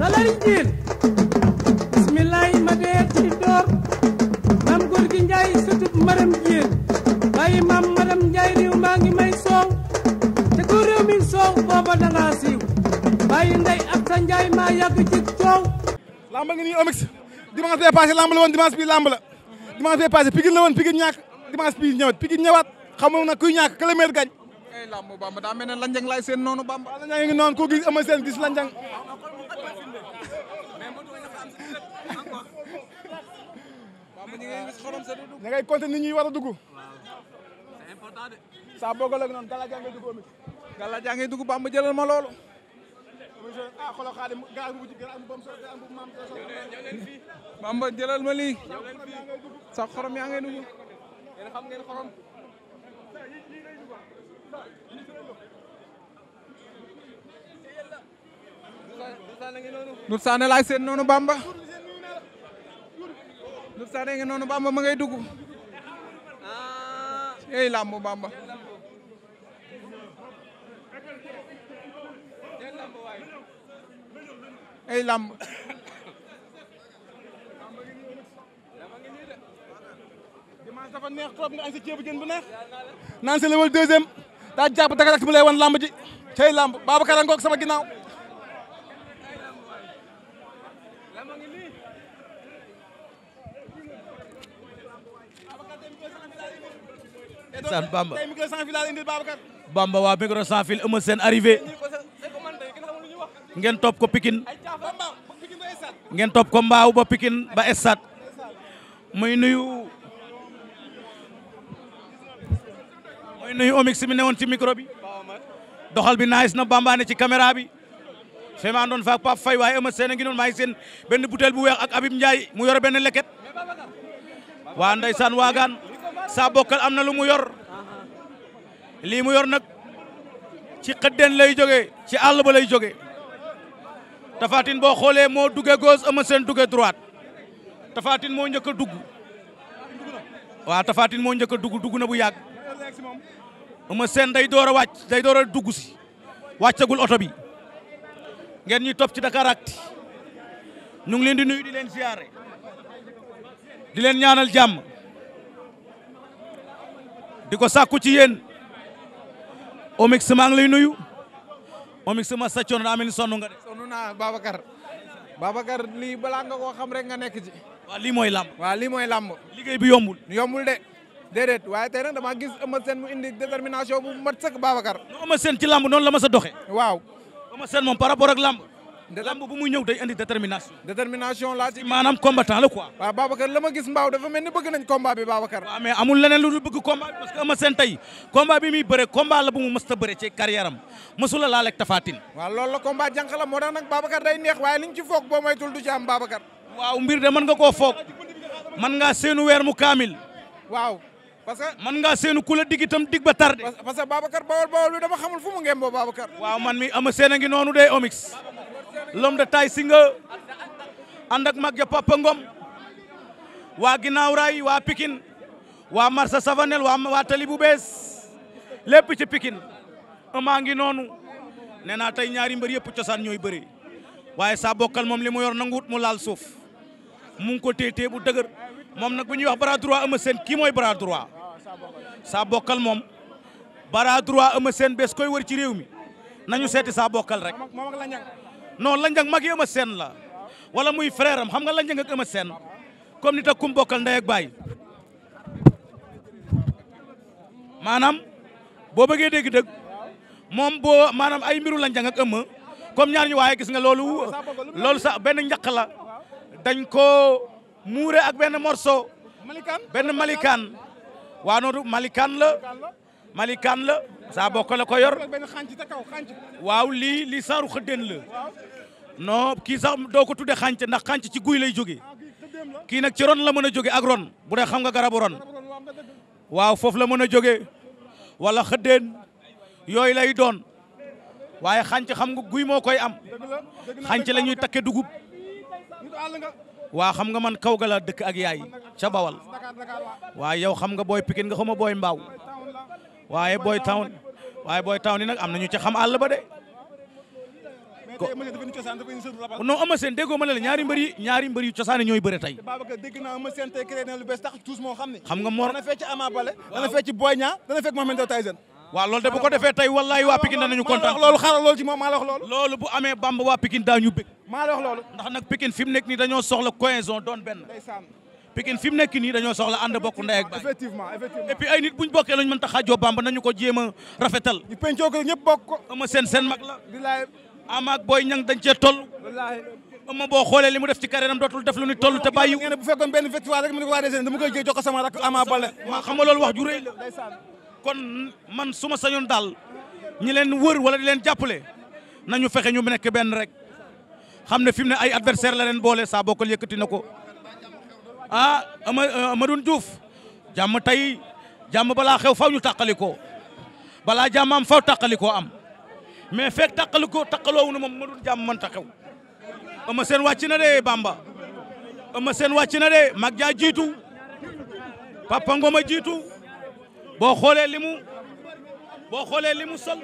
salari jiin bismillaay ma dee door maam góor gi njaay sutub maram jiin bàyyi maam maram njaay riw maa ngi may soow te ku réew mi soow booba na siiw bàyyi ndey ak njaay maa yàgg ci coow lamba ngi nii omix dimanche bee passé lamb la woon dimanche bi lamb la dimanche bee passé na kuy ñàkk kilomètre gañ ay lamb bamba daa mel ne noonu bamba lanjang ngi noonu ko gis ama gis lanjang ñi ngay gis xorom sa dugg. ña ngay compter nit ñi war a dugg. waaw c'est important de. saa boog la ak noonu gala jaa dugg omi. gala jaa dugg jëlal ma ah gaal bu bu jëlal ma sa xorom ngay dugg. xam ngeen xorom. Bamba. lu saare nga ma ngay dugg ah. ey làmb bamba ey làmb dimanche dafa neex trop nga añ bu neex naan sa lewal deuxième daa jàpp daga dak mu lay wan sama ginnaaw ndeysaan Bamba tey micro sans fil laa indil Babacar waa micro sans fil Eumeu Sène ngeen topp ko Pikine ngeen topp ko mbaaw ba Pikine ba Estade muy nuyu muy nuyu omix mi newoon ci micro bi doxal bi nice na Bamba ci caméra bi fe ma andoon faak waaye Eumeu Sène a ngi noonu maa benn butéel bu weex ak Abib Ndiaye mu yore benn leket waa ndeysaan waagaan saa bokkal am na lu mu yor lii mu yor nag ci xëddeen lay jóge ci àll ba lay jóge Tapha boo xoolee moo duggee gauche ama seen duggee droite Tapha moo njëkk a dugg waa tafaatin moo njëkk dugg dugg na bu yàgg Eumeu seen day door a wàcc day door dugg si wàccagul oto bi ngeen ñuy topp ci Dakaractu ñu ngi leen di nuyu di leen ziyaare di leen ñaanal jàmm di ko sàkku ci yéen Omix maa ngi lay nuyu Omix ma sa coono daa mel ni sonn nga de. sonn naa Babacar Babacar lii balaa nga koo xam rek nga nekk ci. waaw lii mooy làmb. waa lii mooy làmb. liggéey bi yombul. yombul de déedéet waaye tey nag damaa gis Eumeu Sène mu indi détermination bu mat sëkk Babacar. Eumeu Sène ci làmb noonu la ma sa doxee. waaw Eumeu Sène moom par rapport ak làmb. lamb bu mu ñëw day indi détermination. détermination laa ci. maanaam combattant la quoi. waaw Babacar gis mbaaw dafa mel ni bëgg nañ combat bi Babacar. waaw mais amul leneen lu dul bëgg combat bi parce que ama seen tey combat bi bëre combat bu mu mës bëre ci carrière mësula laal ak Tafatine. waaw lool la combat jànq la moo tax nag Babacar day neex waaye liñ ci foog boo moytul du ci am Babacar. waaw mbir de mën nga koo foog man ngaa seenu weer mu kaamil. waaw. parce que man ngaa seenu ku la dig itam dig ba tardé. parce que Babacar bawol bawol bi dama xamul fu mi ama seen noonu day omix. lom de tay Singa andak mag ya Papa Ngom wa ginaaw ray wa Pikine wa marsa Savanel wa wa tali bu lepp ci Pikine ma ngi nonu neena tay ñaari mbeur yëpp cosaan ñooy bëri waaye saa bokkal moom mom yor nanguwut mu lal suuf mu ngi ko tete bu dëgër mom nak bu ñuy wax bras droit Eumeu sen ki moy bras droit sa bokal mom bras droit Eumeu sen bes koy wër ci nañu setti sa bokal rek non Lagne Niang mag walamu Sène la wala muy frère am xam nga Lagne Niang ak Eumeu sen comme nit ak kum bokal nday ak bay manam bo beugé deg dëgg mom bo manam ay mbiru Lagne ak euma comme ñaar ñu waaye gis nga lolu lolu sa ben ñak la dañ ko mouré ak benn morceau ben malikan wa noonu malikan la malikan la sa bokk la ko yor waaw li li saru xeden la non kii sax doo ko tudde xànc ndax xànc ci guy lay jóge kii nag ci ron la mën a jóge ak ron bu dee xam nga garabu ron waaw foofu la mën a jóge walla xëddeen yooyu lay doon waaye xànc xam nga guy moo koy am xànc la ñuy takke dugub waa xam nga man kaw ga la dëkk ak yaay ca bawal waa yow xam nga booy pikin nga xam ma booy mbaaw waaye booy town waaye booy town yi nag am na ñu ci xam àll ba de non Eumeu Sène déggoo la ñaari mbër ñaari mbër yu ñooy bëre tey xam nga Mor dana fecc Ama Baldé dana fecc Boy Niang dana fekk Mohamed Ndao Tyson waaw loolu de bu ko defee tey wallahi waa Pikine danañu kontaan loolu loolu ci loolu bu amee Bamba waa Pikine daañu bëgg ndax nag Pikine fi nekk nii dañoo soxla cohésion doon benn Pikine fi nekk nii dañoo soxla ànd bokk ndey ak baay effectivement ay nit buñ bokkee lañu mën ta xaajoo Bamba nañu ko jéem a Ama ak Boy Niang dañ cee toll. wallaahi Ama boo xoolee li mu def ci carrière am dootul def lu ñu toll te bàyyi. bu fekkoon benn victoire rek mu ne ko waa des dama koy jël jox ko sama rakk Ama Baldé. waaw xam nga loolu wax ju kon man suma sañoon daal ñi leen wër wala di leen jàppale nañu fexe ñu nekk benn rek xam ne fi mu ne ay adversaire la leen boole saa bokkal yëkkati na ko ah ama Amadou Diouf jàmm tey jàmm balaa xew faw ñu tàqali ko balaa jàmm am faw tàqali koo am. mais fekk taqalu ko taqaloowu na moom ma dul jàmm mënta xew Eumeu Sène wàcc na de Bamba Eumeu Sène wàcc na de mag jaa jiitu Papa jiitu boo xoolee li mu xoolee li mu sol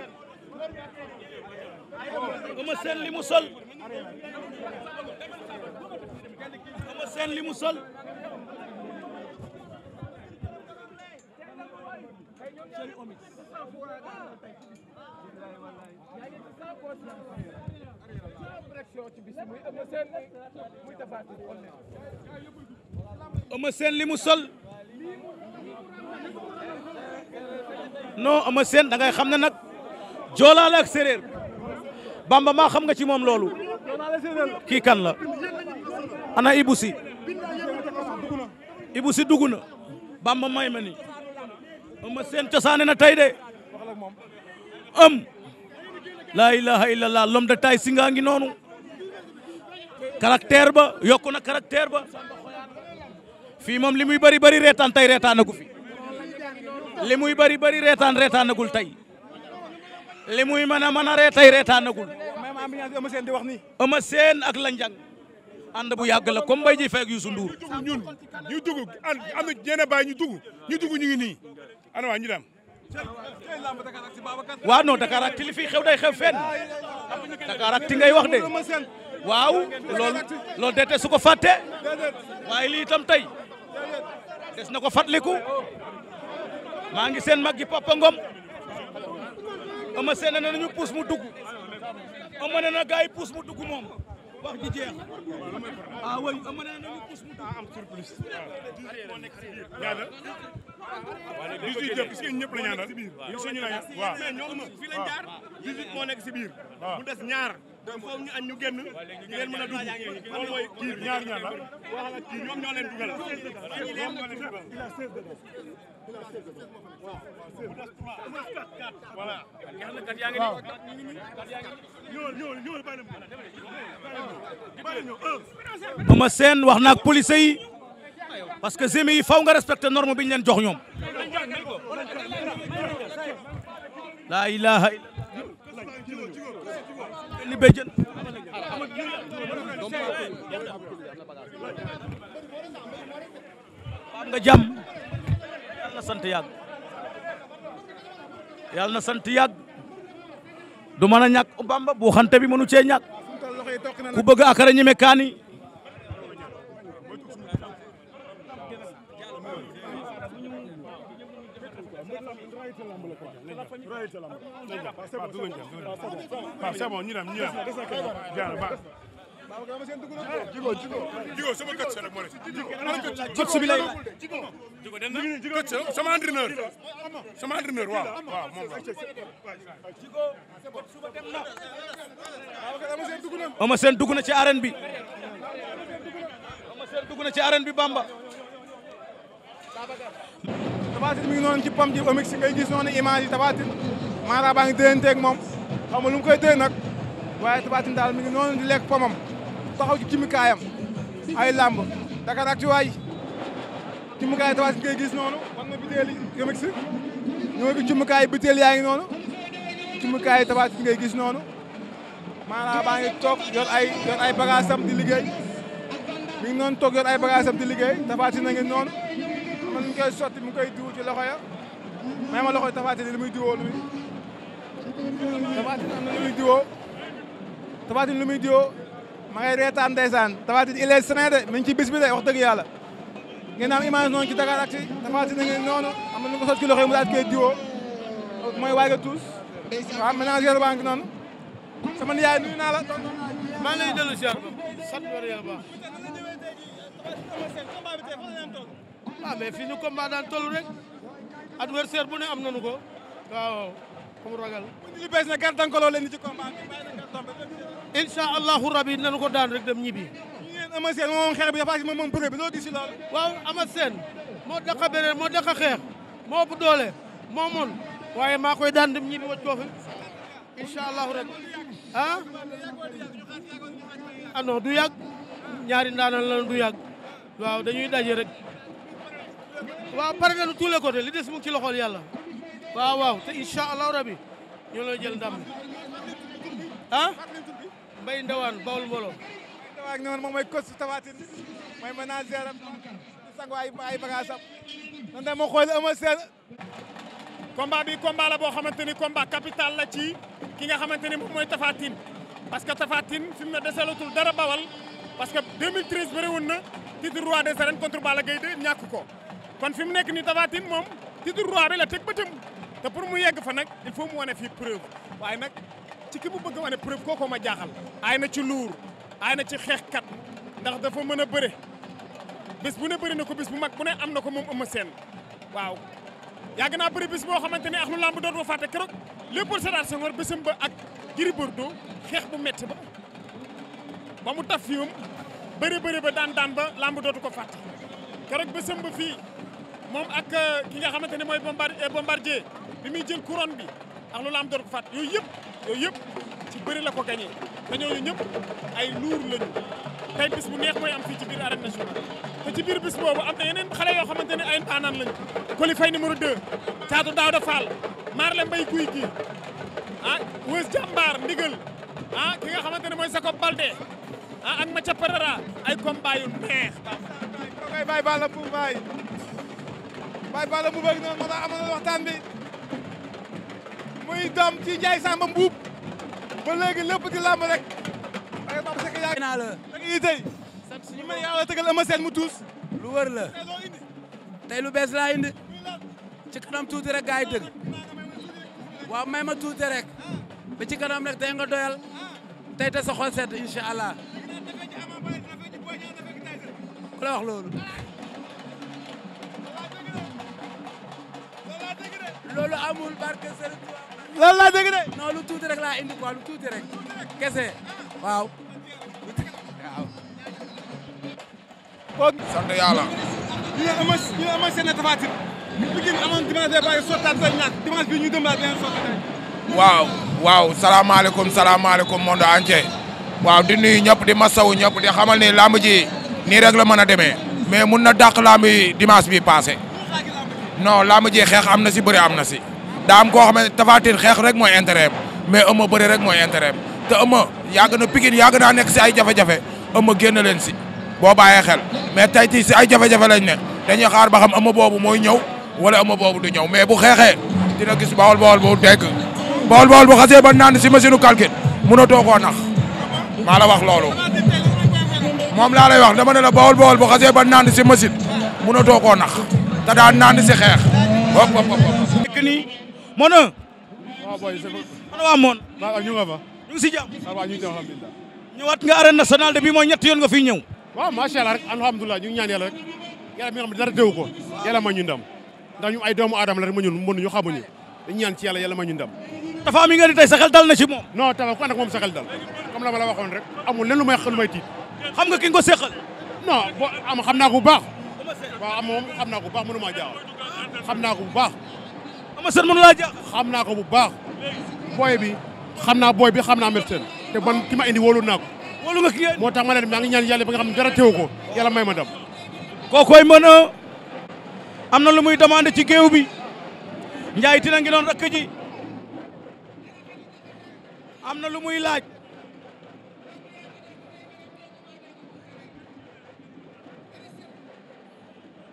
Eumeu Sène li mu sol li mu sol Eumeu Sène li mu sol non Eumeu Sène xam ne nag joolaa la ak séréer bamba maa xam nga ci moom loolu kii kan la ana Ibou Sy Ibou Sy dugg bamba may ma ni Eumeu cosaane na tey de am laa ilaha illallah l'homme de taille Singa ngi noonu caractère ba yokku na caractère ba fii moom li muy bari bëri reetaan tey reetaanagu fi li bari bari bëri reetaan reetaanagul tey li muy mën a mën a ree tey reetaanagul Eumeu Sène ak la njang ànd bu yàgg la comme Mbaye ji fekk Youssou Ndour ñun ñu dugg am na ñeneen bàyyi ñu dugg ñu dugg ñu ngi nii waaw non Dakar ak ti li fi xew day xew fenn Dakar ak ti ngay wax de waaw loolu loolu deete su ko fàtte waaye lii itam tey des na ko fàttaliku maa ngi seen mag gi Papa Ngom ama seen na nañu puus mu dugg ama ne na gaay puus mu dugg moom wax ji jeex ah oui am na nañu pousse mu am surplus moo nekk ci biir ñaanal dix-huit yëpp gis ngeen ñëpp la ñaanal waaw mais nekk ci biir mu des ñaar foofu ñu añ ñu génn ngeen mën a dugg ñaar ñaar la a 16 a 16 wax na ak police parce que gémi yi faw nga respecté norme bi ñu leen jox ñoom la ilaha illa li béjjën am nga jàmm yàlla na sant yàgg yàlla na sant yàgg du mën a ñàkk Bamba bu xante bi mënu cee ñàkk ku bëgg akara ñeme kaani c'est bon ñu dem ñu dem jaara baax jigo jigo jigo sama coach rek moo ne coach bi lay jigo dem na coach sama entraîneur sama entraîneur waaw waaw moom la Eumeu Sène dugg na ci arène bi Eumeu Sène dugg na ci arène bi Bamba Tapha Tine mi ngi noonu ci pom ci omix ngay gis noonu image yi Tapha Tine maanaam baa ngi déyanteeg moom xam koy déy nag waaye Tapha daal mi ngi noonu di lekk pomam taxaw ci kimikaayam ay làmb Dakar ak ci waay cummukaay Tapha Tine ngay gis noonu wan na bitéel yi omix ñoo ngi cummukaay bitéel yaa ngi noonu cummukaay Tapha Tine ngay gis noonu maanaam baa ngi toog ay yor di liggéey mi ngi noonu toog yor ay bagage di liggéey Tapha Tine noonu ngi koy sotti mu ci loxo ya ma loxo Tapha Tine li muy diwoo lu muy Tapha Tine am na lu muy ma ngay reetaan ndeysaan Tapha Tine il est ci bis bi de wax dëgg yàlla ngeen am image noonu ci Dakar ak ci Tapha Tine ngeen noonu am na lu ko sotti ci loxo yi mu daal koy diwoo mooy waay nga tuus maa ngi lay dellu siyaar sant war yàlla waaw ah, mais fii ñu combat daan toll rek adversaire bu ne am nañu ko waaw amul ragal. li bees na gàttankaloo leen ci combat bi bàyyi na gàttan ba. incha allahu rabi nañu ko daan rek dem ñibbi. ñu ngi leen Eumeu Sène moom xeex bi bi loo gis si loolu. waaw Eumeu Sène moo dàqa beneen moo dàqa xeex moo bu doole moo mën waaye maa dem ñibbi wacc ko fi incha allahu ah. ah non du yàgg ñaari ndaanal la du yàgg waaw dañuy daje rek waaw pare nañu tous les côtés li des mu ngi ci loxol yàlla waaw waaw te incha allahu rabi ñoo lay jël ndam ah mbay ndawaan bawul mbooloo ak noonu moom may coach Tapha may mooy manager am sangu ay ay bagage am noonu da mo xol ama sel combat bi combat la bo xamanteni combat capital la ci ki nga xamanteni ni moy tafatin parce que tafatin Tine fi mu ne dara bawal parce que 2013 bëri won na titre roi des arènes contre balagay Gaye ñak ko kon fi mu nekk nii Tapha Tine moom titre roi bi la teg bëtam te pour mu yegg fa nag il faut mu wane fii preuve waaye nag ci ki mu bëgg wane preuve kookoo ma jaaxal. ay na ci luur aay na ci xeexkat ndax dafa mën a bëre bis bu ne bëri na ko bis bu mag bu ne am na ko moom Eumeu Sène waaw. yàgg naa bëri bis boo xamante ne ak lu lamb dootoo fàtte keroog sa Sédar Senghor bésam ba ak Gris Bordeaux xeex bu métti ba ba mu taf fiwum bëri bëri ba daan daan ba lamb ko fàtte keroog bésam fii. moom ak ki nga xamante ne mooy bombardier bi muy jël couronne bi ak lu la am doon ko fàtt yooyu yëpp yooyu yëpp ci bëri la ko gagné te ñooñu ñëpp ay luur lañu tey bis bu neex mooy am fii ci biir arène nationale te ci bis boobu am na yeneen xale yoo xamante ne ay ndaanaan lañu Coly Faye numéro 2 Thiatou Daouda Fall Marley Mbaye Gouye Gui ah Weus Jambar ndigal ah ki nga xamante ne mooy Jacob Baldé ah ak ma Parara ay combat yu neex. waaw kay bàyyi baal la pour Baye Balla Mbuub ak noonu moo tax amoon na waxtaan bi muy doom ci jaay Samba Mbuub ba léegi lépp di naa la da nga tey ñu mel yaa la tëgal lu wër la tey lu bees laa indi ci kanam tuuti rek gars yi may ma tuuti rek ci kanam rek tey nga doyal ah. tey te sa allah ku la loolu loolu amul barke Serigne Touba. tuuti rek laa indi quoi lu tuuti rek. kese waaw. waaw. sant yàlla. ñu ne amas ñu ne amas seen tafatin. bu waaw waaw salaamaaleykum di nuyu ñëpp di masawu xamal ni làmb ji nii rek la mën a demee mais mun na dàq làmb yi bi passé. non làmb ji xeex am na si bëri am na si daa am koo xam ne Tapha Tine xeex rek mooy intérêt mais Eumeu bëri rek mooy intérêt te Eumeu yàgg na Pikine yàgg naa nekk si ay jafe-jafe Eumeu génn leen si boo bàyyee xel mais tey ci si ay jafe-jafe ne dañuy xaar ba xam Eumeu boobu mooy ñëw wala Eumeu boobu du ñëw mais bu xeexee dina gis bawol bawol bu dégg bawol bawol bu xasee ba naan si masin u calcul mënatoo koo nax maa la wax loolu moom laa lay wax na ma la bawol bawol bu xasee ba naan si machine mënatoo nax te daan naan si xeex. hop hop hop. dëkk nii na. waaw booy c'est vrai. moon. ñu nga fa. ñu ngi si jàmm. waaw ñu ngi alhamdulilah. ñëwaat nga arène nationale de bii mooy ñetti yoon nga fi ñëw. waaw macha allah rek alhamdulilah ñu ngi ñaan yàlla rek yàlla mi nga xam dara teewu ko yàlla ma ñu ndam ndax ñu ay doomu aadama la rek ma ñun mënuñu xamuñu ñu ñaan ci yàlla yàlla ma ñu ndam dafa mi nga ni tey sa xel dal na ci moo non tafa ku ànd ak moom sa dal comme la ma la waxoon rek amu lenn lu may lu may tiit xam nga ki ko seqal non bo am waaw am moom xam naa ko bu baax mënu maa jaaxal xam naa ko bu baax. ama seen mënu xam naa ko bu baax. booy bi xam naa booy bi xam naa médecin te man ki ma indi wóolu naa ko. wóolu moo tax ma ne maa ngi ñaan yàlla ba nga xam ne dara teewu ko yàlla may ma dem. kookooy mën a am na lu muy demandé ci géew bi Ndiaye Tine ngi doon rakk ji am na lu muy laaj.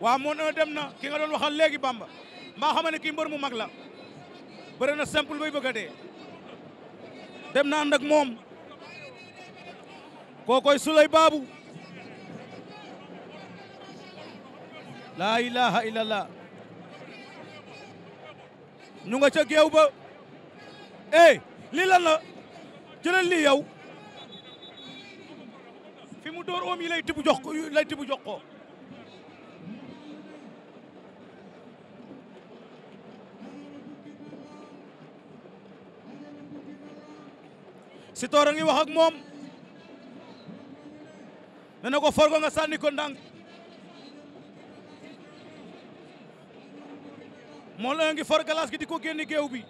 waaw moo na dem na ki nga doon waxal léegi Bamba mbaa xam ne kii mbër mu mag la bëri na simple bay bëgg dee dem na ànd moom kookoy Sulay Baabu laa ilaha illallah ñu nga ca géew ba eh lii lan la jëlal lii yow fi mu door oom yi lay tibb jox ko lay tibb jox ko Sitor a ngi wax ak moom ne na ko forgo nga sànni ko ndànk moo la ngi for galas gi di ko génn géew bi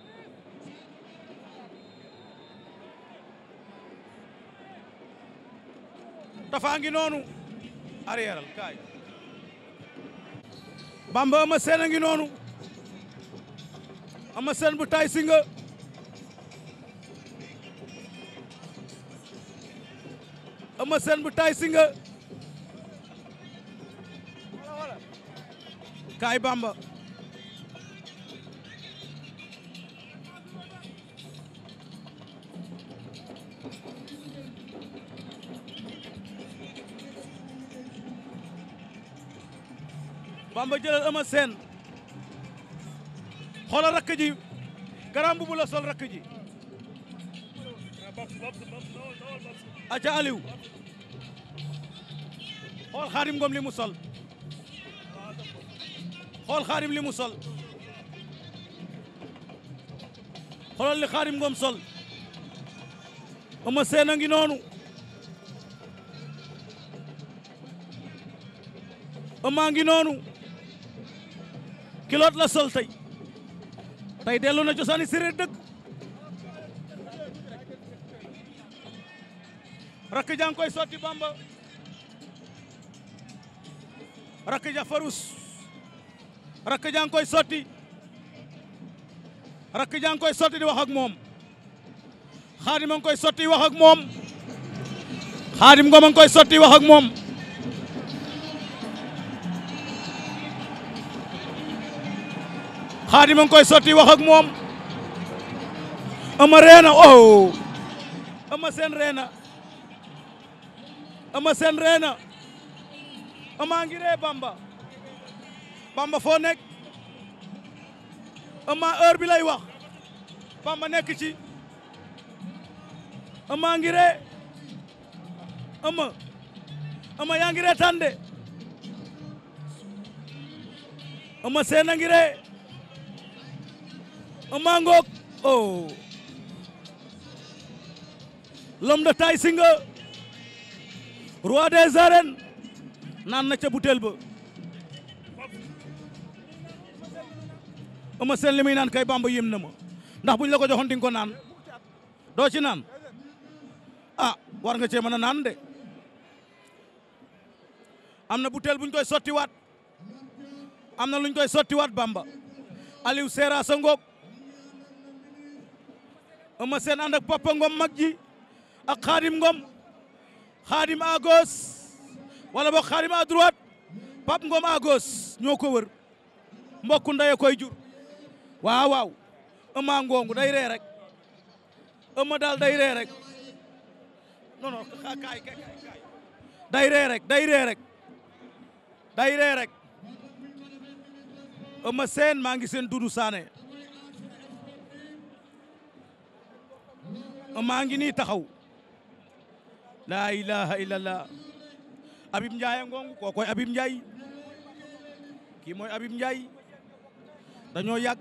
dafa ngi noonu arrière kaay bamba ama seen a noonu ama seen bu tay singa Eumeu bertai bu Singa Kaay Bamba Bamba jëlal Eumeu Sène rakiji, rakk ji garam bu la sol rak ji aca Aliou xool Xaadim Ngom li mu sol xool Xaadim li mu sol xoolal li Xaadim Ngom sol Eumeu Sène a ngi noonu Eumeu a ngi noonu kiloot la sol tey tey dellu na cosaani séréer dëkk rakk ja ngi koy sotti bamba rakk ja farus rakk ja koy sotti rakk ja ngi koy sotti di wax ak moom xaadim a ngi koy sotti wax ak moom xaadim ngom a koy sotti wax ak moom xaadim a ngi koy sotti wax ak moom ama reena oh ama seen reena Eumeu Sène ree na Eumeu ngi ree Bamba Bamba foo nekk Eumeu heure bi lay wax Bamba nekk ci Eumeu ngi ree Eumeu Eumeu yaa ngi ree tànde Eumeu Sène a ree Eumeu ngoog oh l'homme de taille si roi des arènes naan na ca butéel ba ama seen li muy naan kay bamba yim na ma ndax buñ la ko joxoon di naan doo ci naan a ah, war nga cee mën a naan de am na butéel buñ koy sottiwaat am na luñ koy sottiwaat bamba aliou seera sa ngoog ama seen ànd ak papa ngom mag ji ak xaadim ngom xaadim à gauche wala boog xaadim à droite Pape Ngom ñoo ko wër mbokku ndey koy jur waaw waaw ëmma ngongu day ree rek ëmma daal day ree day ree day ree rek ëmma seen maa ngi seen dudu saane maa ngi nii taxaw laa ilaha illallah Habib Ndiaye ngongu ko koy Habib Ndiaye kii mooy Habib Ndiaye dañoo yàgg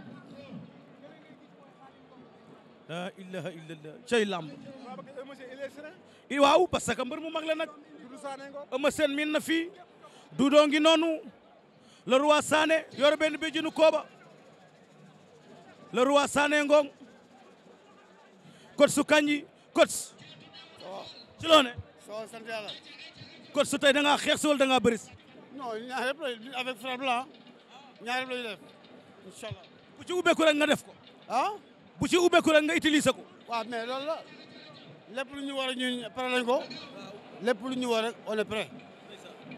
laa ilaha illallah cey lamb waaw parce que mbër mu mag la nag ama seen min na fii duudoo noonu le roi Sané yor benn béjjinu kooba le roi Sané ngong kanji kot ci loo ne. soo sant yàlla. su tey da ngaa xeex si wala da ngaa bëri si. non ñaar yëpp lay avec Fra Blanc ñaar yëpp bu ci ubbeeku rek nga def ko. ah. bu ci ubbeeku rek nga utiliser ko. waaw mais loolu la lépp lu ñu war a ñu pare lañ ko lépp lu ñu war rek on est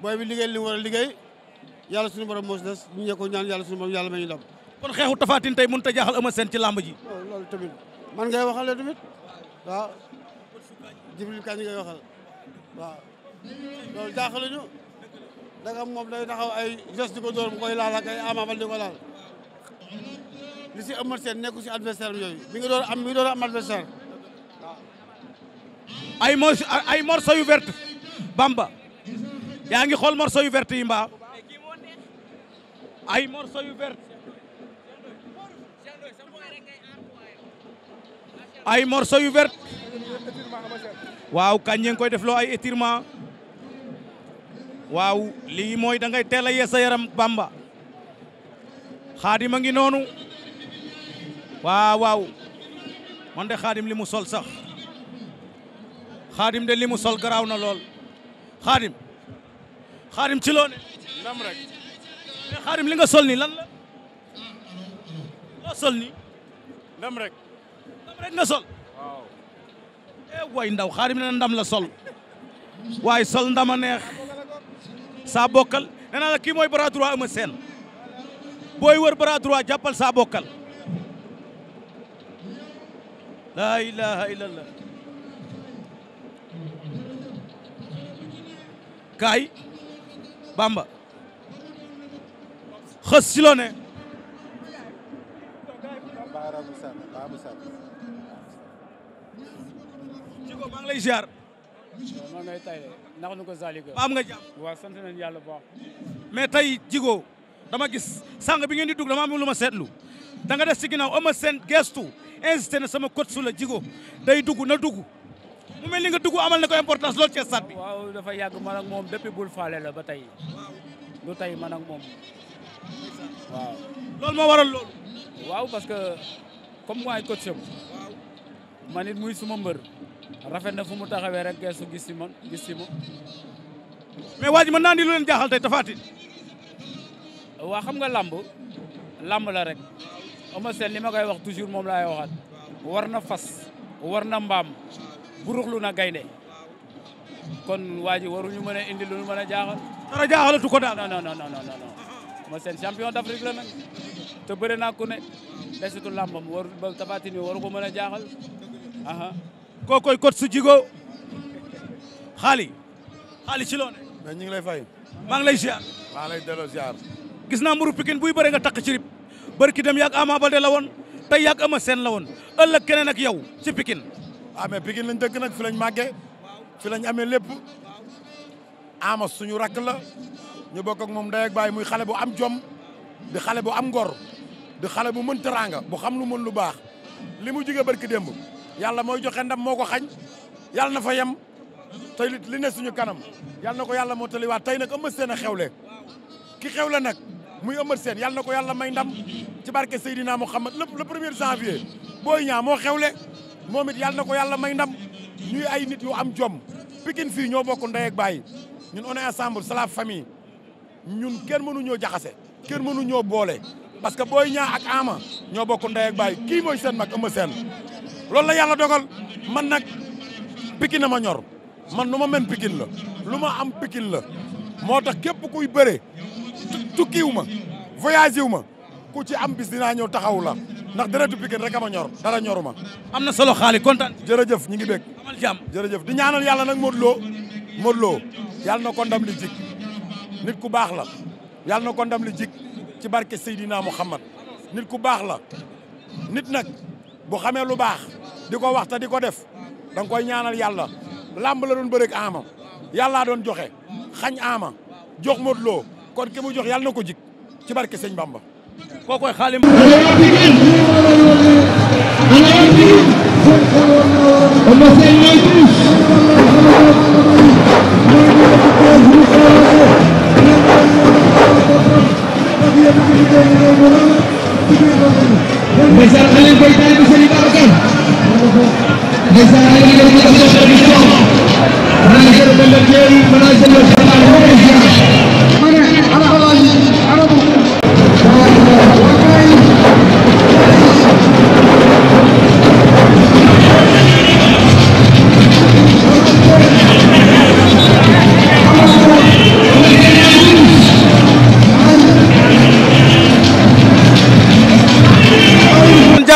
booy bi liggéey li mu war a liggéey yàlla suñu borom moo si des ñu ñee ko ñaan yàlla suñu borom yàlla may ñu dem. kon xeexu Tapha Tine tey mënut a jaaxal Eumeu ci làmb ji. loolu tamit man ngay waxale tamit waaw. Djibril Kane ngay waxal waaw loolu jaaxal ñu danga moom day taxaw ay geste di ko dóor mu koy laal ak ay amabal di ko laal li si Eumeu Sène nekku si adversaire yooyu mi ngi doon am mi ngi doon am adversaire waaw. ay mor ay morceau yu verte Bamba yaa ngi xool morceau yu verte yi mbaa ay morceau yu verte. ay morso yu vert waaw kañ ngi koy def loo ay étirement waaw lii mooy dangay ngay teel a yee sa yaram bamba xaadim a ngi noonu waaw waaw man de xaadim li mu sol sax xaadim de li mu sol garaaw na lool xaadim xaadim ci loo ne li nga sol ni lan la loo ni ndam rek la sol eh way ndaw xaarim ne na ndam la sol waaye sol ndama neex saa bokkal nee naa la kii mooy bras droit Eumeu Sène booy wër bras droit jàppal saa bokkal laa ilaha illallah kaay bamba xës si loo ne Diko maa ngi lay ziar. maa ngi lay tay ndax ko zalika. am nga jàpp. waaw sant nañu yàlla bu mais tey Djigo dama gis sànq bi ngeen di dug dama am lu ma seetlu da nga des ci ginnaaw ama seen gestu insisté na sama coach su la day dugg na dugg. mu mel ni nga dugg amal na ko importance lool ci stade bi. waaw dafa yàgg man moom depuis bul faale ba tey du tey man ak moom waaw. loolu moo waral loolu. waaw parce que comme waay coach am man it muy suma mbër. rafet na fu mu taxawee rek geesu gis si man gis ma mais waa ji mën naa ni leen jaaxal tey Tapha Tine xam nga lamb lamb la rek ama seen li ma koy wax toujours moom laay waxat war na fas war na mbaam buruxlu na gaynde kon waa ji waruñu mën a indi lu mën a jaaxal dara jaaxalatu ko daal non non non non non ama seen champion d'Afrique la nag te naa ku ne desitu lambam waru ba Tapha Tine waru ko mën a jaaxal aha koko coach su jigo xali xali ci lone mais ñu ngi lay fay maa ngi lay ziar maa lay delo ziar gis na mburu Pikine buy bare nga tak ci rib barki dem yak Ama balde la won tay yak ama sen la woon ëllëg kenen ak yow ci Pikine ah mais Pikine lañ dëkk nak fi lañ magge fi lañ amé lepp Ama suñu rak la ñu bok ak mom day ak bay muy xalé bu am jom di xalé bu am ngor di xalé bu mën teranga bu xam lu mën lu limu limu jige barki dembu yàlla mooy joxe ndam moo ko xañ yàlla na fa yem te li ne suñu kanam yàlla na ko yàlla moo taliwaat tey nag Eumeu Sène a xewle ki xewle nag muy Eumeu Sène yàlla na ko yàlla may ndam ci barke Seydina Mouhamed le la premier janvier Boy ñaa moo xewle moom it yàlla na ko yàlla may ndam ñuy ay nit yu am jom Pikine fii ñoo bokk ndey ak baay ñun on est ensemble c'est la famille ñun kenn mënuñoo jaxase kenn mënuñoo boole parce que booy ñaa ak Ama ñoo bokk ndey ak kii mooy seen mag Eumeu Sène loolu la yàlla dogal man nag Pikine ma ñor man nu ma men Pikine la lu ma am Pikine la moo tax képp kuy bëre tukkiw ma voyagé wu ma ku ci am bis dinaa ñëw taxaw la ndax deretu Pikine rek ama ñor dara ñoru ma am na solo xaali kontaan jërëjëf ñi ngi bég amal jàmm jërëjëf di ñaanal yàlla nag Modou Lo yàlla na ko ndam li jik nit ku baax la yàlla na ko ndam li jik ci barke Seydina Muhammad nit ku baax la nit nag bu xamee lu baax di ko wax di ko def da nga koy ñaanal yàlla làmb la doon bëreeg ama yàllaa doon joxe xañ ama jox Modou Lo kon ki mu jox yàlla na ko jik ci barke sëñ Bamba koo koy xaalim ndeysaan xale koy tay bu Serigne Babacar ndeysaan xale yi dañu ko jox tradition manager Balla Dièye manager Samba Mbow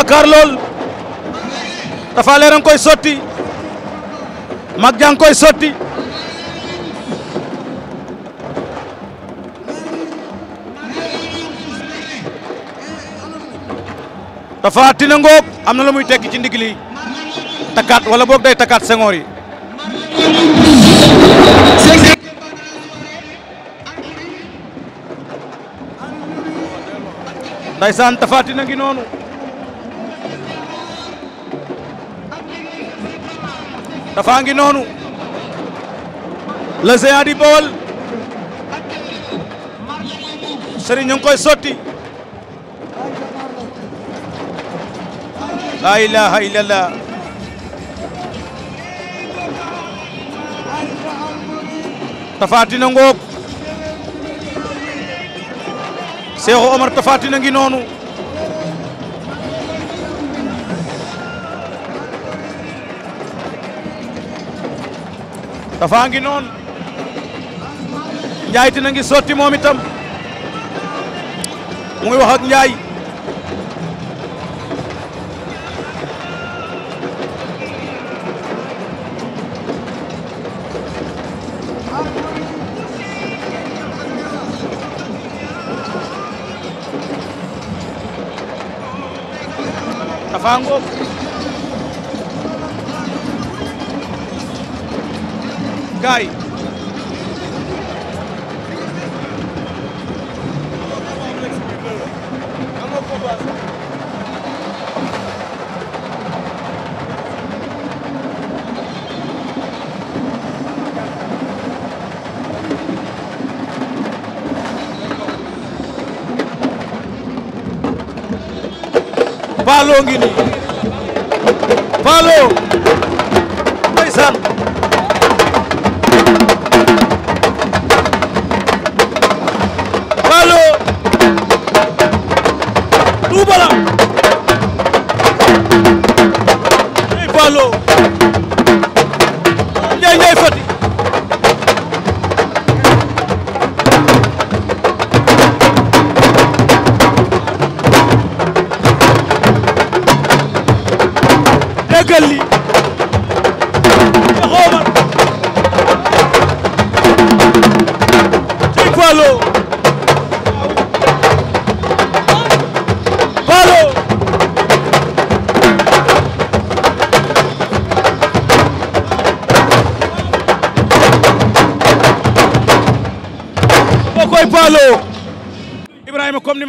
jàkkaar ta dafa leeram koy sotti mag jang koy sotti dafa tina ngok amna lamuy tek muy tekki ci ndigli wala bok day takat sengoor yi ndaysaan tafaati Tapha ngi noonu le géant di Bawol koy sotti la ilaha illallah Tapha Tine ngoog Cheikh Omar Tapha Tine ngi noonu Tapha ngi noonu Ndiaye Tine ngi sotti moom itam mu ngi wax ak Ndiaye Tapha ngoog gaay Paalo ngi nii Paalo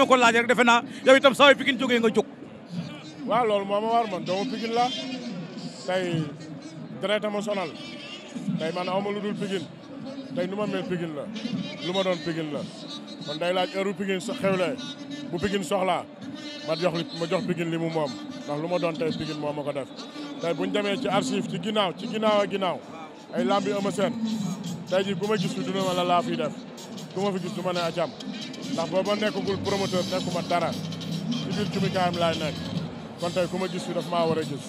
ko laaj rek defena yow itam saa yu Pikine jógee nga jóg. wa loolu moo war man do pikin la tay direct emotional tay man amul dul pikin tay numa mel pikin la lu don pikin la man day laaj heure pikin sa xewle bu pikin soxla ma jox ma jox pikin limu mom ndax luma don tay pikin momako def tay bu démé ci archive ci ginaaw ci ginaaw ginaaw ay lambi Eumeu Sène tey jii bu ma gis dina ma la fi def bu fi gis du ma ne a jàmm ndax booba nekkagul promoteur nekkuma dara ci biir cumi kaayam laay nekk kon tey ku ma gis fi daf maa war a gis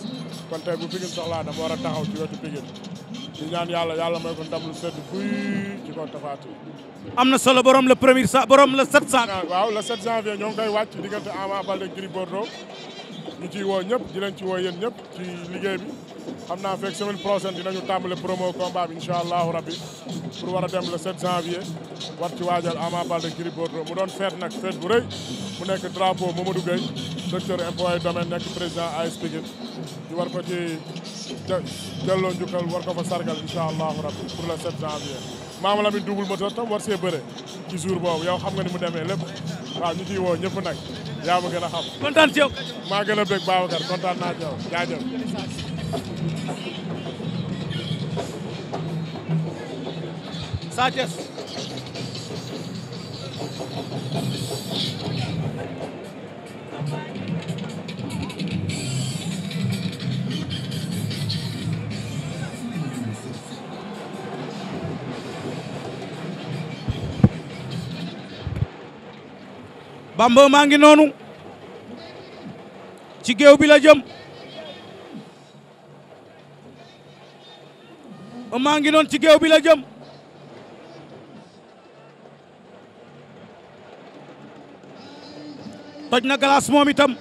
kon tey bu Pikine soxlaa dama war a taxaw ci wetu Pikine di ñaan yàlla yàlla may ko ndam lu sedd buy ci kaw Tapha Tine am na solo borom la premier sa borom la 7 janvier waaw le 7 janvier ñoo ngi koy wàcc diggante Ama Baldé Gris Bordeaux ñu ciy woo ñëpp di leen ci woo yéen ñëpp xam naa fekk semaine prochaine dinañu tàmbale promo combat bi incha allahu rabbi pour war a dem le 7 janvier war ci waajal Ama Baldé Gris Bordeaux mu doon feet nag feet bu rëy mu nekk drapeau Mamadou Gueye docteur impôt domaine nekk président AS Pikine ñu war ko ci delloo njukkal war ko fa sargal incha allahu rabbi pour le 7 janvier Mama Lamine double moteur tam war see bëre ci jour boobu yow xam nga ni mu demee lépp waa ñu ciy woo ñëpp nag yaa ma a maa gën a bég Babacar kontaan Sa Thiès Bamba maa ngi noonu ci géew bila la jëm maa ngi noon ci géew bi la jëm toj na galaas moom itam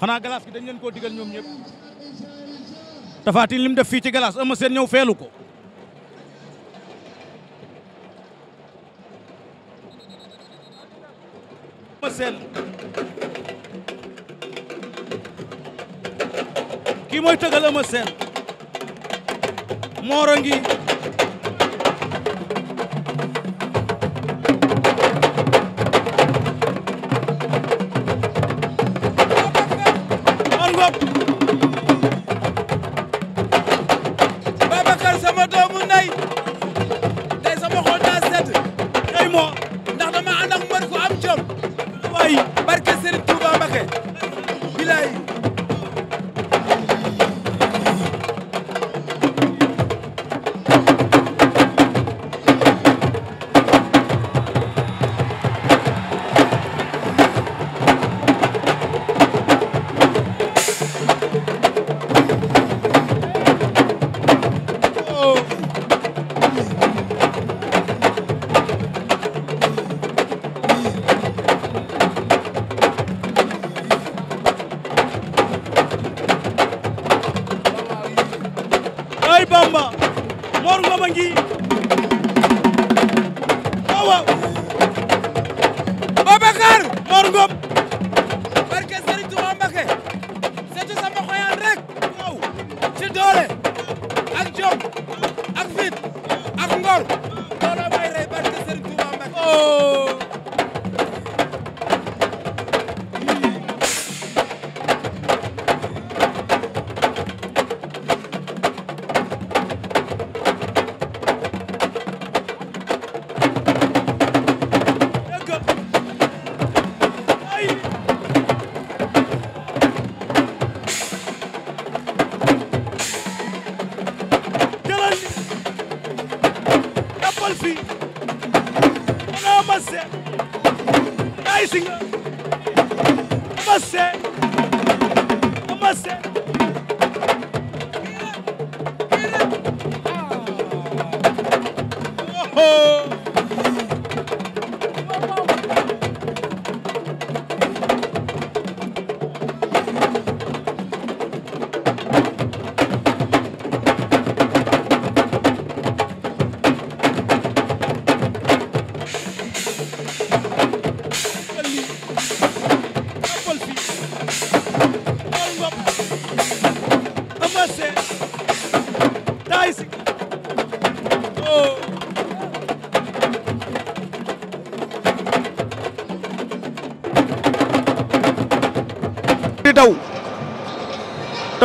xanaa galaas gi dañ leen koo digal ñoom ñëpp tafaatin lim def fii ci galaas ama seen ñëw feelu ko kii mooy tëgal ama mooro ngi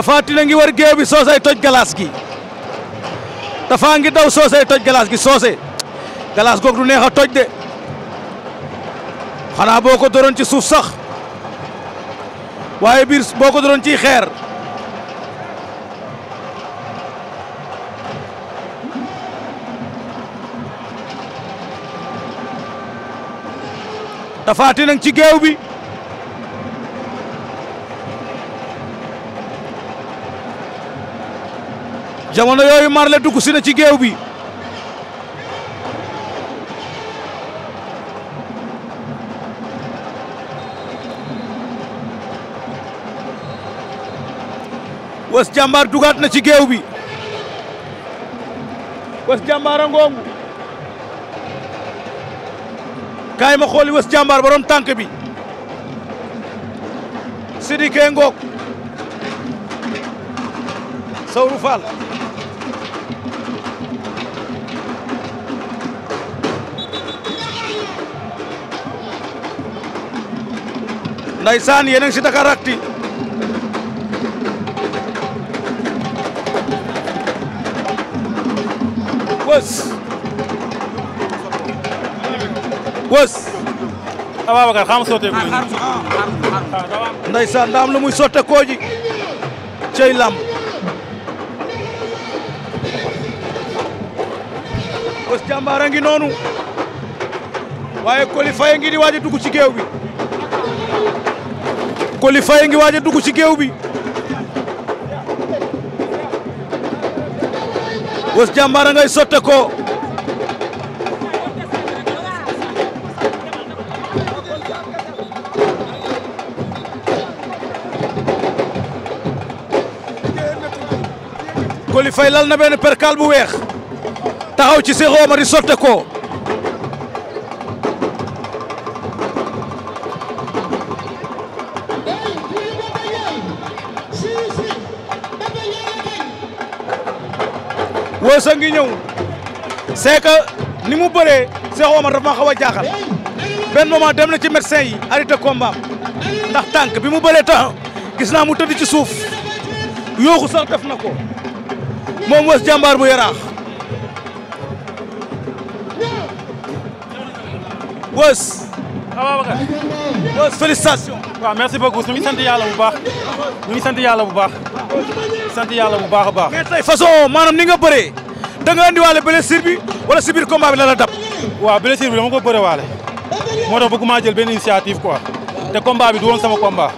Tapha ngi war géew bi soosey toj galaas gi Tapha ngi daw soosey toj galaas gi soose galaas goog du neex a toj de xanaa boo ko doroon ci suuf sax waaye biir boo ko doroon ciy xeer Tapha Tine ngi ci géew bi jamono yooyu Marley dugg si na ci géew bi Weuz Diambar dugaat na ci géew bi Weuz Diambar a ngoongu kaay ma xooli Weuz Diambar borom tànk bi Sidike Ngok Sawru Fall ndaysaan yéen a ngi si Dakaractu wës wës Ababacar xam sotte ko ndaysaan daam lu muy sotte koo ji cey lam wës jàmbaara ngi noonu waaye Coly Faye ngi di waaj a dugg ci géew bi Coly em ngi waaj a dugg ci géew bi Weuz Diambar a ngay sotte ko Coly lal na benn percal bu weex taxaw ci Cheikh Omar di ko Brosse ngi ñëw c'est que ni mu bëree Cheikh ma dafa xaw a jaaxal benn moment dem na ci médecin yi arrêté combat ndax tànk bi mu bëree temps gis naa mu tëdd ci suuf yooxu sax def na ko moom was jàmbaar bu yaraax was Ababacar was félicitation waaw merci beaucoup ñu ngi sant yàlla bu baax ñu ngi sant yàlla bu baax sant yàlla bu baax a da nga andiwaale blessure bi wala si biir combat bi la la dab. waaw blessure bi dama ko bëre waale moo tax bëgguma jël benn initiative quoi te combat bi du woon sama combat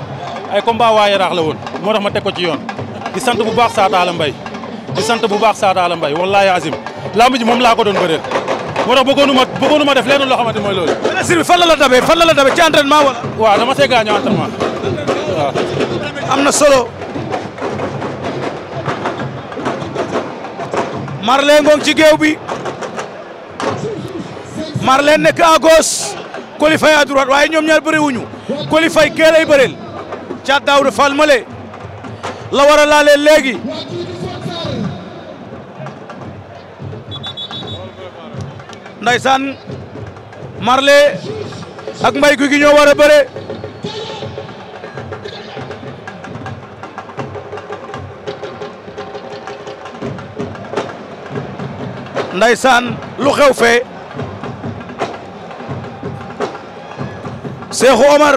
ay combat waa yaraax la woon moo tax ma teg ko ci yoon di sant bu baax Saataala Mbaye di sant bu baax Saataala Mbaye wallaahi azim lamb ji moom laa ko doon bëreel moo tax bëggoonu ma bëggoonu ma def lenn loo xamante mooy loolu. blessure bi fan la la dabee fan la la dabee ci entraînement wala. waaw dama see gaañoo entraînement waaw. Marley ngong ci géew bi Marley nekk à gauche Coly Faye à waaye ñoom ñaar bëri wuñu Coly Faye kee lay bëreel Thiat Daouda la war a laalee léegi ndaysaan Marley ak Mbaye Gouy Gui ñoo war bëre ndaysaan lu xew fee Seexu Omar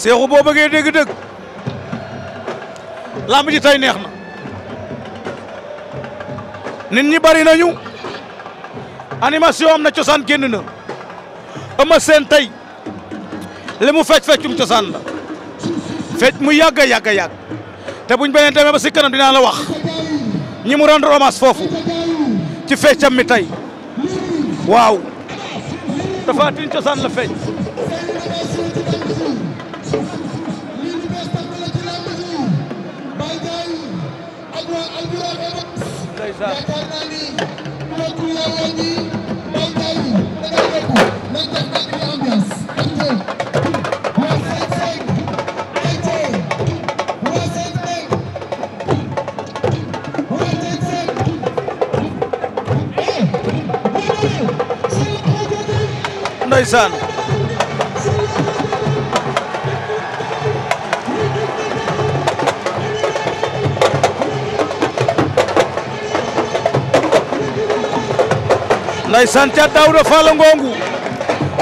Seexu boo bëggee dégg-dégg làmb ji tey neex na nit ñi bari nañu animation am na cosaan génn na Eumeu Sène tey li mu fecc fecum cosaan la fecc mu yàgg a yàgg te buñ beneen demee ba si kanam dinaa la wax ñi mu rendre hommage foofu ci feccam mi tey waaw Tapha Tine cosaan la feeñ ndeysaan ndeysaan Laisan tia Daouda Fall Ngongu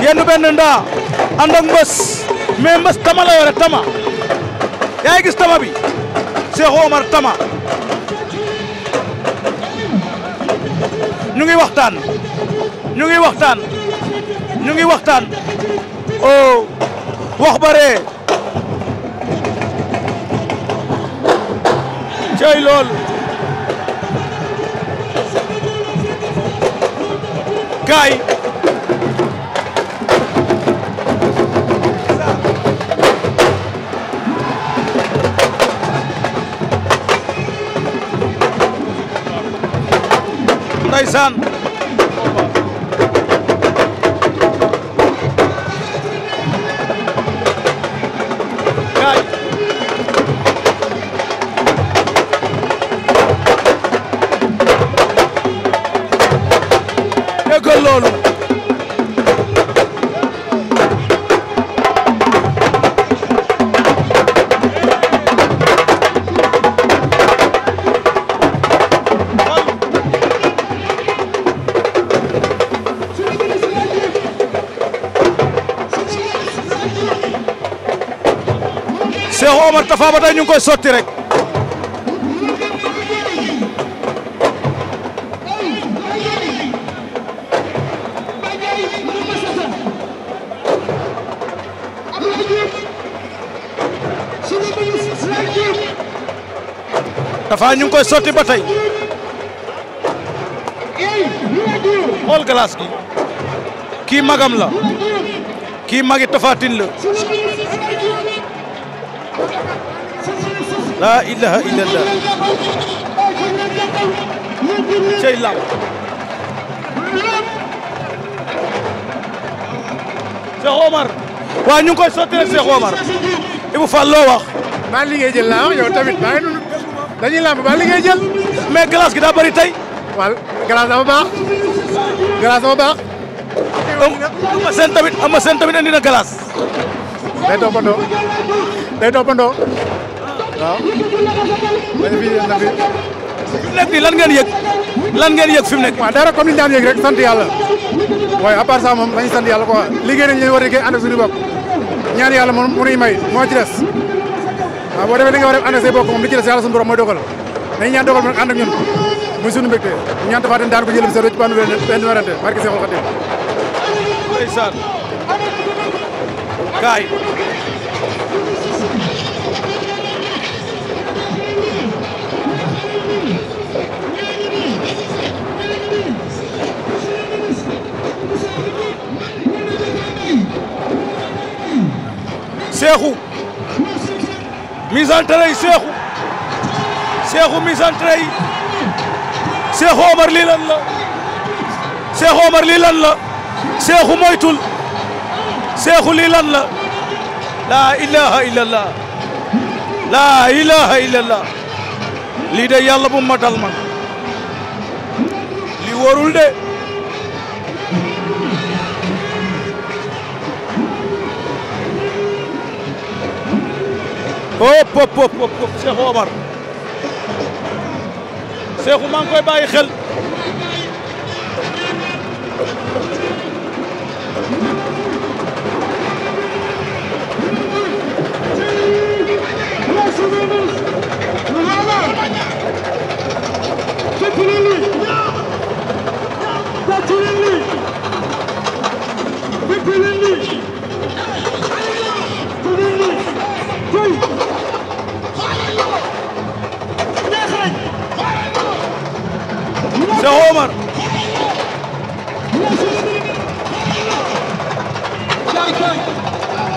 yenn benn ndaa ànd ak mbës tama la yore tama Ya ngi gis tama bi Cheikh Omar tama ñu ngi waxtaan ñu ngi ñu ngi waxtaan oh wax bare cey loolu kaay ndeysaan Mor Tafa ñu ngi koy sotti rek. Tafa ñu ngi koy sotti ba tey. xool glace kii magam la kii magi Tapha Tine la. laa ilaha illallah cey Omar waaw ñu ngi koy sotti rek Omar Ibou Fall wax maa liggéey jël laa wax yow tamit maa ngi nuyu dañuy lamb maa liggéey jël mais glace gi daa bari tey waaw glace dama baax glace dama baax ama seen tamit ama seen tamit andi na day toppandoo day toppandoo waaw. fi mu nekk nii lan ngeen yëg. lan ngeen yëg fi mu nekk. waaw dara comme ni ñu daan yëg rek sant yàlla. waaye à part ça moom dañuy la ko quoi liggéey nañ leen war a liggéey ànd ak suñu bopp. ñaan yàlla moom mënuñ may moo ci des. waaw boo defee li nga war a def ànd ak say bokk moom li ci des yàlla suñu borom mooy dogal dañu ñaan dogal moom ànd ak ñun muy suñu mbégte ñaan dafa daan ko jëlee bi sa rëcc bànn benn werante barke Seexul Xadiim. Cheikhou mise en trait Cheikhou Cheikhou mise en trait Cheikhou Omar lii lan la Cheikhou Omar lii la Cheikhou moytul Cheikhou lii lan la laa illallah laa ilaaha illallah lii de yàlla bu man lii wóorul de. hop hop hop hop Cheikh Omar Cheikhou maa ngi koy bàyyi xel. Cheikh Omar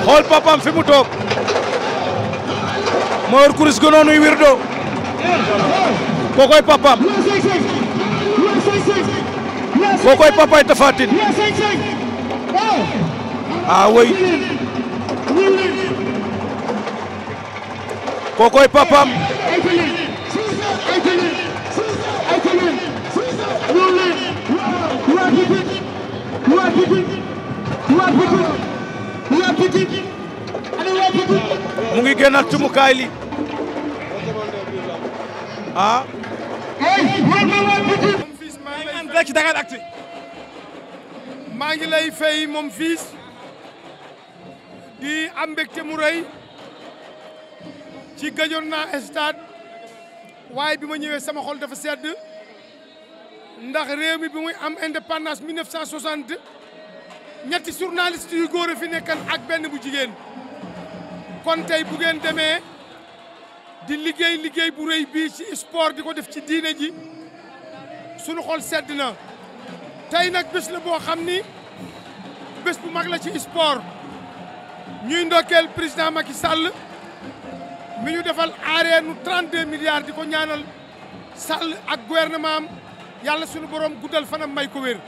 xool papam fi mu toog moor kuris ga noonuy wirdo kokoy papam kokoy papay tafatin a ah, way kokoy papam mu ngi génn ak cumukaay li ah. moom Fils maa ngi lay fay ci maa ngi lay fay moom Fils di am mbégte mu rëy ci gëjoon naa waaye bi ma ñëwee sama xol dafa sedd ndax réew mi bi muy am indépendance 1960. ñetti journaliste yu góor a fi nekkan ak benn bu jigéen kon tey bu ngeen demee di liggéey liggéey bu rëy bii ci sport di ko def ci diine ji sunu xol sedd na tey nag bés la boo xam ni bés bu mag la ci sport ñuy ndokkeel président Macky sàll mi ñu defal aareenu 32 milliards di ko ñaanal Sall ak gouvernement am yàlla sunu borom guddal fanam may ko wér.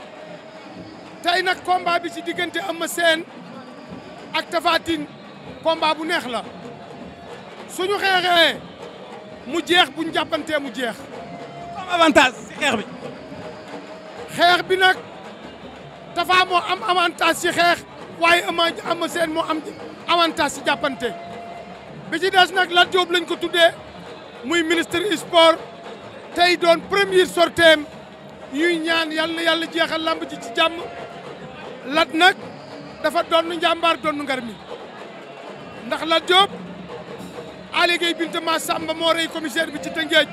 tey nag combat bi ci diggante Eumeu seen ak Tapha Tine bu neex la suñu xeexee mu jeex buñ jàppantee mu jeex. am avantage ci xeex bi. xeex bi nag Tapha moo am avantage ci xeex waaye Eumeu Sène moo am avantage ci jàppante bi ci des nag Lat Diop lañ ko tuddee muy ministre sport tey doon premier sorteem ñuy ñaan yàlla na yàlla jeexal lamb ji ci jàmm. Lat nag dafa doon njàmbaar doon ngar mi ndax Lat Diop Aly Binta Ma Samba moo rey commissaire bi ci Tëngéej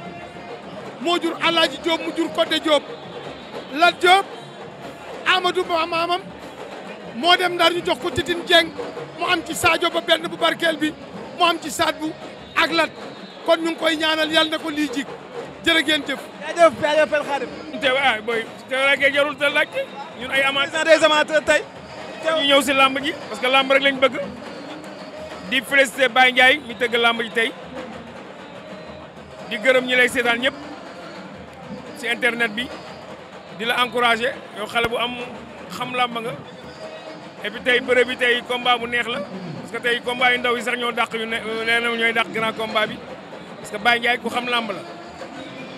moo jur allaaji Diop mu jur Codé Diop Lat Diop Amadou Ba maamam moo dem ndar ñu jox ko Titin Dieng mu am ci Sadio ba benn bu barkeel bi mu am ci Saad bu ak Lat kon ñu ngi koy ñaanal yàlla na ko lii jik jërë ngeen jëf. jaajëf jaajëf Pell Khadim. te ah booy te rek jarul te laajte ñun ay amateurs des amateurs tey. ñu ñëw si lamb ji parce que lamb rek lañ bëgg. di félicité Baye Ndiaye mi tëgg lamb ji tey di gërëm ñi lay seetaan ñëpp si internet bi di la encouragé yow xale bu am xam lamb nga. et puis tey bëre bi tey combat bu neex la parce que tey combat yu ndaw yi sax ñoo dàq yu ne nee na grand combat bi parce que Baye Ndiaye ku xam lamb la.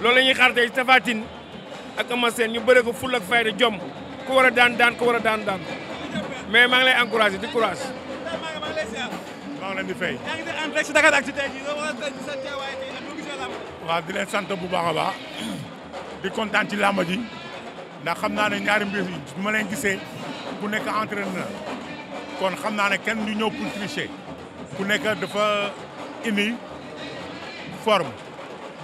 loolu la ñuy xaar tey ak Eumeu Sène ñu bëre ko ful ak fayda jom ku war a daan daan ku war a daan daan mais maa ngi encouragé di courage. maa leen di fay. waaw di leen sant bu baax a baax di kontaan ci làmb ji ndax xam naa ne ñaari mbir yi bu ma gisee ku nekk entraîneur kon xam naa ne kenn du ñëw pour tricher ku nekk dafa indi forme.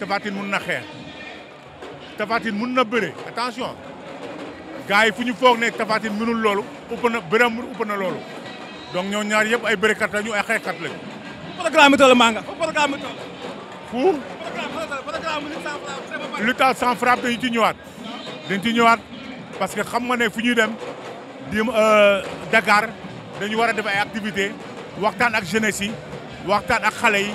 Tapha Tine mun na xeex Tapha Tine mun na bëre attention gars yi fu ñu foog ne Tapha Tine mënul loolu upp na bëram upp na loolu donc ñoo ñaar yëpp ay bërekat lañu ay xeexkat lañu. programme tole ma nga programme tol fu lutte sans frappe dañ ci ñëwaat dañ ci ñëwaat parce que xam nga ne fu ñuy dem di euh, Dakar dañu wara def ay activité waxtaan ak jeunesse yi waxtaan ak xalé yi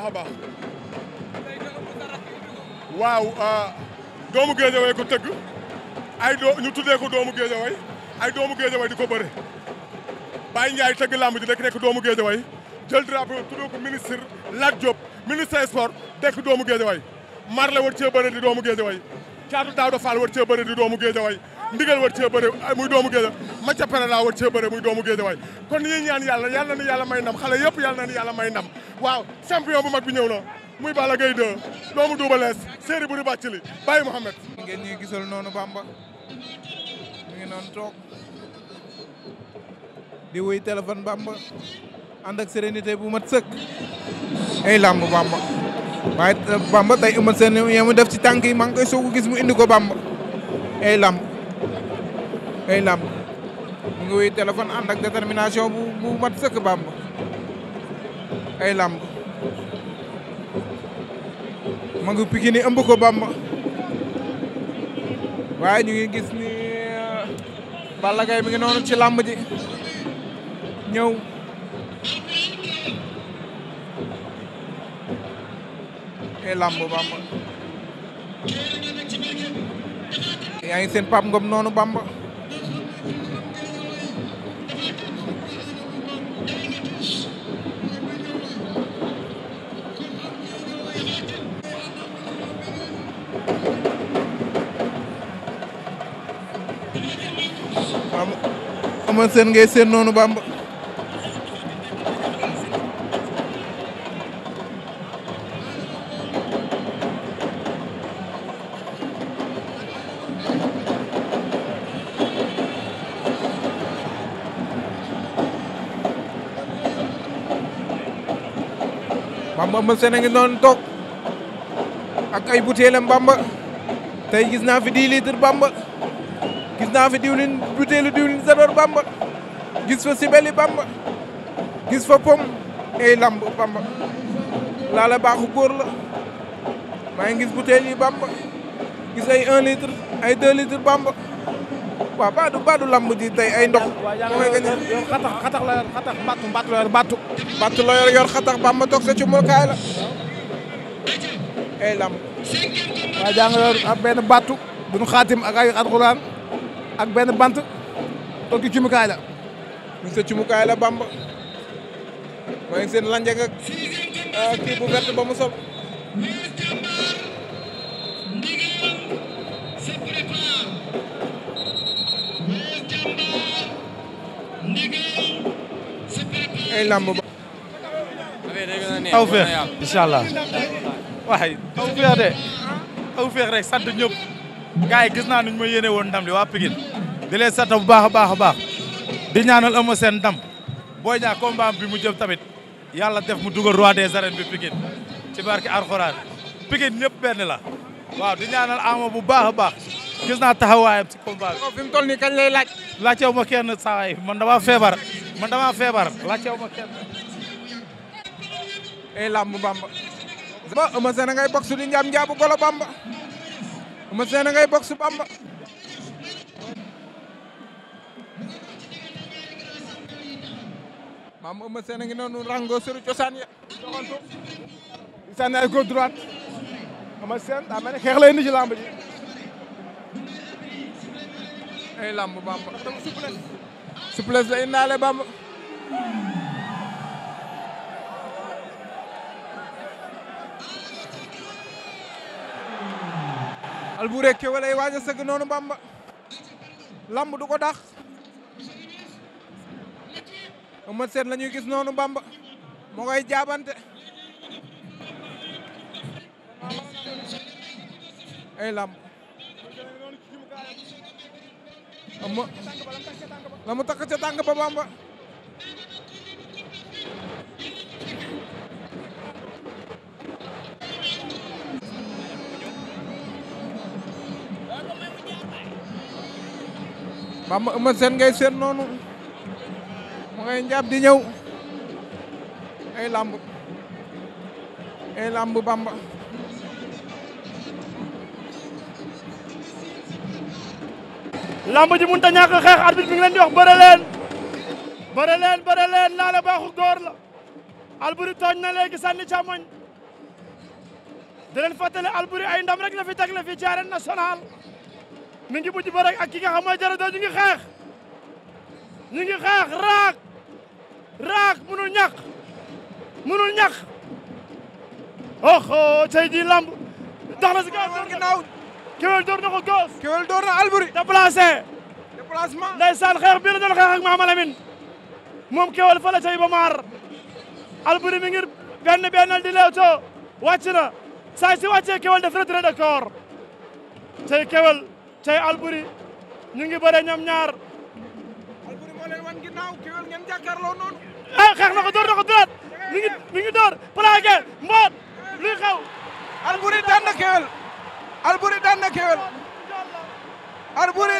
baax a baax waaw euh, doomu Géejawaay ko tëgg ay doo ñu tuddee ko doomu Géejawaay ay doomu Géejawaay di ko bëre Baye Ndiaye tëgg làmb ji nekk nekk doomu Géejawaay jël drapeau tuddee ko ministre Lat Diop ministre des sports dekk doomu Géejawaay Marley war cee bëre di doomu Géejawaay Caatu Daawda Fall war cee bëre di doomu Géejawaay ndigal war cee bëre muy doomu géeja ma ca pare laa war bëre muy doomu géeja waay kon ñi ñaan yàlla yàlla na yàlla may ndam xale yëpp yàlla na yàlla may ndam champion bu mag bi ñëw na muy Balla Gaye 2 doomu Double séeri bu di bàcc li Baye Mohamed. ngeen ñuy gisal noonu Bamba mu ngi noonu toog di wuy téléphone Bamba ànd ak sérénité bu mat sëkk. ay làmb Bamba waaye Bamba tey umat seen yemu def ci tànk yi maa ngi koy soog gis mu indi ko Bamba ay làmb ay làmb mu ngi wuy téléphone ànd ak détermination bu bu mat sëkk Bamba ay làmb. ma ngi Pikine ëmb waaye ñu ngi gis ni uh, Balla Gaye mi ngi noonu ci làmb ji ñëw e làmb Bamba yaa ngi seen Pape Ngom noonu bamb amoon seen ngay seen nonu bamba bamba ma seen a ngi noonu toog ak ay bouteille bamba tay gis na fi 10 litres bamba gis naa fi diwlin butéelu diwlin Zador Bamba gis fa Sibeli Bamba gis fa pom ay lamb Bamba laala baaxu góor la maa ngi gis butéel yi Bamba gis ay 1 litre ay 2 litre Bamba waaw baadu baadu lamb ji tey ay ndox. mooy que ni yow xatax xatax la yor xatax battu battu la yor la yor lamb. waa jàng yor ab benn battu duñu xaatim ak ay alxuraan. ak benn bant toog ci cumukaay la mi sa cumukaay la bamba maa ngi seen lanjeg ak ah, kii bu ba mu sol ay lamb ba taw feex incha allah waay taw feex de rek sant ñëpp gars yi gis naa nuñ ma yéene won ndam li waa Pikine di leen sata bu baax a baax a baax di ñaanal ama Sène ndam Boy Niang combat bi mu jëm tamit yàlla def mu dugal roi des arènes bi Pikine ci barke Alxuraan Pikine ñëpp benn la waaw di ñaanal Ama bu baax a baax gis naa taxawaayam ci combat bi. fi kañ lay laaj. laajteewu ma kenn saa waay man damaa feebar man damaa feebar laajteewu ma kenn. ey eh, lamb Bamba. ba Eumeu Sène ngay bokk su di njaam njaabu golo Bamba. Eumeu Sène ngay box Bamba maam Eumeu Sène ngi noonu rango suru cosaan ya doxantu di sànni ay góor droite Eumeu Sène daa mel ne indi ci lamb ji ay lamb Bamba souplesse souplesse la indaale Bamba Alboury Kewel ay waaj a sëgg noonu Bamba lamb du ko dax Eumeu Sène la ñuy gis noonu Bamba moo koy jaabante ay lamb la mu takk ca tànk ba Bamba mbaam ma Eumeu Sène ngay seen noonu mu ngay njaab di ñëw ay làmb ay làmb Bamba làmb ji mënut a ñàkk xeex arbitre bi ngi leen di wax bëre leen bëre leen bëre leen laale baaxu góor la Alboury tooñ na léegi sànni càmmoñ di leen fàttali Alboury ay ndam rek la fi teg la fi ci arène mi ngi mujj ba rek ak ki nga xam mooy Jara 2 xeex ñu ngi xeex raak raak munul ñàkk munul ñàkk oxo oh, oh, tey jii lamb dox na si ginnaaw Kewel door na ko góos Kewel door na Alboury déplacé déplacement ndeysaan xeex bi la xeex ak Mama Lamine moom Kewel fa la tey ba maar Alboury mi ngi bennal di leewtoo wàcc na saa si wàccee Kewel def retrait de corps tey Kewel tey Albouri ñu ngi bëre ñoom ñaar. Albouri moo leen wan ginnaaw kéwél ngeen jàkkaarloo noonu. ah mi ngi mi ngi door plaqué mboot luy xew. Albouri daan na kéwél. Albouri daan na kéwél. Albouri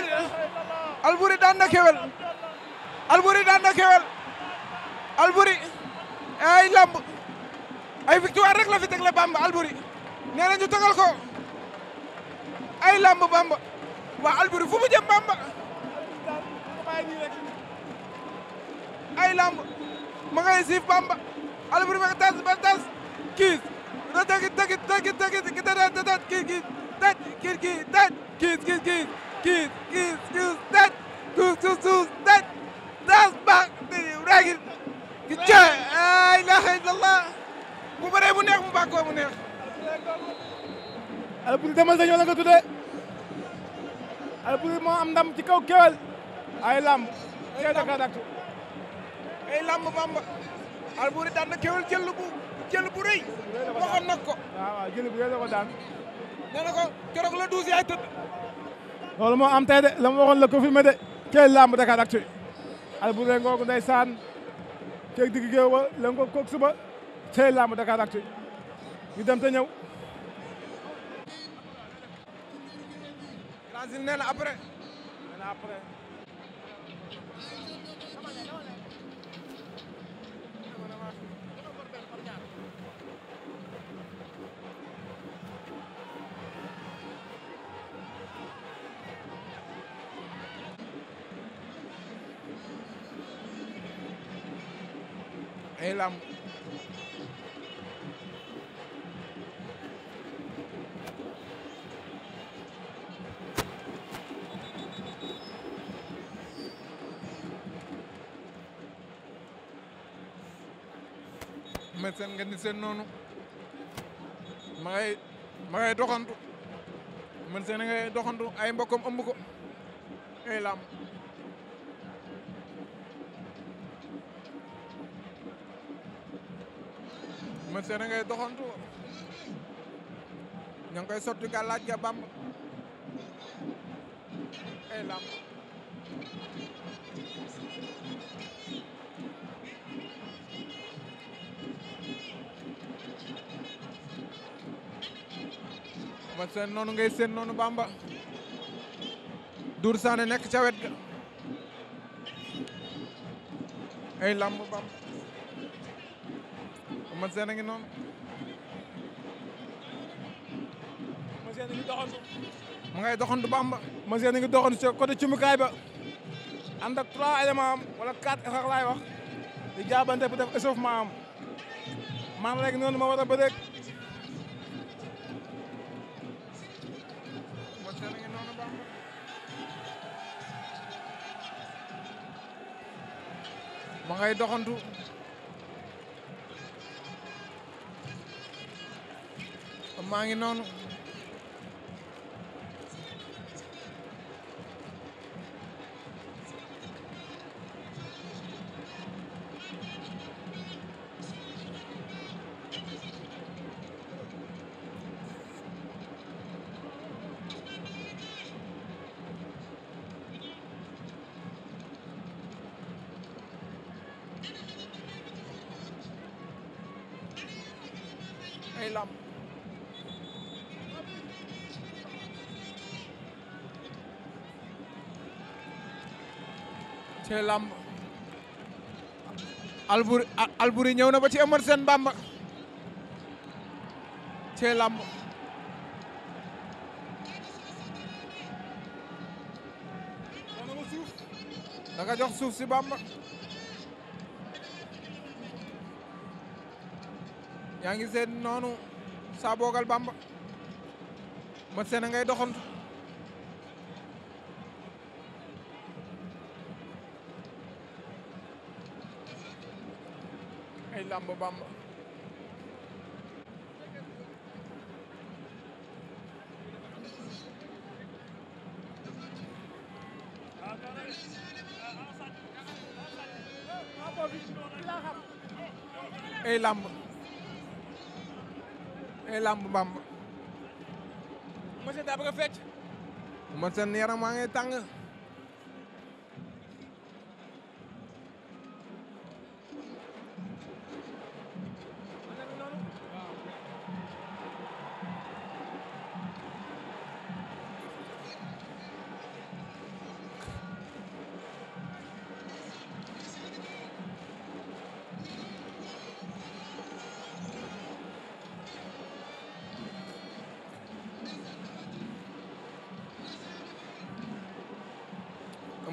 Albouri daan na kéwél. Albouri ay lamb ay victoire rek la fi tegle Bamba Albouri nee na ñu ko ay lamb Bamba. waa Alboury fu mu jëm Bamba ay lamb ma ngay siif Bamba Alboury ma tas ba tas kiis da tagit tagit tagit tagit ki da da da ki ki dat ki ki dat kiis kiis kiis kiis kiis kiis dat kuus kuus kuus dat das baax dini ragil ki ca ay la ilaha illallah bu bëree mu neex mu bàkkoo mu neex Alboury demal dañoo la nga tuddee Albouri moo am ndam ci kaw Kewel ay lamb tey Dakaractu ay lamb bamba Albouri daan na Kewel jël bu jël bu ko waaw la ko daan nee la douze yaay tëdd loolu moo am tey de la mu waxoon la de Kewel lamb Dakaractu Albouri ngoogu ndeysaan keeg digg géew ba la ko koog suba Kewel lamb Dakaractu ñu dem te ñëw Lassine nee na après. nee na après. ay lamb seen nga ni seen noonu ma ngay ma ngay mën seen nga doxantu ay mbokkam ëmb ko ay seen ngay doxantu ña ngi koy sotti ka laaj ga bamb ay man seen noonu nga seen noonu Bamba Dour nekk ca wet ga ay lamb Bamba man seen a ngi noonu man seen a ngi ma ngay doxantu Bamba man seen a ngi doxantu ca côté cumukaay ba ànd ak trois éléments am wala quatre sax wax di jaabante bu def échauffement am man noonu ma war a ma ngay doxantu maa ngi noonu te làmb Alboury Alboury ñëw na ba ci Eumeu Sène Bamba te làmb da jox suuf si Bamba yaa ngi seen noonu saa boogal Bamba Eumeu Sène a ngay doxantu Damba Bamba ey lamb ey lamb Bamba masih daa bëgg a fecc man seen yaram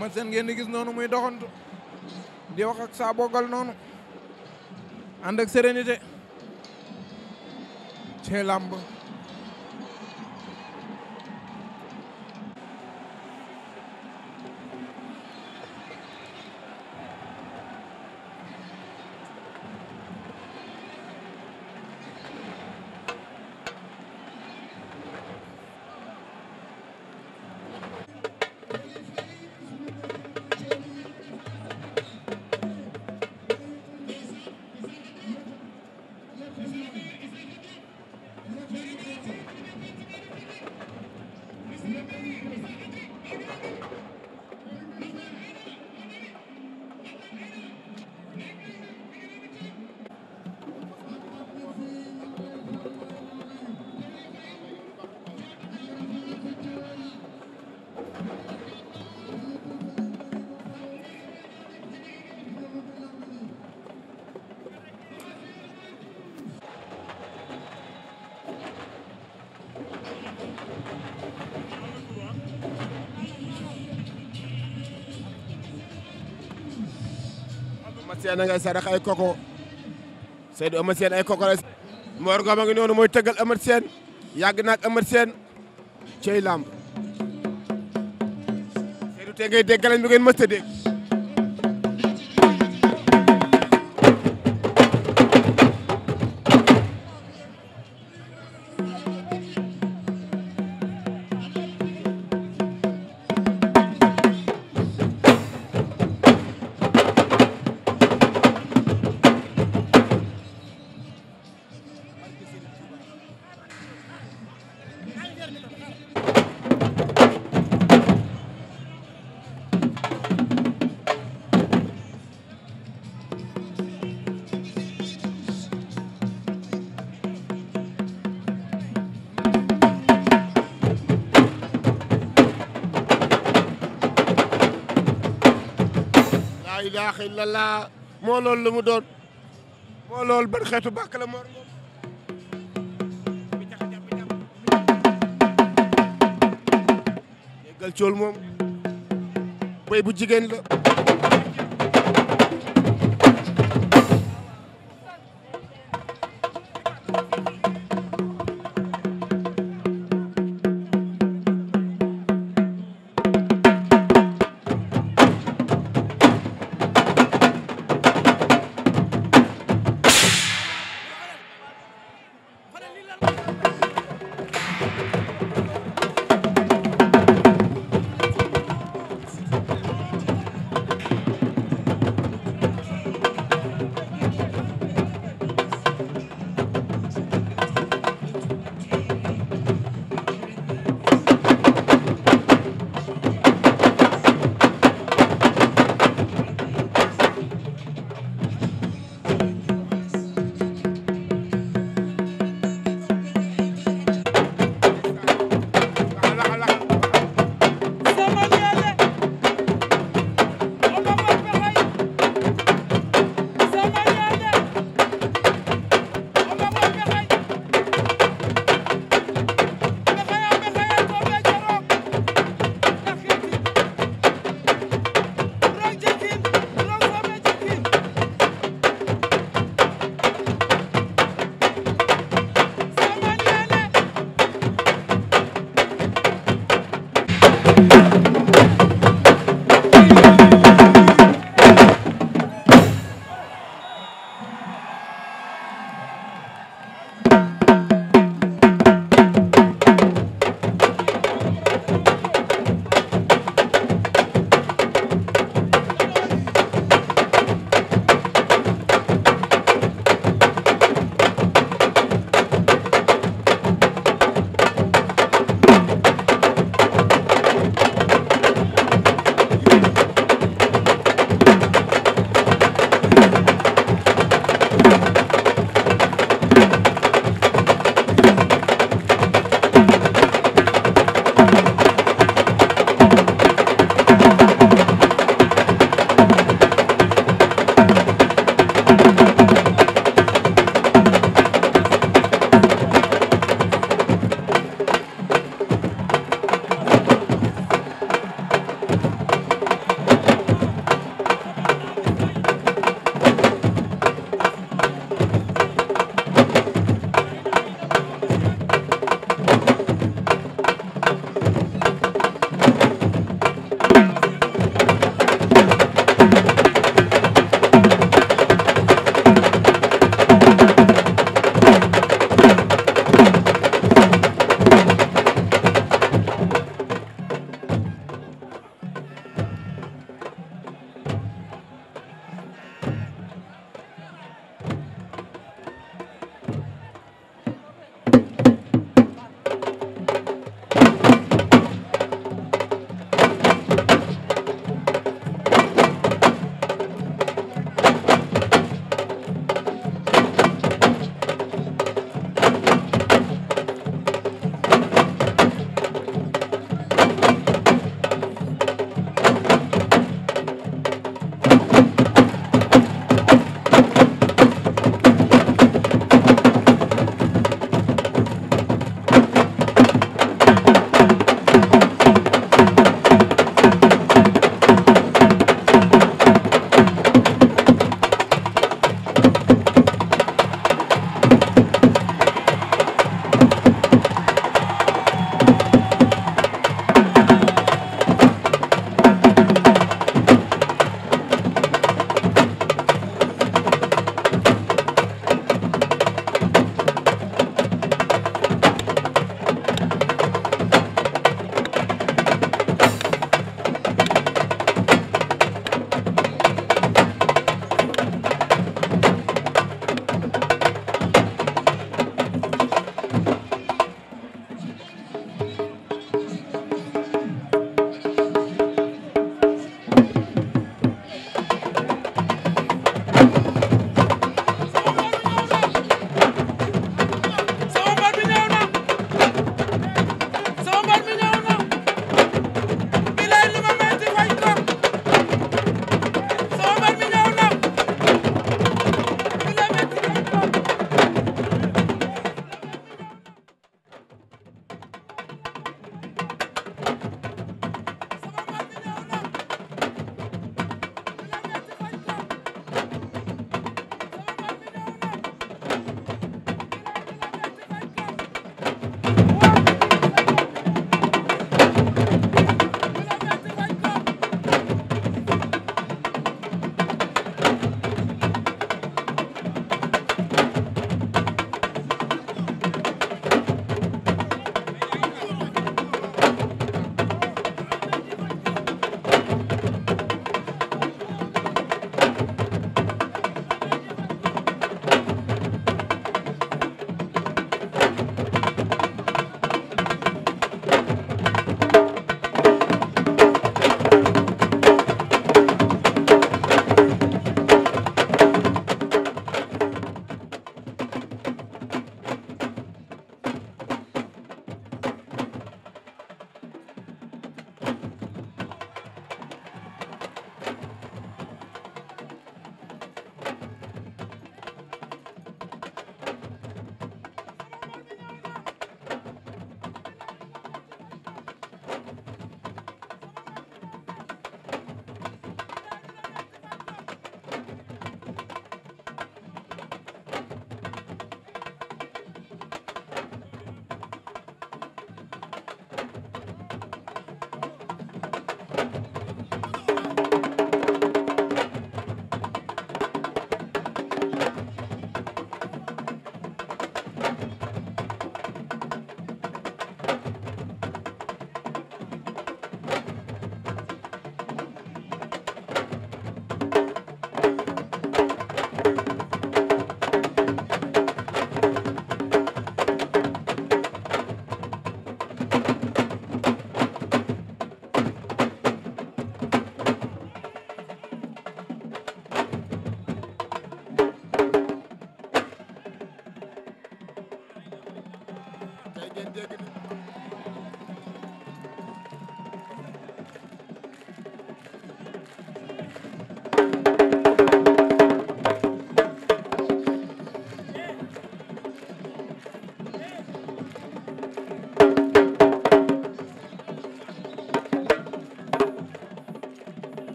man seen ngeen gis nonu muy doxantu di wax ak sa bogal nonu and ak serenité cee lamb Sène ngay sarax ay koko Seydou Amath Sène ay koko Mor Ngom a ngi mooy tëggal amat Sène yàgg na ak Amath Sène cey làmb Seydou te ngay dégg galañ bi ngeen mës a dégg. ilaha illallah moo loolu lu mu doon moo loolu ban xeetu bàkk la moor ngoom déggal cool moom béy bu jigéen la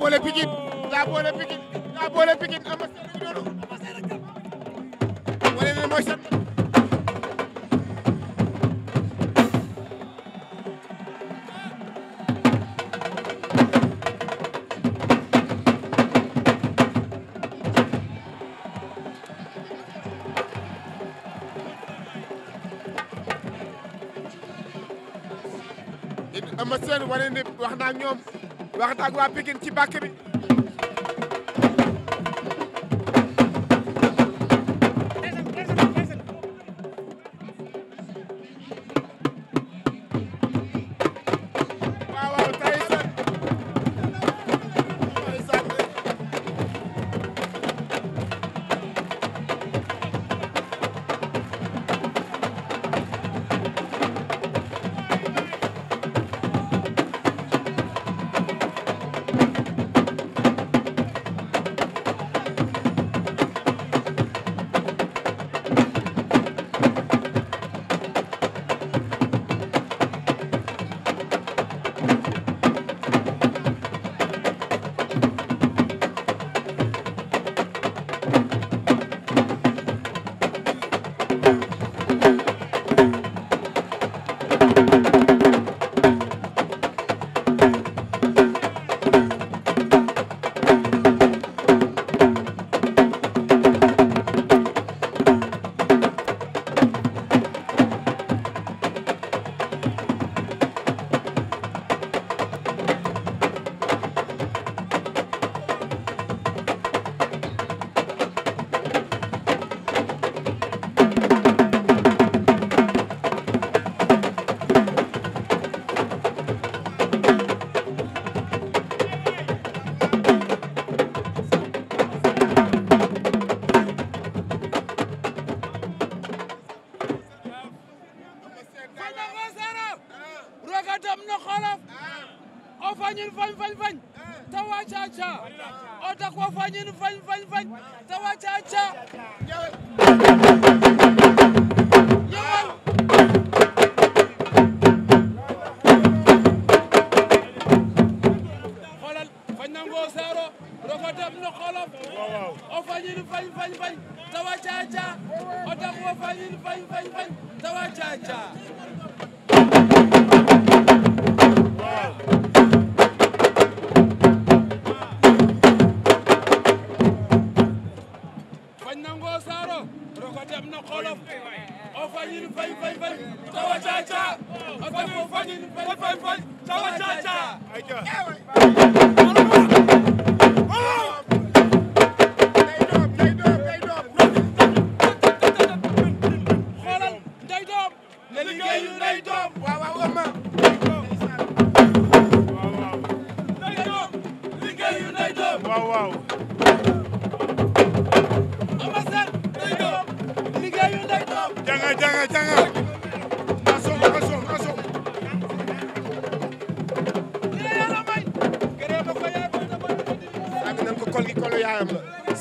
boole Pikine daa boole Pikine daa boole Pikine Eumeu Sène ngi noonu wane ne mooy seen Eumeu Sène wane ne wax naa ñoom wax ak waa Pikine ci bàkk bi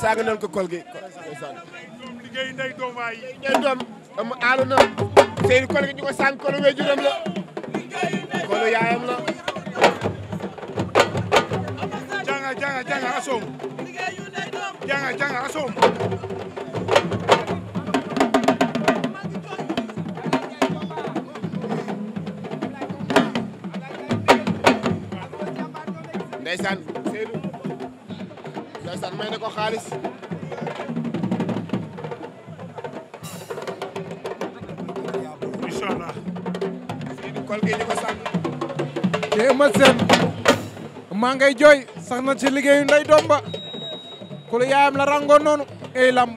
tàngalal ko kol gi. liggéey ndey doom waay ndey doom am aalu na seen kol gi ñu ko sànq kolu la kolu yaayam la janga janga janga asoom janga janga asoom xaalis inshallah kol gi maa ngay jooy sax na ci liggéeyu nday domba ku lu yaayam la rangoon noonu ey lamb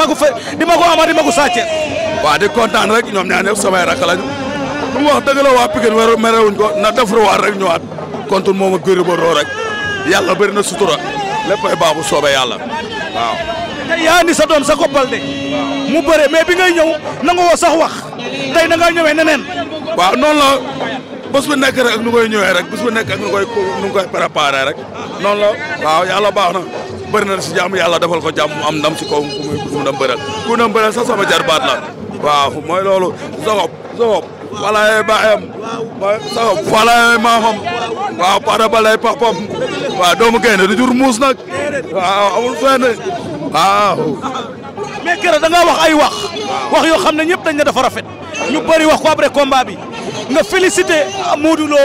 ma ko fay di ma ko ama di ma ko sàcce waaw di kontaan rek ñoom ñaar ñëpp samay rakk lañu lu mu wax dëgg la waa Pikine merewuñ ko na defaruwaat rek ñëwaat kontul moom ak Gris Bordeaux rek yàlla bëri na sutura léppay baax bu soobee yàlla waaw tey yaa ni sa doom sa koppal de mu bëre mais bi ngay ñow nanga woo sax wax tey da ngaa ñëwee neneen waaw noonu la bés bu nekk rek ak nu koy ñëwee rek bés bu nekk ak nu koy nu koy préparé rek waaw yàlla bëri si jàmm yàlla ya defal ko jàmm am ndam si ko ku ndam ku ku ndam bëral sa sama bat la waaw mooy loolu soxob soxob walaay baayam mooy soxob walaay maamam waaw para balay papam waaw doomu gene du jur mus nak waaw amul fen waaw me keroog da nga wax ay wax wax yo xamne ne dañ la dafa rafet ñu bari wax ko après combat bi nga féliciter modulo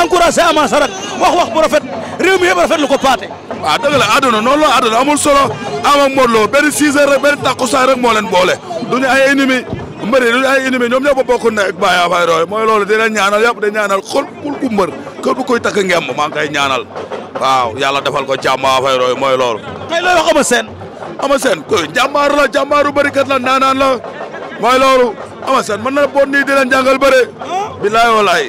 encourager amassarat wax wax bu rafet rew mi yeb rafet lu ko paté waaw ah, dëgg la àdduna noonu la àdduna amul solo Ama ak Modou Lo benn 6 heures rek benn takkusaan rek moo boole duñu ay ennemis mbër yi duñu ay ennemis ñoom ñoo ko bokk nekk bàyyi fay rooy mooy loolu dinañ ñaanal yëpp dañ ñaanal xol kul ku kër bu koy takk ngemb maa ngi koy ñaanal waaw yàlla defal ko jàmm waa fay rooy mooy loolu. tey looy wax Ama Sène. Ama Sène koy jàmbaar la jàmbaaru bërikat naanaan la mooy loolu Ama Sène mën na bon nii di leen bëre. Ah. bilaay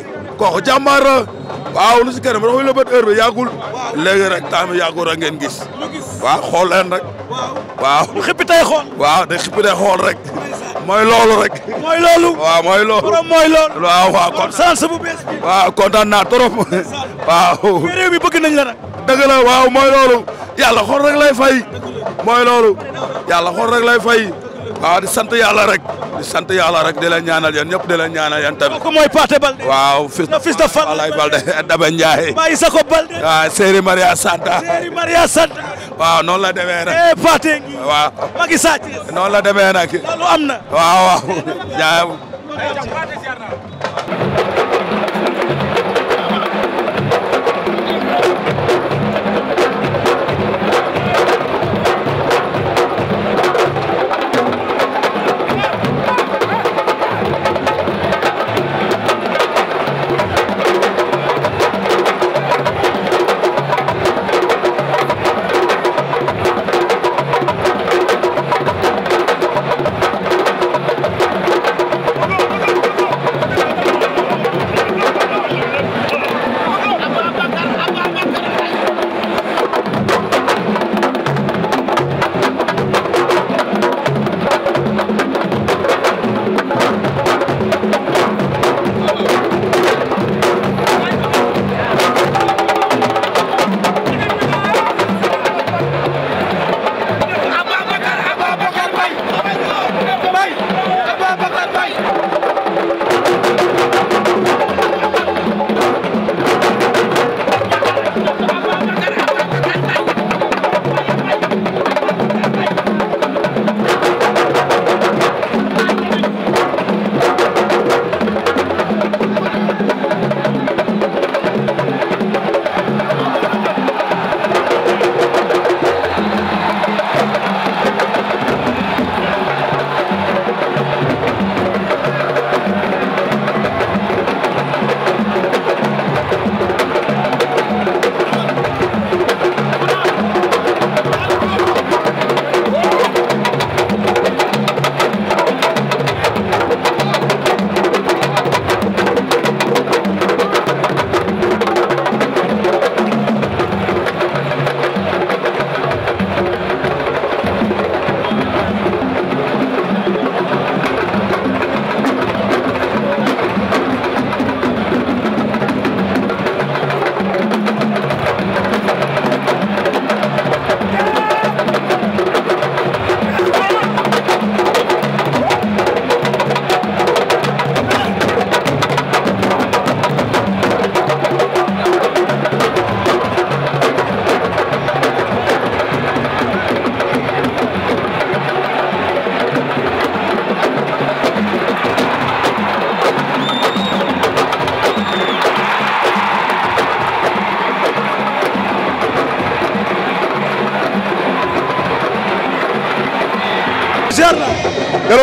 léegi rek temps bi yàggul rek ngeen gis. waa xool leen rek. waa xippi tey xool. waaw day xippi tey xool rek. mooy loolu rek. mooy mooy loolu. borom mooy loolu. waaw waaw kon sens kontaan naa trop. waaw. mais réew mi bëgg nañ la nag. dëgg waaw mooy loolu. yàlla xool rek lay fay. mooy loolu. yàlla xool rek lay fay. waaw di sant yàlla rek. sant yàlla rek di leen ñaanal yéen ñëpp di leen ñaanal yéen tamit. kooku mooy Pathé Balde. waaw fils de fils de Fallou Alaye Balde Daba Ndiaye. Balde. waaw ah, Seri Maria waaw noonu la demee nag. Eh, ngi. waaw. Macky la demee nag. na. waaw waaw.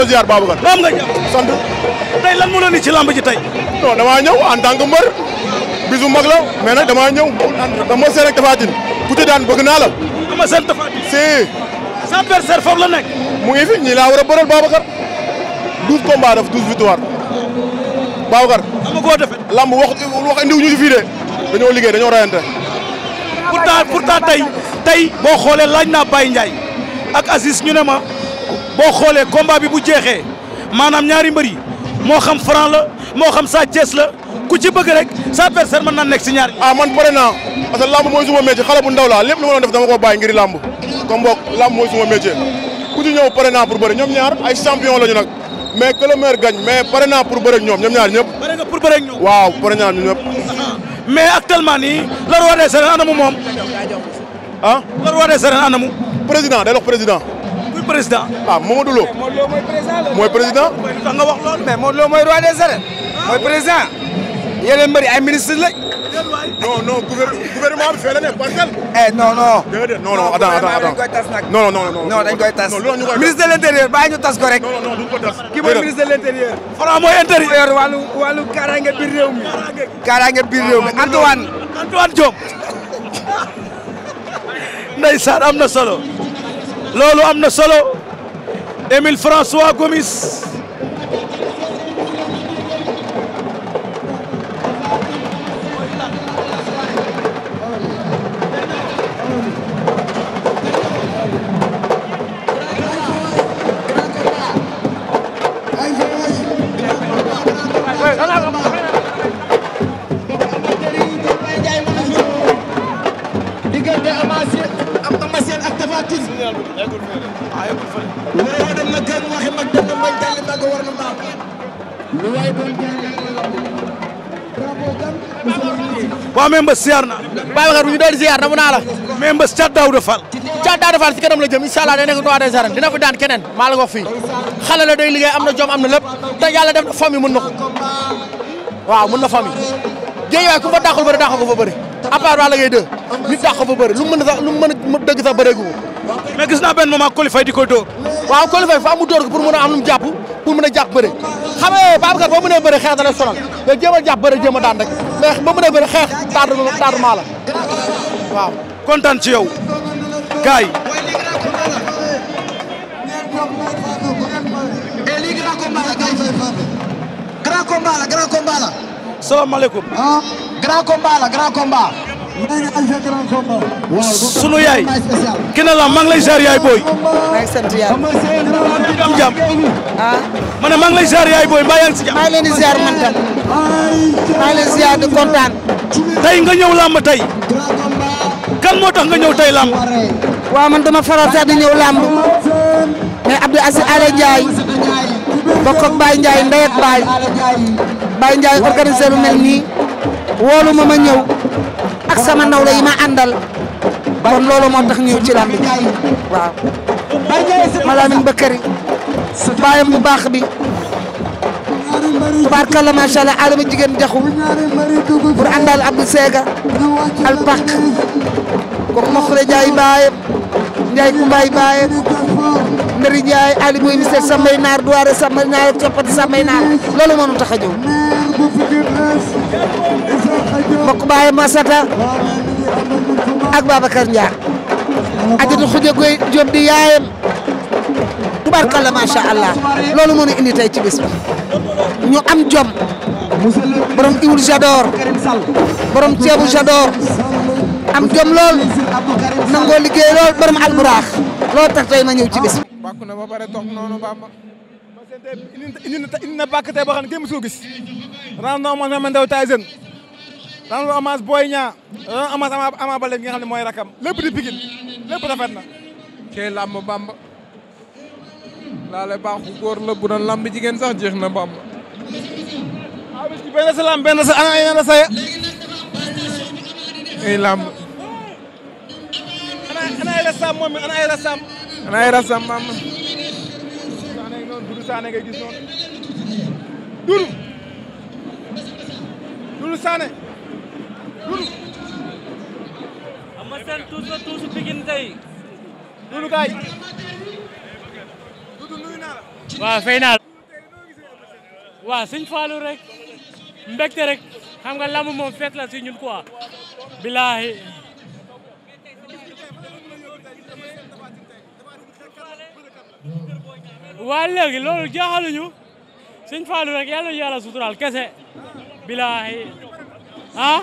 delloo ziar sant. tey lan moo la ni ci lamb ji tey. non damaa ñëw en tant que mbër bisu mag la mais nag damaa ñëw dama seen ak Tapha ku ci daan bëgg naa la. dama seen Tapha Tine. si. sa adversaire foofu la nekk. mu ngi fi ñi laa war a bëral Babacar douze combats daf douze victoire Babacar. dama koo defee. lamb wax wax indiw ñu si fii de dañoo liggéey dañoo rayante. pourtant pourtant tey tey boo xoolee laaj naa Baye Ndiaye ak Aziz ñu ne ma. boo xoolee combat bi bu jeexee maanaam ñaari mbër yi moo xam Franc la moo xam Sa Thiès la ku ci bëgg rek sa adversaire mën naa nekk si ñaar ah man pare naa parce que lamb mooy suma métier xale bu ndaw la lépp lu ma doon def dama ko bàyyi ngir lamb comme mbokk lamb mooy suma métier ku ci ñëw pare naa pour bëri ñoom ñaar ay champion la nag mais que le maire mais pare naa pour bëri ak ñoom ñoom ñaar ñëpp pare nga pour bëri ak ñoom waaw pare naa ñun ñëpp mais actuellement nii la roi des arènes anamu moom ah la roi des président day wax président mooy président. ah Mamadou Lo. mooy président. mooy tax nga wax loolu. mais Mamadou Lo mooy roi des arènes. mooy président. yeneen mbëri ay ministre lañ. non non gouvernement bi fee la ne parcelle. eh non non. déedéet non non attends attends non non non non dañ koy tas. ministre de l' intérieur bàyyi ñu tas ko rek. non non duñ ko tas. ki mooy ministre de l' intérieur. Fra mooy intérieur. moo yor wàllu wàllu kaaraange biir réew mi. kaaraange biir réew mi Antoine. Antoine Diop. ndeysaan am na solo. لولو امنا سلو اميل فرانسوا غوميس mbës ziar naa. Babacar bu ñu doon ziar namu naa la. mais mbës Thiat Daouda Fall. Thiat Daouda Fall ci kanam la jëm incha allah day nekk roi des arènes dina daan keneen maa la ko wax fii la day liggéey am na jom am na lépp te yàlla def na famille mën na ko waaw mën na famille. géej waay ku fa dàqul bëri dàq fa bëri à part waa la ngay dë nit dàq ko fa bëri lu mu mën a sax a dëgg sax bëreegu ko. mais gis naa benn moment a Faye di koy dóor. waaw Coly Faye fa mu dóor ko pour mën am lu pour mën a jàpp bëre xam nga Babacar boo mënee bëre xeex dana sonal mais jéem a jàpp bëre daan rek mais ba mënee bëre xeex tardement la waaw. kontaan ci yow gaay eh, grand combat la grand sunu yaay kena la maa ngi lay mana yaay boy? maa ngi sant yàlla. maa ah. ma ne lay jaar yaay booy mbaa yaa ngi si jàmm. ziar man tam. maa ngi ziar nga kan nga man dama faral sax di mais Abdou bokk ak ndey ak lu ma ak sama nawle yi ma àndal kon loolu moo tax ñëw ci làmb waaw Malamine Bakary baayam bu baax bi tubaarkalla macha allah alama jigéen jaxu Ali Boy Mister Sambay Naar Douare Sambay Naar coppati Sambay Naar loolu moo nu tax mbokk baay Masata ak Babacar Ndiar ajatu xuja goy Jóob di yaayam tubaarkalla macha allah loolu moo ñu indi tey ci bis bi ñu am jom borom iwul j'adore borom ceebu j'adore am jom lool nangoo liggéey lool borom alburaax loolu tax tey ma ñëw ci ne kenn dans le amas Boy nya eh, amas Ama Ama balé nga xamné moy rakam lepp di Pikine lepp rafet na. cee làmb bamba lay bax goor la bu doon lamb jigen sax jeex na bamba. Ah, eh, anak anak bi benn sa anak benn sa anak ay na sa ya. ay lamb ana ana ay rasam moom ana ay rasam. ana ay rasam bamba. Sané ngay gis Eumeu Sène tuus na tuusu Pikine tey. Doudou Gaye. waaw fay naa la. waaw suñ faalu rek. mbégte rek xam nga lamb moom feet la si ñun quoi. bilaahi. waa léegi loolu jaaxaluñu. suñ faalu rek yàlla yàlla suturaal kese. bilaahi ah.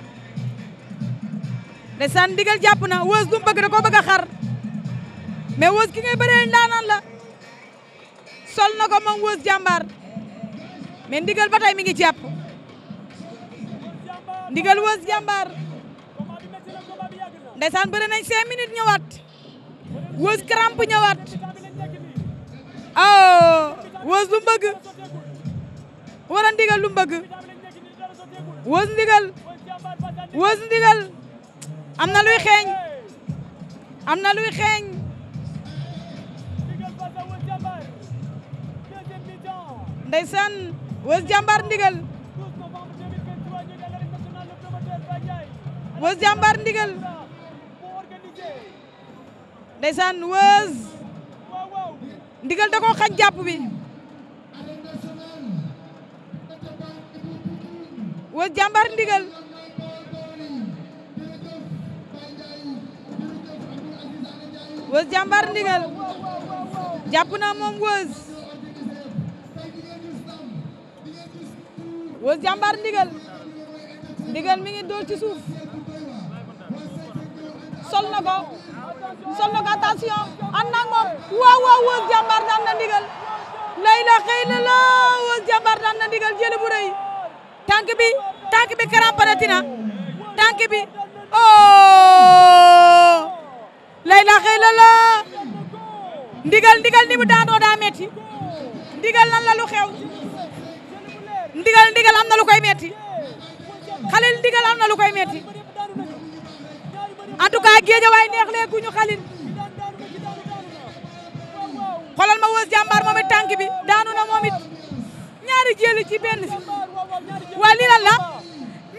ndeysaan ndigal jàpp na wës bu mu da koo bëgg a xar mais wës ki ngay bëree la sol na ko moom wës jàmbaar mais ndigal ba tey mi ngi jàpp ndigal wës jàmbaar ndeysaan bëri nañ cinq minutes ñëwaat wës crampe ñëwaat oh lu mu bëgg war a ndigal lu mu am na luy xeeñ am na luy xeeñ ndeysaan Weuz Diambar ndigal Weuz Diambar ndigal ndeysaan Weuz ndigal da koo xañ jàpp bi Weuz Diambar Weuz jàmbaar ndigal jàpp na moom Weuz Weuz jàmbaar ndigal ndigal mi ngi dóor suuf sol na sol na ko attention moom waaw waaw Weuz jàmbaar na ndigal lay la xëy la Weuz jàmbaar na ndigal jël bu rëy tànk bi tànk bi karampanatina lay la xëy la la ndigal ndigal ni mu daanoo daa metti la lu xew ndigal ndigal am lu koy metti xalil ndigal am na lu koy metti en tout cas géejawaay neex lee guñu xalil xoolal ma wës jàmbaar moom it tànk daanu na moom it ñaari jéeli ci si waa la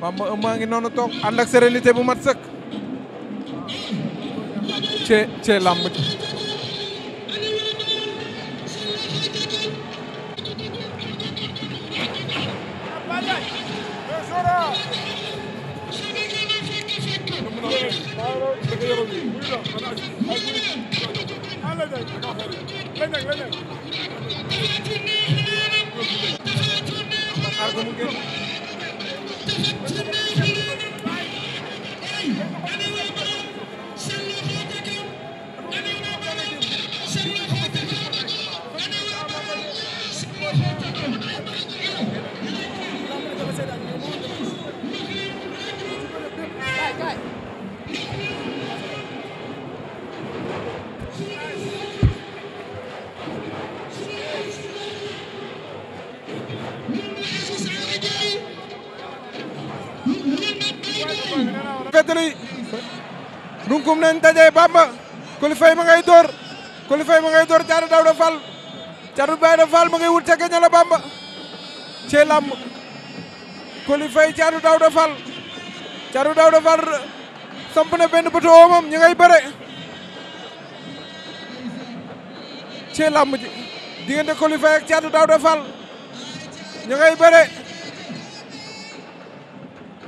Bamba Eumeu ngi noonu toog ànd ak sérénité bu mat sëkk cee cee làmb Thank Thank you. Fetali runkum nañ daje Bamba Coly Faye ma ngay door Coly Faye ma ngay door Thiatou Daouda Fall Thiatou Daouda Fall ma ngay wut ca gaña la Bamba cee làmb Coly Faye Thiatou Daouda Fall Thiatou Daouda Fall samp na benn bëtu oomam ñu ngay bëre cee làmb ji diggante Coly Faye ak Thiatou Daouda Fall bëre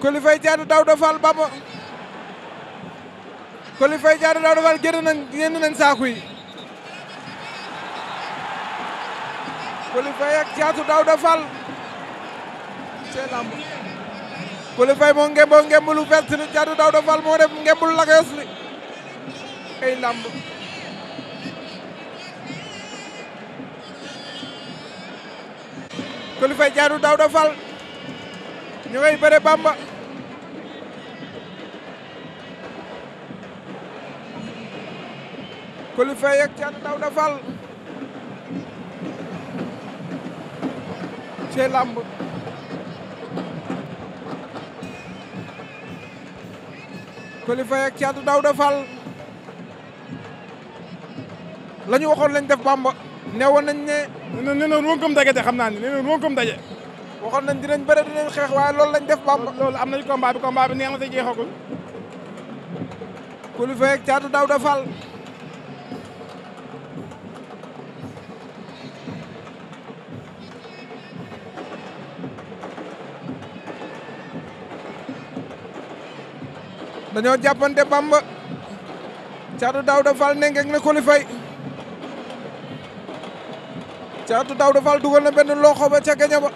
Coly Faye Thiatou Daouda Fall Bamba Coly Faye Diatta Daouda Fall génn nañ génn nañ saaku yi Coly Faye ak Diatta Daouda lamb Coly moo ngemboo ngembulu vert li Diatta Daouda Fall moo def ngembul lakayos li ay lamb Coly Faye Diatta ñu ngay bëre Bamba Coly Faye ak Thiatou Daouda Fall ci làmb Coly Faye ak Thiatou Daouda Fall la ñu def Bamba ne woon nañ ne ne ne noon woon comme daje de xam naa ne ne noon woon daje waxoon nañ dinañ bëre dinañ xeex waaye loolu lañ def Bamba loolu am nañ combat bi combat bi neex na te jeexagul Coly Faye ak Thiatou Daouda dañoo jàppante Bamba Caatu Daawda Fall nengeeg na kolifay Caatu Daawda dugal na benn loxo ba ca gaña ba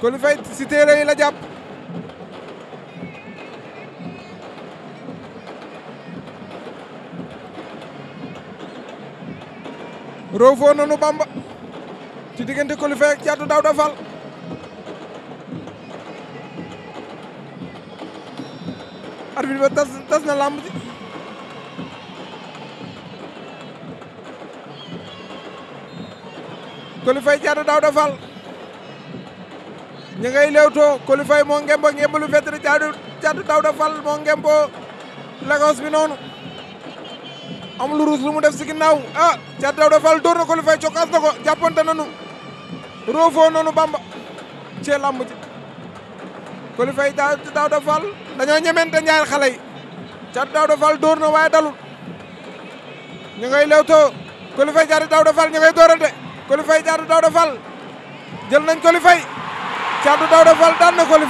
kolifay si téere yi la jàpp roofoo nanu Bamba ci diggante kolifay ak Caatu arbitre ba tas tas na làmb ji Coly Faye Thiatou Daouda Fall ñi ngay lewtoo Coly Faye moo ngembo ngembo lu fetri bi noonu am lu lu mu def si ginnaaw ah Thiatou Daouda Fall dóor na Coly Faye cokkaas na ko Bamba cee làmb Coly Faye daaw Daouda Fall dañoo ñemente ñaar xale yi cat Daouda Fall dóor na waaye dalul ñu ngay lewtoo Coly Faye jaadu Daouda Fall ñu ngay dóorante Coly Faye jaadu Daouda Fall jël nañ Coly Faye caatu Daouda Fall daan na Coly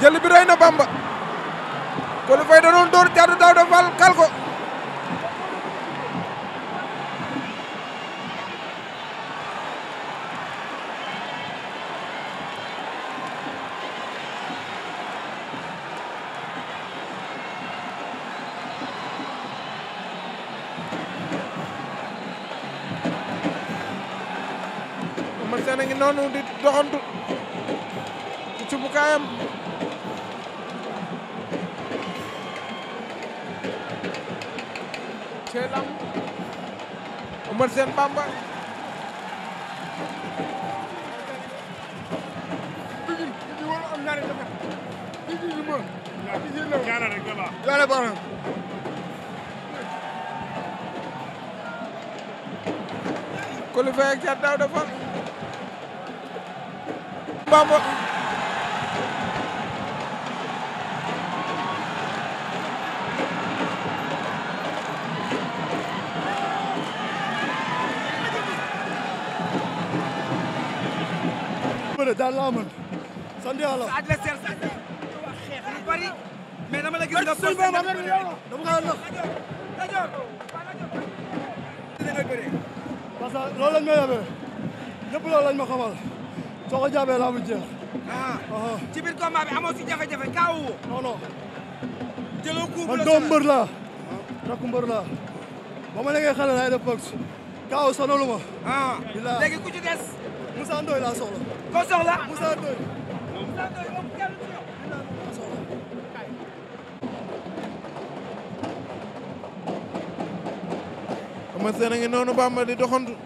jël bi rey na Bamba Coly Faye da caatu Daouda Fall kal ko xamal soo ko jàppee laa mu jeex. Ah, ci biir combat bi amoo si jafe-jafe kaawoo. non non. jëloo coup la man doom mbër laa. rakk mbër laa. ba ma nekkee xale laay def boxe. kaaw ah, ku ci des. a ngi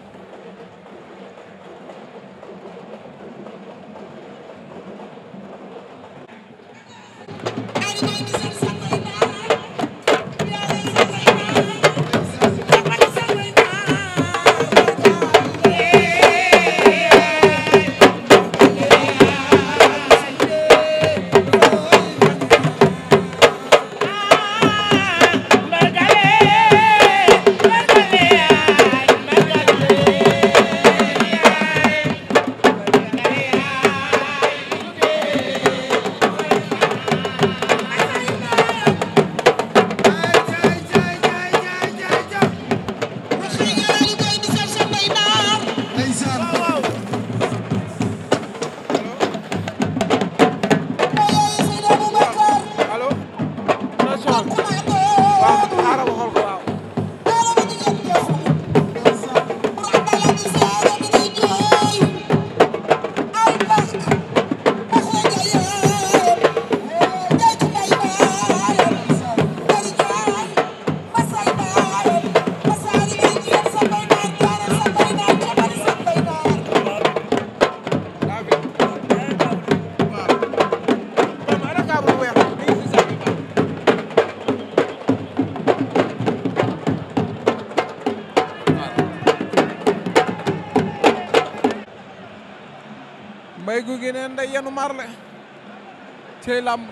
cey làmb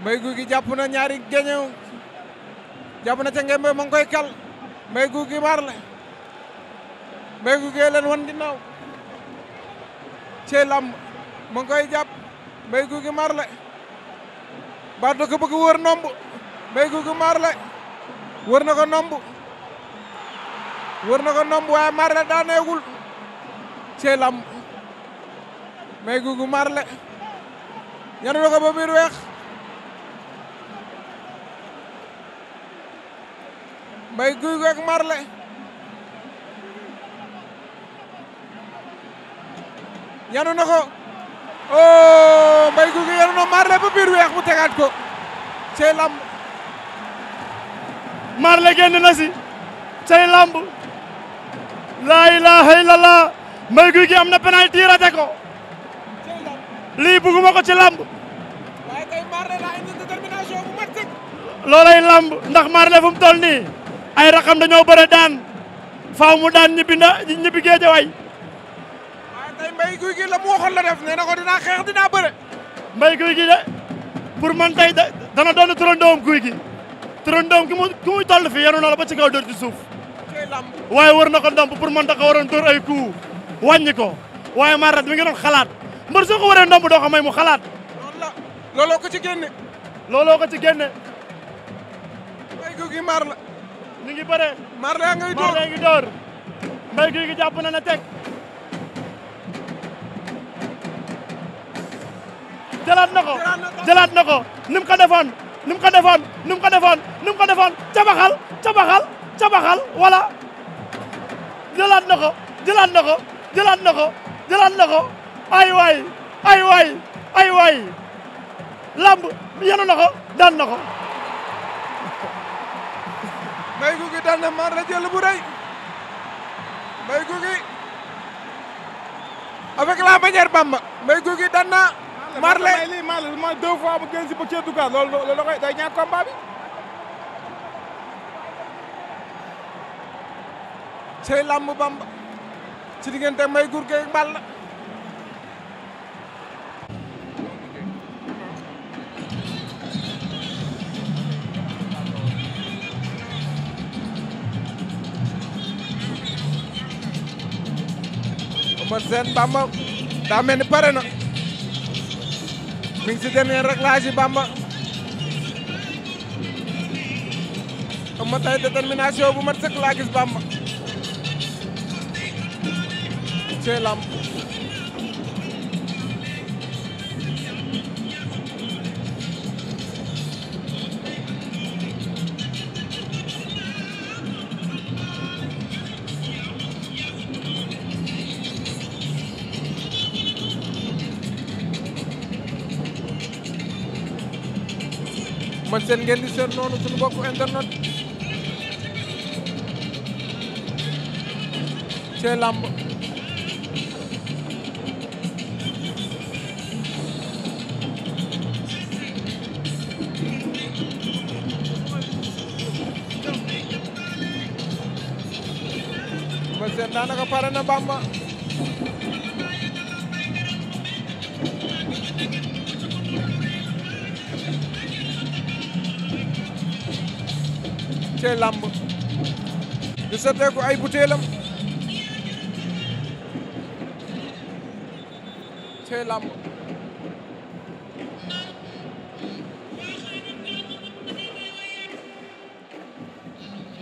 mbay guy gi jàpp na ñaari geñew jàpp na ca ngembe ma ngi koy kal mbay guy gi maar la mbay guy gi leen wan ginnaaw cey làmb ma ngi koy jàpp mbay guy gi maar la baat da ko bëgg wër nomb mbay guy gi maar la wër na ko nomb wër na ko nomb waaye maar la daaneegul cey làmb mbay guy gi maar ñanu na ko ba biir weex mbay guy gu ak marle ñanu ko o oh, mbay guy gu yanu marle ba biir weex mu tegaat ko cey lamb marle génn na si cey lamb laa ilaha illallah mbay guy gi am na penalty rate ko lii bëgguma ko ci lamb. waaye tey Marley la indi détermination bu mat sëkk. loolay lamb ndax Marley fu mu toll nii ay raxam dañoo bëre daan faaw mu daan ñibbi na ñibbi géeje way. waaye tey mbay guy gi la mu waxoon la def nee na ko dinaa xeex dinaa bëre. mbay guy gi de pour man tey de dana doon turandoom guy gi turandoom ki mu ki mu toll fi yanu na la ba ci kaw dóor ci suuf. waaye war na ko ndàmp pour man da ko waroon dóor ay coup wàññi ko waaye Marley ngi doon xalaat. mbër soo ko waree ndomb doo may mu xalaat. loolu la looloo ko ci génne. looloo ko ci génne. mbay guy gi maar la. ñu ngi bëre. maar daa ngay mbay guy gi jàpp na a teg. jëlaat na ko jëlaat na ko ni mu ko defoon ni mu ko defoon ni mu ko defoon ni mu ko defoon cabaxal cabaxal cabaxal wala jëlaat na ko jëlaat na ko. ay waay ay waay ay waay lamb yenu na ko daan na ko mbay gu gi daan na maar la jël bu rëy mbay gu gi avec la manière bamba mbay gu gi daan na maar la lii maar la ma deux fois mu gën si ba cee dugaat loolu loolu da koy day ñaar combat bi lamb bamba ci diggante mbay gur gi mbal la Eumeu Sène Bamba daa mel ni pare na mi ngi si dernier réglage Bamba Eumeu tey détermination bu mat sëkk laa Bamba cee Eumeu Sène seen noonu suñu bokk internet cee làmb Eumeu Sène daanaka pare na Bamba cey làmb ñu ay butéelam cey làmb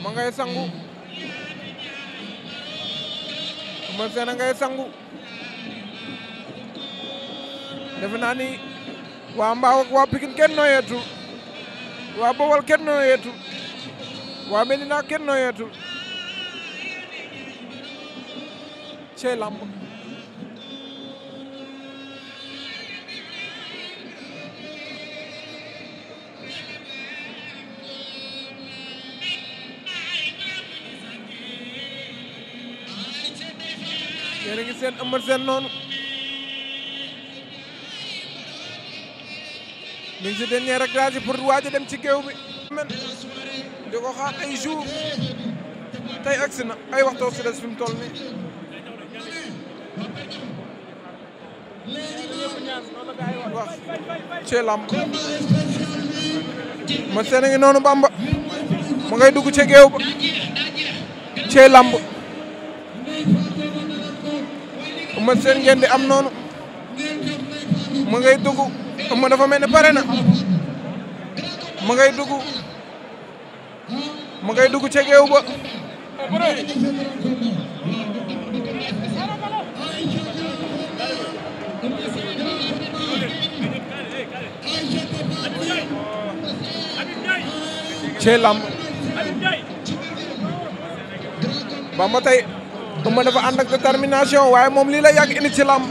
ma ngay sangu ma seen a ngay sangu defe naa ni waa Mbaaw ak waa Pikine kenn waa Bawol kenn waa Medina kenn noyeetul cey làmb yéen a ngi seen ëmër seen noonu mi ngi si dernière grâce pour waaj a dem ci géew bi di ko xaar ay jours tey agsi na ay waxtoo des fi mu toll nii. wax cee làmb ma seen a ngi noonu bamba ma ngay dugg ca géew ba cee làmb ma seen ngeen am noonu ma ngay dugg ma dafa mel ni pare na ma ngay dugg mu ngay dugg ca géew ba cee lamb ba ma tey Eumeu dafa ànd ak waaye moom lii la yàgg indi ci lamb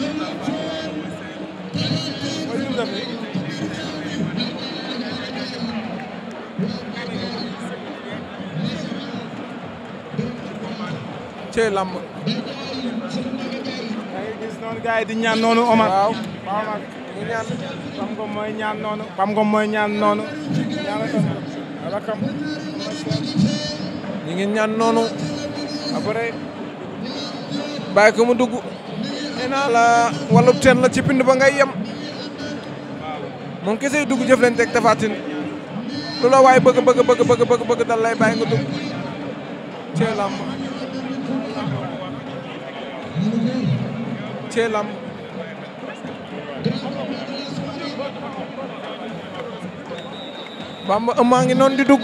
cee lamb. da gis noonu gars di ñaan noonu Omar. waaw Omar di ñaan. Pam Ngom mooy ñaan noonu. Pam Ngom mooy ñaan noonu. yàlla kam yàlla ngi ñaan noonu. après. bàyyi ko mu dugg. nee la wàllu teen la ci pind ba ngay dugg ak lu la bëgg bëgg bëgg bëgg bëgg dal lay nga dugg cee lam bamba ëmmaa ngi noonu di dugg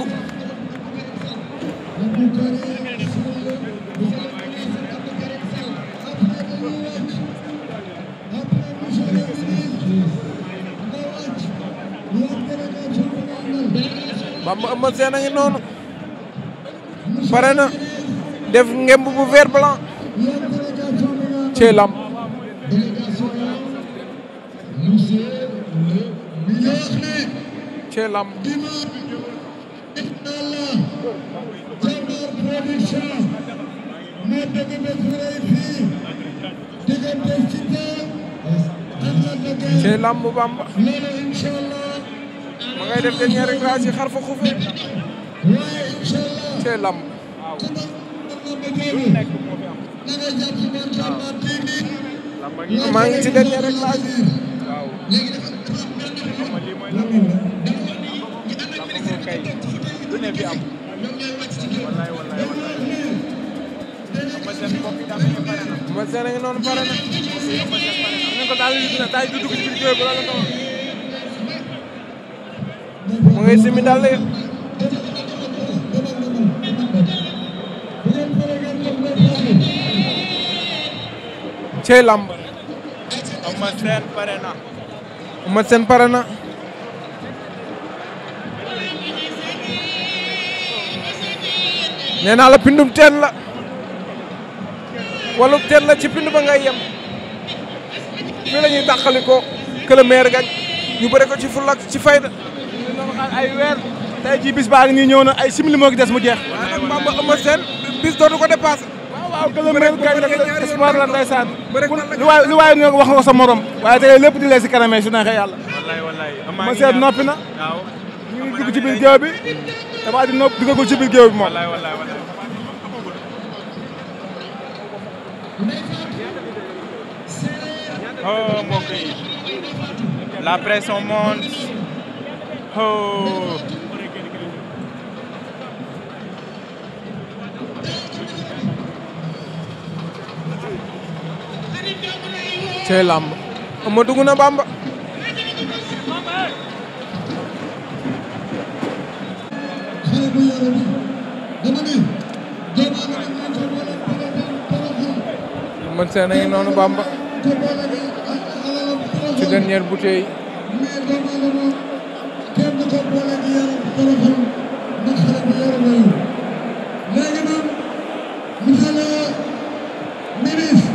bamba ëmma seen a ngi noonu pare na def ngemb bu vert blanc cee lam délégation monsieur le ministre ci lam ci lamb Bamba ma ngay def dernière grâce yi xar fa xufe ci lamb waaw maa ngi ci dernier rek laaj. waaw. lu ne fi am. wallaay wallaay wallaay. ma seen a ngi noonu pare na. ñu ko daal di daal di dugg ci biir bu la la ko wax. mu ngi simi daal cey làmb Eumeu Sène pare na Eumeu Sène pare na nee naa la pindum teen la wala teen la ci pind ba ngay yem fii la ñuy dàqali ko que le maire gañ ñu bëre ko ci fulak ci fayda ñu ay weer tey jii bis baa ngi nii ñëw na ay simili moo gi des mu jeex waaye nag Bamba bis dootu ko dépassé waaw gëlëm réew kañ la espoir la ndeysaan lu waay lu waay ñoo wax nga ko sa morom waaye tey lépp di lee si kanamee su neexee yàlla ma seet noppi na ñu ngi dugg ci biir géew bi dafa di nopp duggagul ci biir géew bi moom oh mbokk yi la pression monte oh cey làmb ama dugg na bàmba man seen a ngi noonu bàmba ci dernière bouteille léegi nag monsieur le ministre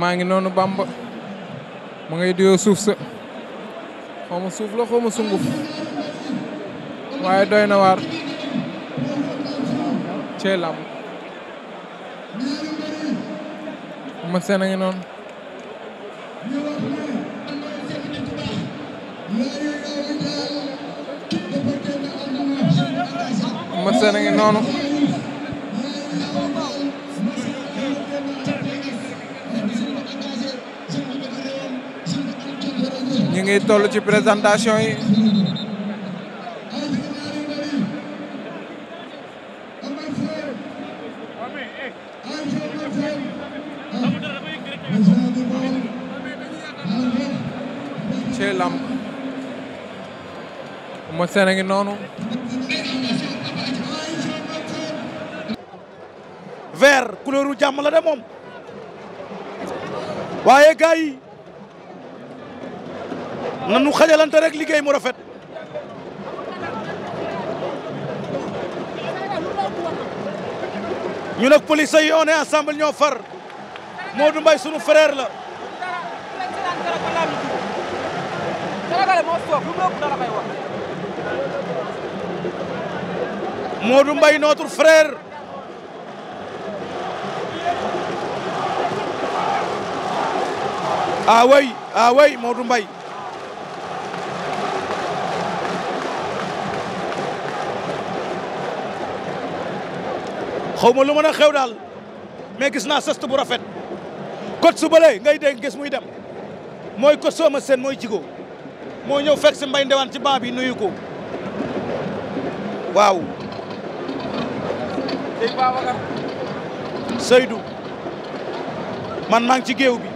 maa ngi bamba ma ngay duyoo suuf sa xaw sunguf doy na waar cee làmb ma Eumeu Sène a noonu ñu ngi toll ci présentation yi cee lamb Eumeu Sène a ngi noonu vert couleur u la de moom waaye gars yi nanu xajalante rek liggéey mu rafet ñu nag police yi on est eh, ensemble ñoo far Modou Mbaye sunu frère la Modou Mbaye notre frère ah way ah way Modou Mbaye xaw ma lu mën xew daal mais gis naa sëst bu rafet kot su bële ngay dégg gis muy dem mooy kot sooma seen mooy jigoo moo ñëw fekk si mbay ndewaan ci baa bi nuyu ko waaw Seydou man maa ngi ci géew bi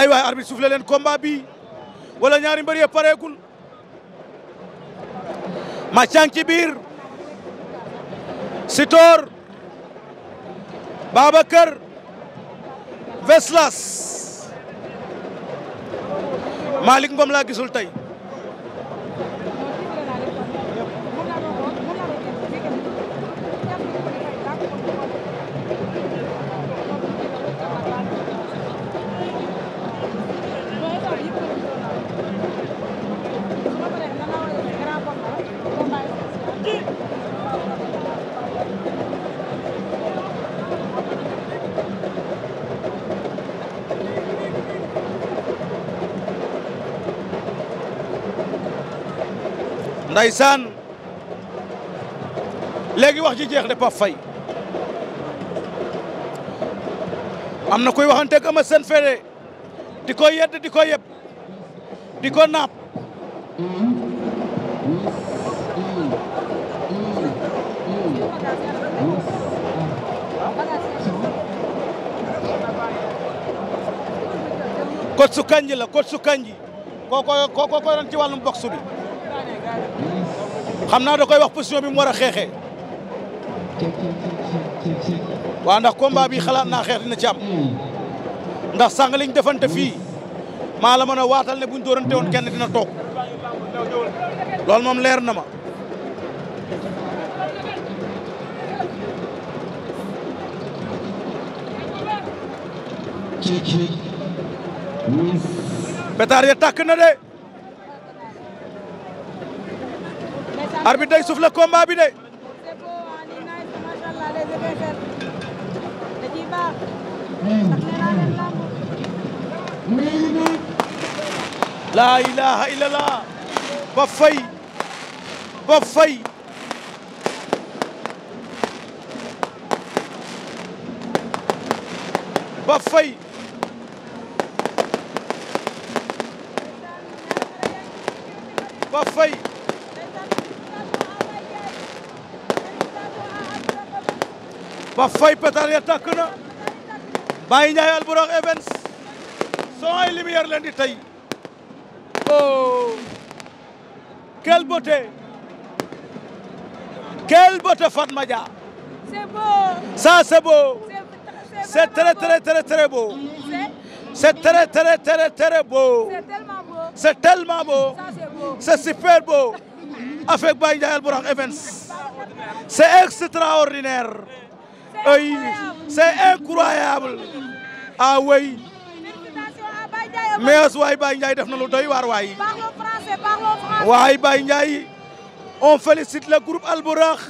ay way arbitre souffle len combat bi wala ñaari mbër yi e pareegul Mathiang ci bir Sitor babakar Veslas Malik Ngom la gisul tay nday ndaysaan léegi wax ji jeex de Pape am na koy waxanteeg Eumeu Sène fere di ko yedd di ko yeb di ko naap kot su kanji la kot su kanji kooko ko doon ci wàllum box bi xam naa da koy wax position bi mu war a xeexe waa ndax combat bii xalaat naa xeex dina ci am ndax sàng liñ defante fii maa la mën a waatal ne buñ dóorante woon kenn dina toog loolu moom leer na ma pétard ya tàkk na de arbitre day souffle combat bi de. laa ilaaha illallah ba fay ba fay. ba fay. ba fay. Bafai fay pétale na Baye Events son lumière leen oh quelle beauté quelle beauté Fatma Dia c'est beau ça c'est beau c'est très très très très beau c'est très très très très beau c'est tellement beau c'est super beau avec Baye Ndiaye Evans. c'est extraordinaire c'est incroyable ah oui mais à on félicite le groupe Alborach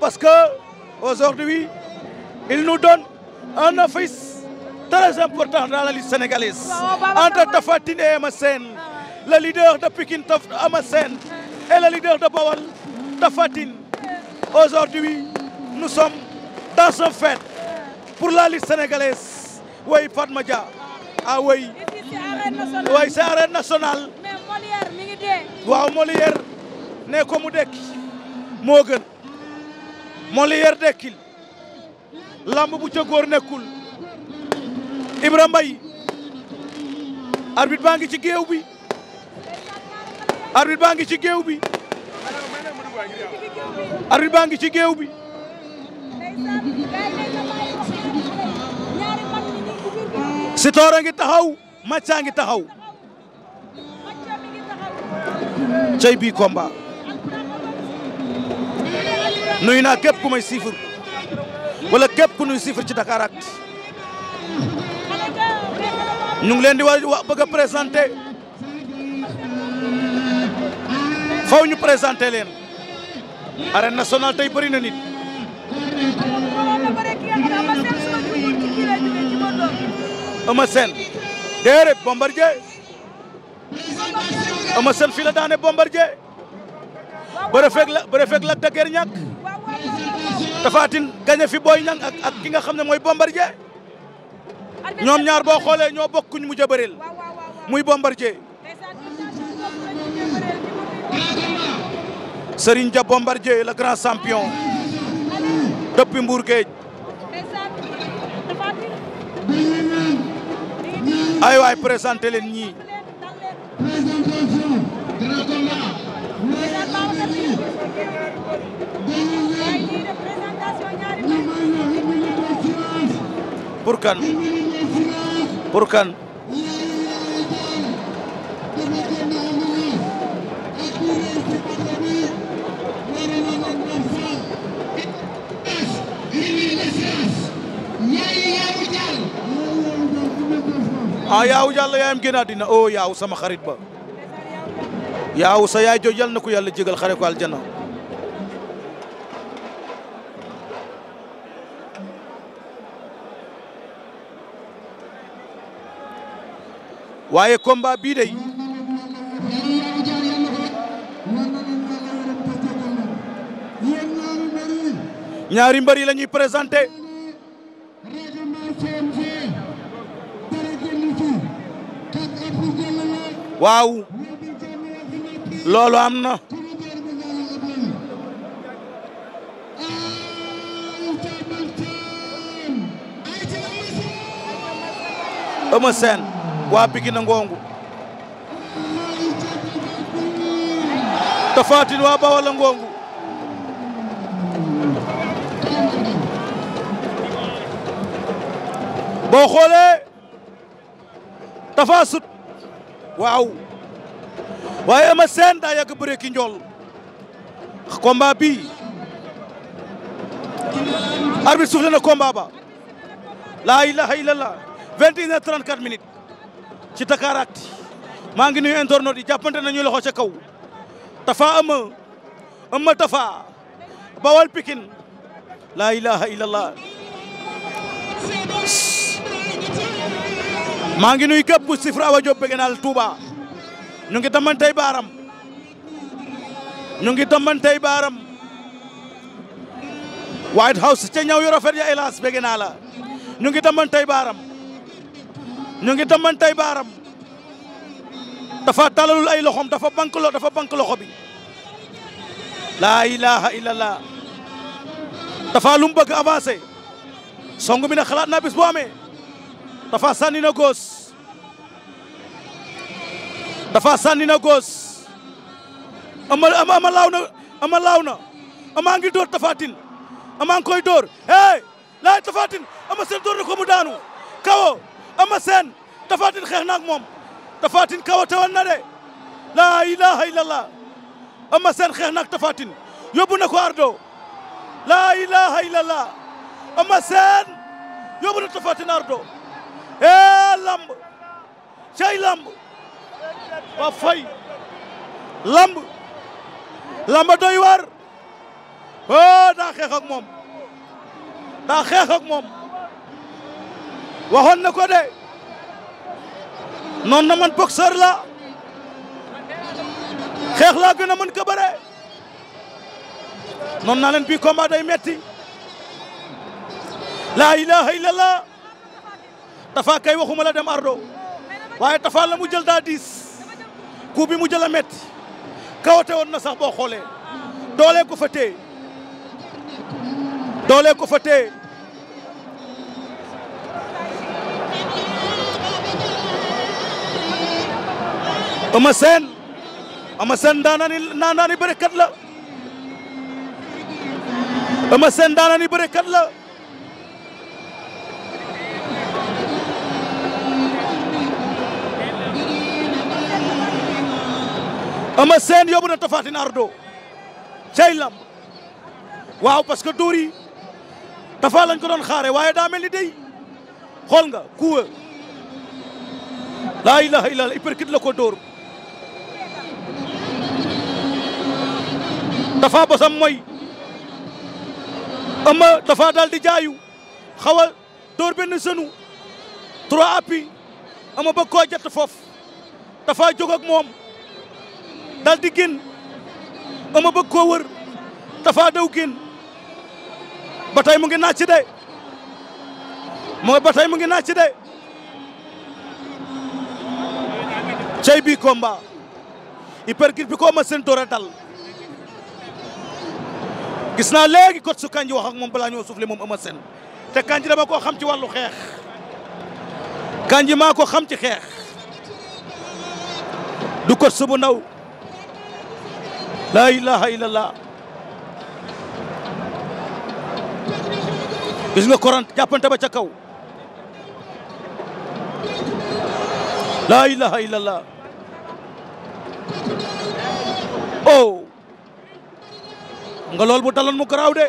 parce que aujourd'hui il nous donne un office très important dans la liste sénégalaise entre Tafatine et Amassène le leader de Pikine Tafatine et le leader de Bawal Tafatine aujourd'hui nous sommes That's a fait pour la way Fatma Dia. ah way way c'est arène nationale. mais waaw Molière ne ko mu dekki moo gën Molière dekkil lamb bu ca góor nekkul Ibra Mbaye arbitre baa ngi ci géew bi arbitre baa ngi ci géew bi arbitre baa ngi ci géew bi Sitor a ngi taxaw Macha ngi taxaw cey bii combat nuyu naa képp ku may siifur wala képp ku nuy siifur ci Dakaractu ñu ngi leen di wa bëgg a présenté faw ñu présenté leen arène nationale tey bëri na nit Eumeu Sène déedéet Bombardier Eumeu Sène fii la daane Bombardier bëre fekk la bëre fekk Lac de Guiers gañe fi Boy Niang ak ak ki nga xam ne mooy Bombardier ñoom ñaar boo xoolee ñoo bokkuñ mu a bëreel muy Bombardier Serigne Dia Bombardier le grand champion depuis ay waay présenté leen ñii pour kan pour kan a yaaw yàlla yaayam génn àddina o oh, yaaw sama xarit ba yaaw sa yaay jooju yàlla na ko yàlla jégal xare ko aljana bii day ñaari yi la présenté waaw loolu am na Eumeu Sène waa Pikine ngongu Tapha Tine waa Bawol a ngongu boo xoolee Tapha waaw waaye Eumeu Sène daa yàgg bëre ki njool combat bi arbitre soufflé na combat ba laa ilaha illallah vingt et une heures quatre minutes ci Dakaractu maa ngi nuyu internautes yi jàppante nañu loxo ca kaw Tapha Eumeu Eumeu Tapha Bawal Pikine laa ilaha illallah maa ngi nuyu sifra wa jobbe bëgg Touba ñu ngi baram ñu ngi baram White House ci ñaw yu rafet ya elas be baram, ñu ngi tamantey baram ñu ngi tamantey baram dafa talalul ay loxom dafa bank lo dafa bank loxo bi la ilaha illallah dafa lu mbeug avancer songu mi na xalat na bis bo amé Tapha sànni na góos Tapha sànni na góos ama ama ama laaw na ama laaw na ama ngi dóor Tapha Tine ama ngi koy dóor hey laay Tapha ama seen dóor na ko mu daanu kawo ama seen Tapha Tine xeex na ak moom Tapha Tine kawo tawan na de laa ilaha illallah ama seen xeex na ak Tapha Tine na ko ardo laa ilaha illallah ama seen yóbbu na Tapha Tine ardo eh lamb cey lamb ba fay lamb lamb doy waar oh daa xeex ak moom daa xeex ak moom waxoon na ko de noon na man boxeur la xeex laa gën a mën ko bëre noon naa leen bii combat day metti la ilaha illallah Tafa kay waxuma la dem ardo waaye Tafa la mu jël daa diis coup bi mu jël a métti kawate woon na sax boo xoolee doolee ko fa téye doolee ko fa téye ama seen ma seen daanaani naanaani bërekat la ama seen daanaani bërekat la Eumeu seen yóbbu na Tapha Tine Ardo cey lamb waaw parce que dóor yi Tapha lañ ko doon xaare waaye daa mel ni day xool nga kuwa laa ilaha illallah hypercut la ko dóor Tapha bosam mooy Eumeu Tapha daal di jaayu xaw a dóor benn sënu trois appuis Eumeu bëgg koo jett foofu Tapha jóg ak moom dal di gin ba bëgg ko wër dafa daw gin mungkin mu ngi naaj ci de mo batay mu ngi de cey bi combat bi komba, ma sen door a dal gis na legi kot su kanji wax ak mom balaa ñoo soufle mom ama sen te kanji dama ko xam ci walu xex kanji mako xam ci xex du ko subu laa ilaha illallah gis nga korant jàppante ba ca kaw laa ilaha illallah oh nga lool bu daloon mu garaaw de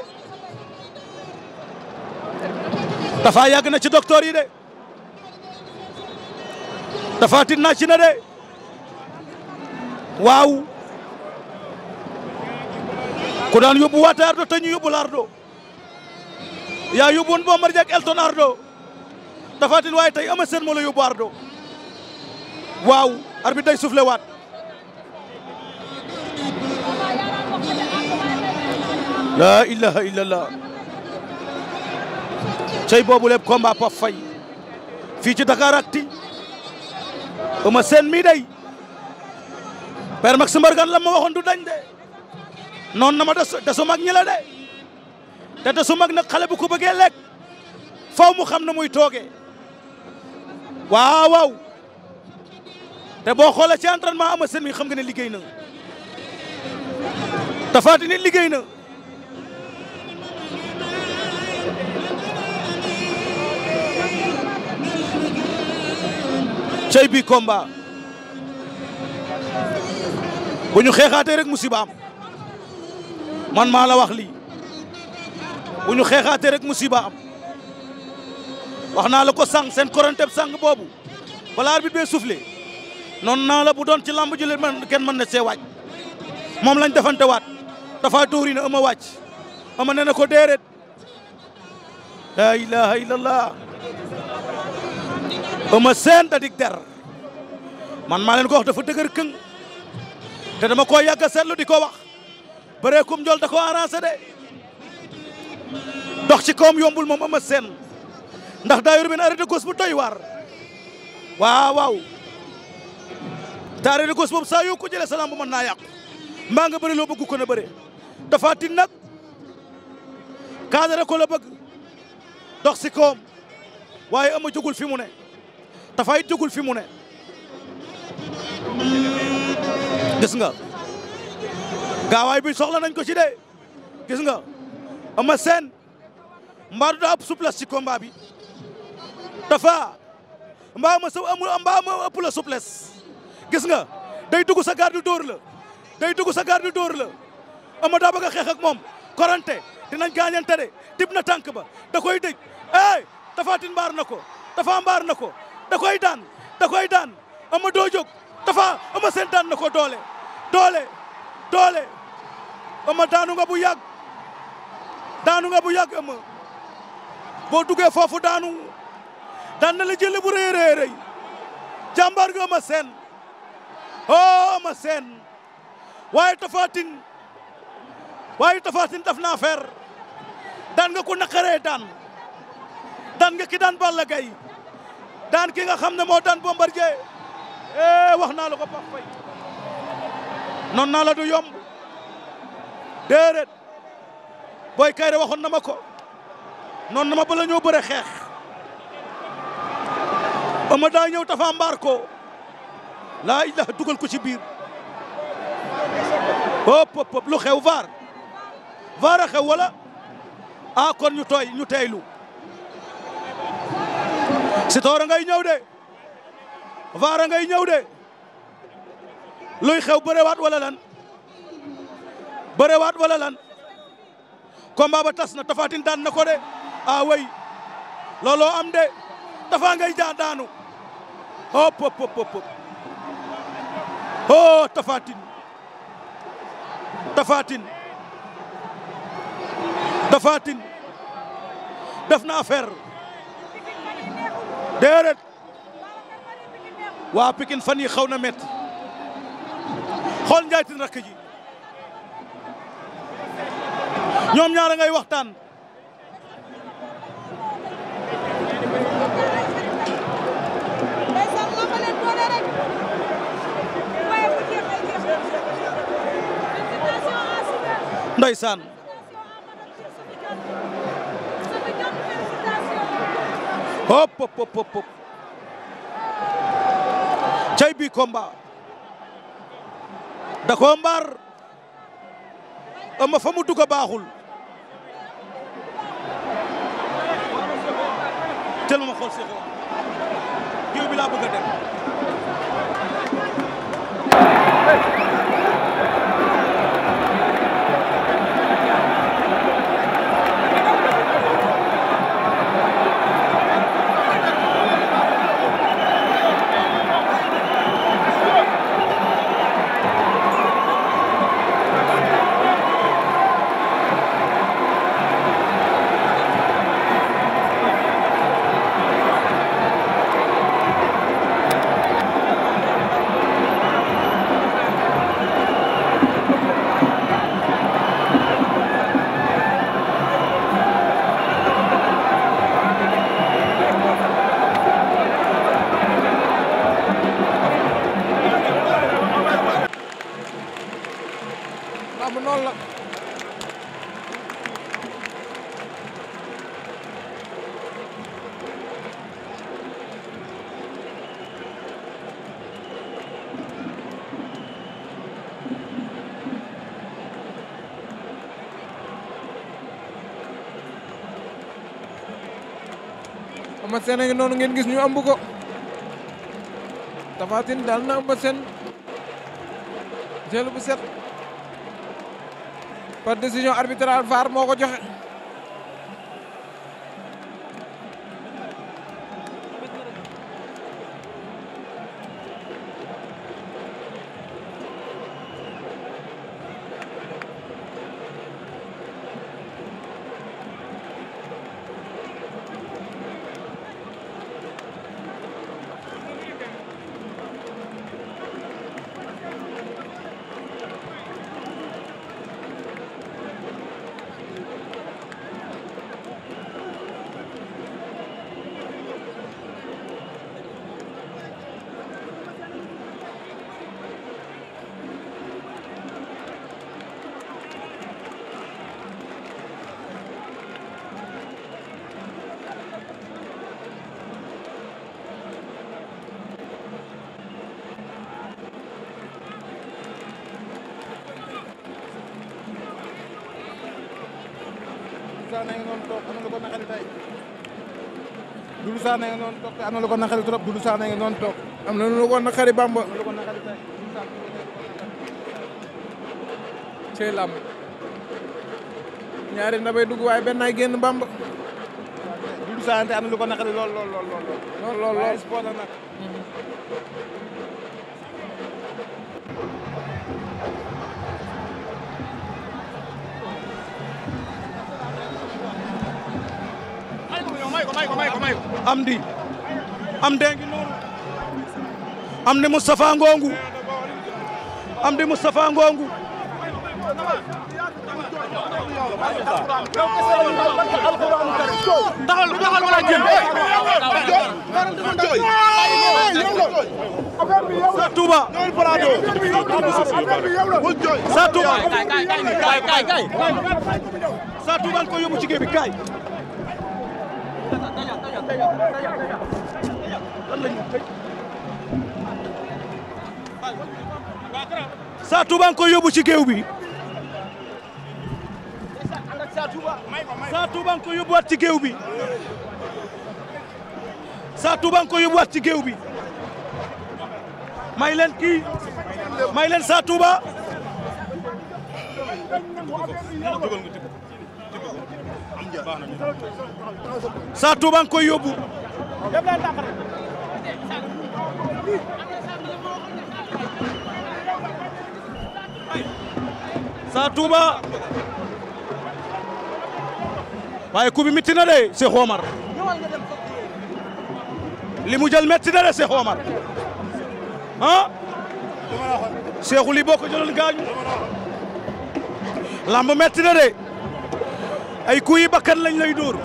dafa yàgg na ci docteur yi de dafa tit ci na de waaw ku daan yóbbu waate Ardo te ñu yóbbu la Ardo yaa yóbbuwoon Bombardier ak Elton Ardo Tapha Tine waaye tey Eumeu Sène moo la yóbbu Ardo waaw arbitre day soufflé waat laa ilaha illallah cey boobu lépp combat Pape Faye fii ci Dakaractu Eumeu Sène mi day père Max Mbargane la ma waxoon du dañ de noonu na ma des mag ñila la de te mag nag xale bu ko bëggee lekk faw mu xam na muy tooge waaw waaw te boo xoolee ci entraînement ama seen mi xam nga ne liggéey na Tapha Tine liggéey na cey bi combat bu ñu xeexaatee rek musiba am man maa la wax lii bu ñu xeexaatee rek musiba am wax naa la ko sànq seen koranteb sànq boobu balaa arbitre bee soufflé noonu naa la bu doon ci lamb le leen man kenn mën na see waaj moom lañ defante waat dafa tuuri na ama wàcc ama nee na ko déeréet la ilaha illallah ama seen da dig der man maa leen ko wax dafa dëgër këng te dama koo yàgg a seetlu di ko wax bëreekum njool da ko arrangé de dox ci kawam yombul moom Eumeu Sène ndax daa yor benn arrêt de bu doy waar waaw waaw te arrêt de boobu saa yoo ko jëlee salaam bu mën naa yàqu mbaa nga bëri loo bëgg ko na bëre dafa tin nag cadre ko dox si koom waaye Eumeu jógul fi mu ne dafay jógul fi mu ne gis nga gaawaay bi soxla nañ ko ci de gis nga ama seen mbaa du daa ci combat bi dafa mbaa ma sa amul mbaa ma ëpp gis nga day dugg sa garde dóor la day dugg sa garde dóor la ama daa bëgg a xeex ak moom korante dinañ gaañante de tib na tànk ba da koy dëj ey tafaatin mbaar na ko tafa mbaar na ko da koy daan da koy daan ama doo jóg tafa ama seen daan na ko doole doole doole ëmma daanu nga bu yàgg daanu nga bu yàgg ëmma boo duggee foofu daanu daan na la jël bu rëy rëy seen oh ëmma seen waaye tafaatin waaye tafaatin daf naa daan nga ko naqaree daan daan nga ki daan Balla Gaye daan ki nga xam ne moo daan Bombardier eh wax naa la ko Pape Faye naa la du yomb déedéet booy kayre waxoon na ma ko noonu na ma bala ñoo bëre xeex ba daa ñëw tafa mbaar ko laa ilaha dugal ko ci biir hop hop lu xew vaar vaar xew wala a ah, kon ñu tooy ñu teylu Sitor a ngay ñëw de vaar ngay ñëw de luy xew bëre waat wala lan bërewaat wala lan combat ba tas na tafaatin daan na ko de a ah way looloo am de tafa ngay daanu hop hop hop oh, tafaatin tafaatin tafaatin def na affaire déeret waa Pikine fan yi xaw na métti xool njaaytin rakk ji ñoom ñaara ngay waxtaan ndeysaan hop hop hop hop da ko ama fa mu baaxul jël ma ma xool Cheikh Omar géew bi laa bëgg a dem seen a ngi noonu ngeen gis ñu ëmb ko Tapha Tine daal na ëmb seen jël bu set par décision arbitrale VAR moo ko joxe Sané nga noonu toog am na lu ko naqari tey Doudou Sané nga noonu toog te am na lu ko naqari trop Doudou Sané nga noonu toog am na lu ko naqari Bamba lu ko naqari tey cey làmb ñaari ndabay dugg waaye benn ay génn Bamba Doudou Sané am na lu ko naqari lool lool lool lool lool lool lool sport nag am di am dengi noonu am di Moustapha Ngongu am di Moustapha Ngongu sa Touba sa Touba sa Touba ko yóbbu ci géej bi Sa Touba nga koy yóbbu ci géew bi Sa Touba nga koy yóbbuwaat ci géew bi Sa Touba nga koy yóbbuwaat ci géew bi may leen kii may leen Sa Touba Sa Touba nga koy yóbbu yëpp leen tàqal Sa Touba de Cheikh Omar li mu jël métti na de Cheikh Omar ah Cheikhou li boo ko jëloon gaañu lamb métti na de ay kuy bakkan lañ lay dóor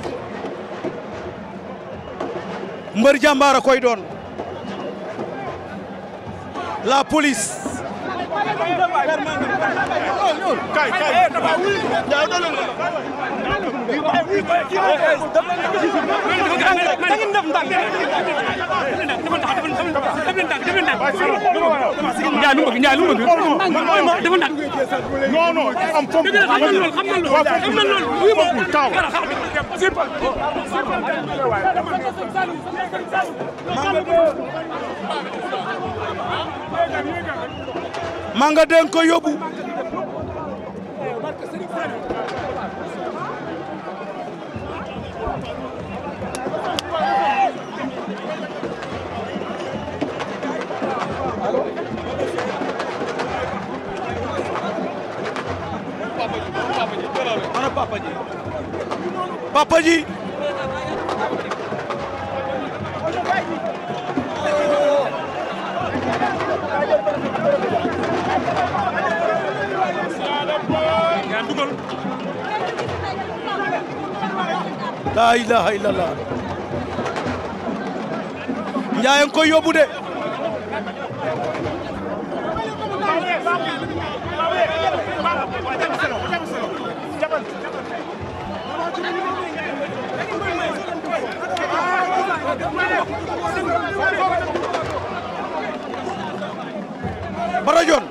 mbër jàmbaar koy doon la police kay kay jaaw do leen Ndiaye lu mu bëgg Ndiaye lu mu bëgg dafa nag non non am fomp xam na lool xam na lool xam na lool wi mo taw sipal sipal ma nga dénk ko yóbbu Papa laa ilaha illallah Ndiaye nga koy yóbbu de Barajon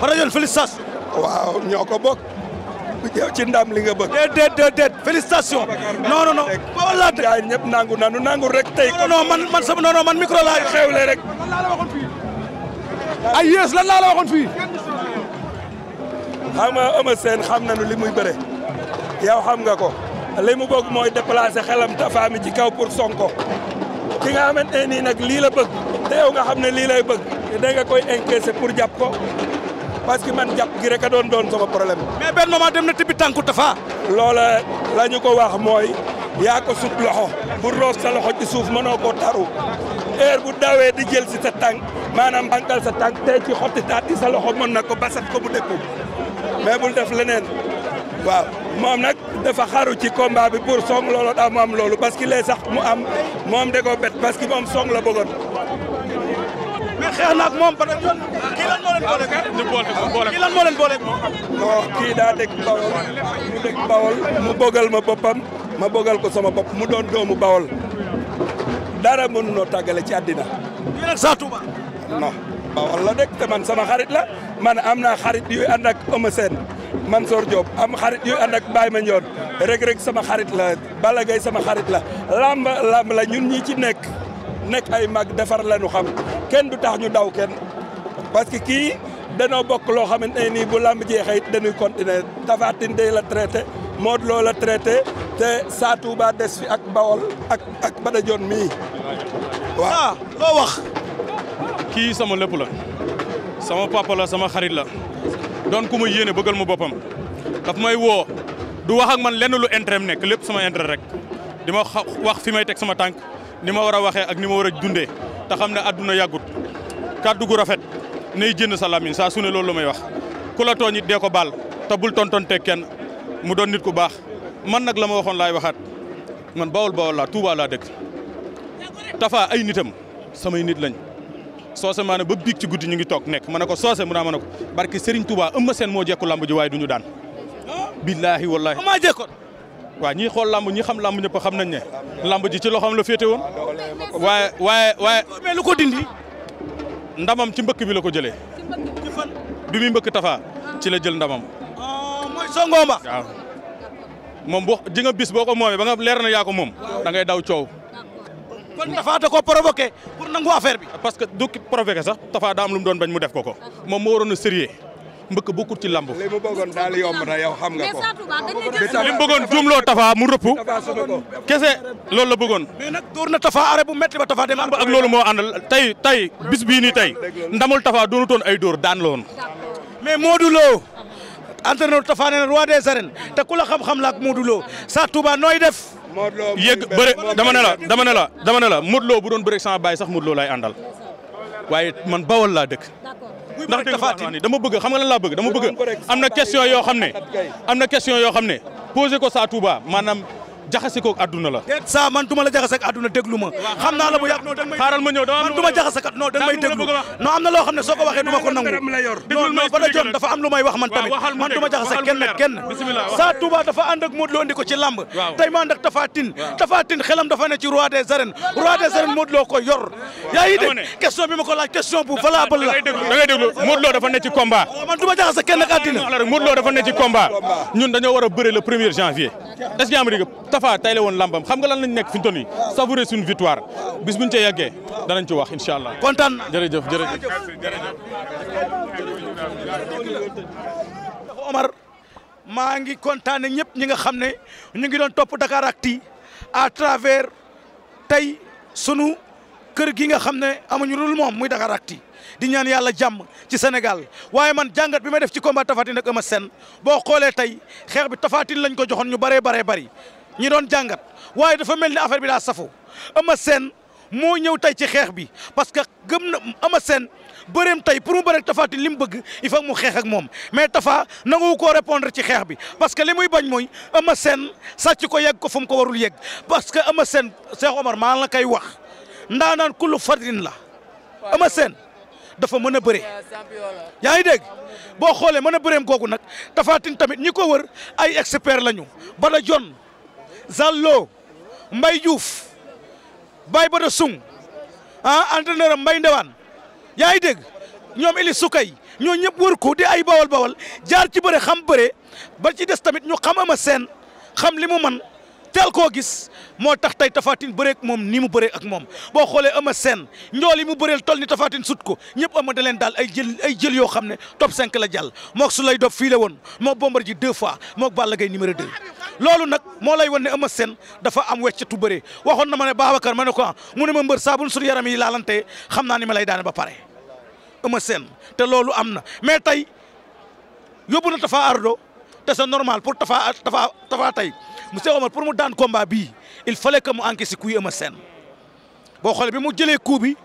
Barajon Félix waaw ñoo ko bokk yow ci ndam li nga bëgg. déet déet déet félicitations. non non non bawal laa teg. ñëpp nangu nanu nangu rek tey. non non man man sama non non man micro laa xewle rek. lan laa la waxoon fii. ay yées lan laa la waxoon fii. xam nga Eumeu Sène xam nañu li muy bëre. yow xam nga ko. li mu bëgg mooy déplacer xelam Tapha mi ci kaw pour Sonko. ki nga xamante ne nii nag lii la bëgg. te yow nga xam ne lii lay bëgg. te da nga koy encaisser pour jàpp ko. parce que man jàpp gi rek a doon doon sama problème. mais benn moment dem na tibbi tànku Tafa. loola la ñu ko wax mooy yaa ko sut bu roos sa loxo ci suuf mënoo koo taru heure bu dawee di jël si sa tànk maanaam bànkal sa tànk tey ci xotti taat sa loxo mën na ko basat ko bu dëkku mais bul def leneen waaw moom nag dafa xaru ci combat bi pour song loolo daa mu am loolu parce que lee sax mu am moom da koo bet parce que moom song la bëggoon. xeex na ak moom parce que kii lan moo leen boole ko kii lan moo leen boole ko non kii daa dégg bawol mu dégg bawol mu bogal ma boppam ma bogal ko sama bopp mu doon doomu bawol dara mënunoo tàggale ci àddina kii nag saa tuuba non bawol la dégg te man sama xarit la man amna naa xarit yuy ànd ak Eumeu Sène Mansour Diop am xarit yu ànd ak Baye Mandione rek rek sama xarit la Balla Gaye sama xarit la lamb lamb la ñun ñi ci nekk nekk ay mag defar lañu xam kenn du tax ñu daw kenn parce que kii denoo bokk loo xamante ne nii bu làmb jeexee it dañuy continuer Tapha Tine la traité Modou loo la traité te Sa Touba des fi ak Bawol ak ak Badajoon mii waaw ah, loo wax kii sama lépp la sama papa sama xarit la doon ku ma yéene bëggal ma boppam daf may woo du wax ak man lenn lu intérêt nekk lépp sama intérêt rek di ma wax fi may teg sama tànk ni ma war a waxee ak ni ma war a dundee te xam ne adduna yàggut kàddu gu rafet nay jënd sa làmmiñ saa ne loolu la may wax ku la tooñ it dee ko baal tabul bul tontonte kenn mu doon nit ku baax man nag la ma waxoon laay waxaat man bawol bawol laa Touba laa dëkk Tafa ay nitam samay nit lañ soose maa ne ba biig ci guddi ñu ngi toog nekk ma ne ko soose mu naa ma ne ko barke Serigne Touba ëmma seen moo jekku làmb ji waaye du ñu daan billaahi wallaahi waaw ñiy xool lamb ñi xam lamb ñëpp xam nañ ne lamb ji ci loxoom la féete woon waaye waaye waaye mais lu ko dindi ndamam ci mbëkk bi la ko jëlee bi muy mbëkk tafa ci la jël ndamam oh, mooy songoo ma waaw moom boo ji nga bis boo ko moomee ba nga leer na yaa ko moom da ngay daw coow kon Tafa da koo provoqué pour nangu affaire bi parce que du provoqué sax Tafa daa am lu mu doon bañ mu def ko ko moom moo waroon a sérieux mbëkk bokkut ci lamb li mu bëggoon daal yomb na yow xam ko li mu bëggoon juumloo Tafa mu kese loolu la bëggoon nag door na Tafa arrêt bu metti ba Tafa dem ak loolu moo àndal tey tey bis bii nii tey ndamul Tafa doonutoon ay door daan la woon mais Modou Lo entraîneur Tafa nee na roi des arènes te la xam-xam laa ak Modou Lo sa Touba nooy def yëgg bëre dama ne la dama ne la dama ne la Modou Lo bu doon bëre sama baay sax Modou Lo lay àndal waaye man bawal laa dëkk ndax Tapha Tine dama bëgg xam nga lan laa bëgg dama bëgg am na question yoo xam ne am na question yoo xam ne posé ko saa Touba maanaam jaxase koog adduna la. saa man duma la jaxase ak adduna déglu ma. xam naa la bu yàgg man duma jaxase ak non dañ may am na loo xam ne soo ko waxee duma ko nangu. non bala jot dafa am lu may wax man tamit man duma jaxase kenn kenn. saa Touba dafa ànd ak Modou Lo ko ci lamb. tey ma ànd xelam dafa ne ci roi des arènes roi des arènes Modou Lo ko yor. yaa ngi dégg question bi ma ko laaj question bu valable la. da ngay déglu Modou Lo dafa dafa ne ci combat ñun dañoo a bëre Tafa tay la woon lambam xam nga lan lañ nekk fi ñu toll nii savourer suñu victoire bis buñ ca yeggee danañ ci wax incha allah. kontaan jërëjëf jërëjëf. Omar maa ngi kontaane ñëpp ñi nga xam ne ñu ngi doon topp Dakaractu à travers tey sunu kër gi nga xam ne amuñu lu moom muy Dakaractu di ñaan yàlla jàmm ci Sénégal waaye man jàngat bi ma def ci combat Tapha Tine ak Eumeu Sène boo xoolee tey xeex bi Tapha Tine lañ ko joxoon ñu bëree baree bari ñi doon jàngat waaye dafa mel ni affaire bi daa safoo Eumeu Sène moo ñëw tey ci xeex bi parce que gëm na Eumeu Sène bërëm tey pour mu bëreeg Tapha Tine li mu bëgg il faut mu xeex ak moom mais Tapha nangu ko répondre ci xeex bi parce que li muy bañ mooy Eumeu Sène sàcc ko yegg ko fu mu ko warul yegg parce que Eumeu seen Cheikh Omar maa la koy wax ndaanaan kullu fardin la Eumeu seen dafa mën a bëre yaa ngi dégg boo xoolee mën a bëreem googu nag Tapha Tine tamit ñi ko wër ay expert lañu bala jon Zallo mbay Diouf bay Bada Sung ah entraîneur am Mbaye Ndewane yaa ngi dégg ñoom Ili Sukay ñoo ñëpp wër ko di ay bawal bawal jaar ci bëre xam bëre ba ci des tamit ñoo xam ama seen xam li mu man teel koo gis moo tax tey Tafatine bëreek moom ni mu bëree ak moom boo xoolee ama seen njool yi mu bëreel tol ni Tafatine sut ko ñëpp ama da leen daal ay jël ay jël yoo xam ne top 5 la jàll mook su lay dob fii la woon moo bombar ji deux fois mook Balla gay numéro 2 loolu nag moo lay wan ne ama seen dafa am tu bëree waxoon na ma ne Babacar ma ne ko ah mu ne ma mbër saabun sur yaram yi laalante xam naa ni ma lay daane ba pare ama seen te loolu am na mais tey yóbbu na Tafa Ardo te normal pour Tafa Tafa Tafa tey monsieur Omar pour mu daan combat bii il fallait que mu encaisse kuy Eumeu sen boo xoolee bi mu jëlee coup bi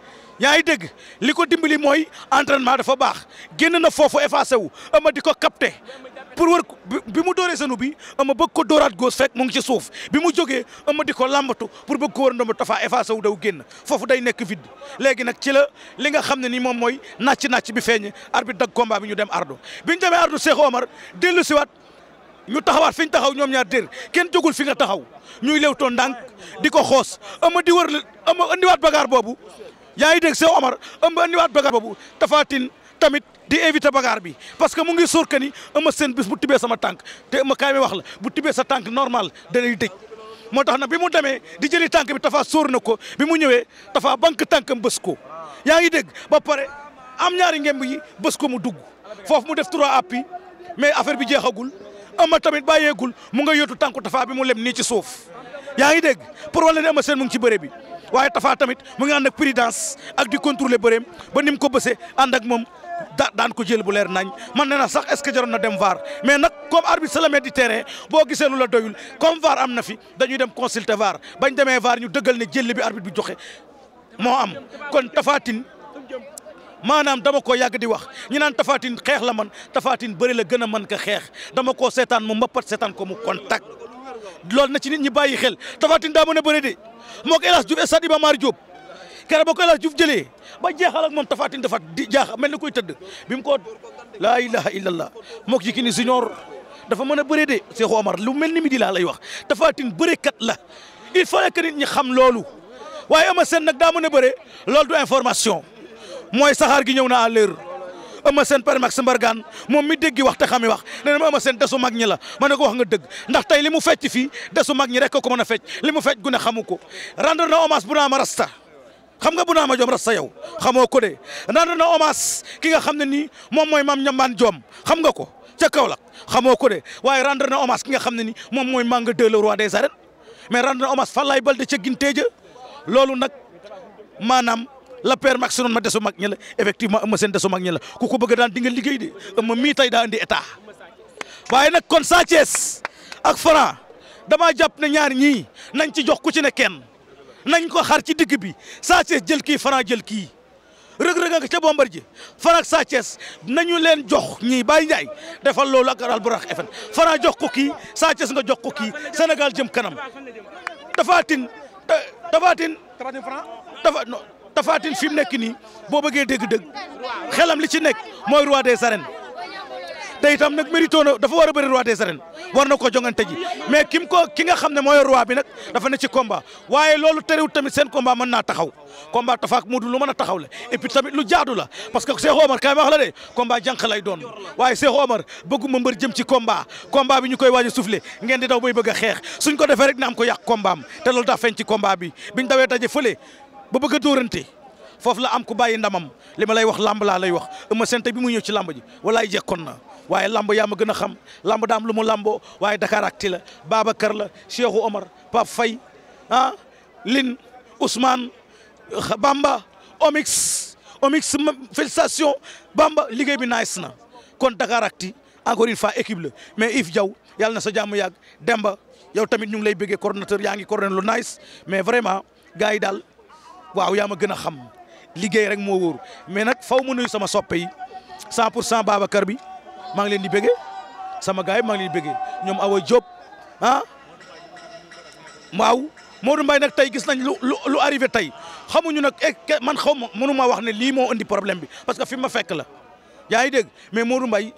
yaa ngi dégg li ko dimbali mooy entraînement dafa baax génn na foofu effacé wu Eumeu di ko capté pour wër bi mu dooree senu bi Eumeu bëgg ko dooraat góos fekk mu ngi ci suuf bi mu jógee Eumeu di ko lambatu pour bëgg ko war a ndomb tafa effacé wu daw génn foofu day nekk vide léegi nag ci la li nga xam ne ni moom mooy nàcc nàcc bi feeñ arbitre dag combat bi ñu dem ardo bi ñu demee ardo dellu siwaat ñu taxawaat fi taxaw ñoom ñaar dér kenn jógul fi nga taxaw ñuy lew toon ndànk di ko xoos ama di wër la ama andiwaat bagaar boobu yaa ngi dégg Seex Omar ama andiwaat bagaar boobu tafaatin tamit di éviter bagaar bi parce que mu ngi sóor que ni ama seen bis bu tibee sama tànk te ama kaay mi wax la bu tibee sa tànk normal da lay dëj moo tax nag bi mu demee di jëli tànk bi tafaa sóor na ko bi mu ñëwee tafa banque tànkam bës ko yaa ngi dégg ba pare am ñaari ngemb yi bës ko mu dugg foofu mu def trois appuis mais affaire bi jeexagul. ama tamit bàyyeekul mu nga yotu tànku tafaa bi mu lem nii ci suuf yaa ngi dégg pour wala ne ama seen mu ngi ci bëre bi waaye tafaa tamit mu ngi ànd ak prudence ak di contrôler ba ni mu ko bësee ànd ak moom da daan ko jël bu leer nañ man nee na sax est ce que jaroon na dem VAR mais nag comme arbitre se di terrain boo gisee lu la doyul kom VAR am na fi dañuy dem consulter VAR bañ demee VAR ñu dëggal ne jël bi arbitre bi joxe moo am kon tafaatin manam dama ko yag di wax ñi nan tafatin xex la man tafatin bëri la gëna man ka xex dama ko setan mu mbapat setan ko mu contact lol na ci nit ñi bayyi xel tafatin da mën a bëri de moo ko El Hadj Diouf stade Mar Diop keroog ba ba jeexal ak mom tafatin dafa di jaax melni kuy teud bim ko la ilaha illallah Mok jikini Junior dafa mën a de Cheikh Omar lu melni ni mi di Tafatin lay wax tafaatin kat la il fallait que nit ñi xam lolou waye ama sen nak da du information mooy saxaar gi ñëw na à l'heure Eumeu Sène père Max Mbargane moom mi déggi wax te xami wax nee na ma Eumeu Sène desu mag ñi la ma ne ko wax nga dëgg ndax tey li mu fecc fii desu mag ñi rek ko mën a fecc li mu fecc gu ne xamu ko rendre na hommage bu naa ma rasta xam nga bu naa ma joom rasta yow xamoo ko de rendre na hommage ki nga xam ne nii moom mooy maam ñambaan joom xam nga ko ca Kaolack xamoo ko de waaye rendre na hommage ki nga xam ne ni moom mooy Manga 2 le roi des arènes mais rendre na hommage Falaye Baldé ca Gintéja loolu nag maanaam la père mag si noonu ma desu mag ñi la effectivement ëmma seen desu mag ku ko bëgg daan di liggéey de ëmma mii daa indi état waaye nag kon Sa ak Franc damaa jàpp ne ñaar ñii nañ ci jox ku ci ne ken nañ ko xar ci digg bi Sa Thiès jël kii Franc jël kii rëg-rëg nga ca Bombardier Franc ak Sa Thiès nañu leen jox ñii Baye Ndiaye defal loolu ak Albourakh FM Franc jox ko kii Sa nga jox ko kii Sénégal jëm kanam Tapha Tine Tapha Tine Tapha Tine Franc Tapha Tine fi mu nekk nii boo bëggee dégg-dégg xelam li ci nekk mooy roi des arènes te itam nag mérito na dafa war a bëri roi des arènes war na ko jongante ji mais kim ko ki nga xam ne mooy roi bi nag dafa ne ci combat waaye loolu terewul tamit seen combat mën naa taxaw combat Tapha ak Modou lu mën a taxaw la et tamit lu jaadu la parce que Cheikh Omar kaay ma wax la de combat jànq lay doon waaye Cheikh Omar bëgguma mbër jëm ci combat combat bi ñu koy waaj a soufflé ngeen di daw bay bëgg xeex suñ ko defee rek na ko yàq combat am loolu daa feeñ ci combat bi biñ dawee daje fële ba bëgg a dóorante foofu la am ku bàyyi ndamam li ma lay wax lamb laa lay wax Eumeu Sène bi mu ñëw ci lamb ji walaay jekkoon na waaye lamb yaa ma gën a xam lamb daam lu mu lamboo waaye Dakaractu la Babacar la Cheikhou Omar paa Faye ah Lin Ousmane Bamba Omix Omix félicitation Bamba liggéey bi nice na kon Dakaractu encore une fois équipe la mais Yves jaw yàlla na sa jàmm yàgg Demba yow tamit ñu ngi lay bëggee coordonnateur yaa ngi coordonné lu nice mais vraiment gars yi daal. waaw yaama ma xam liggéey rek mo woor mais nak faw mu nuyu sama soppé yi 100 babakar bi ma ngi leen di bëggé sama gaay ma ngi leen di bëggé ñom Awa job ah maw Modou mbay nak tay gis nañ lu lu arrivé tay, xamuñu eh, man xaw ma mënu ma wax ne li mo andi problème bi parce que fi ma fekk la yaay dégg mais Modou mbay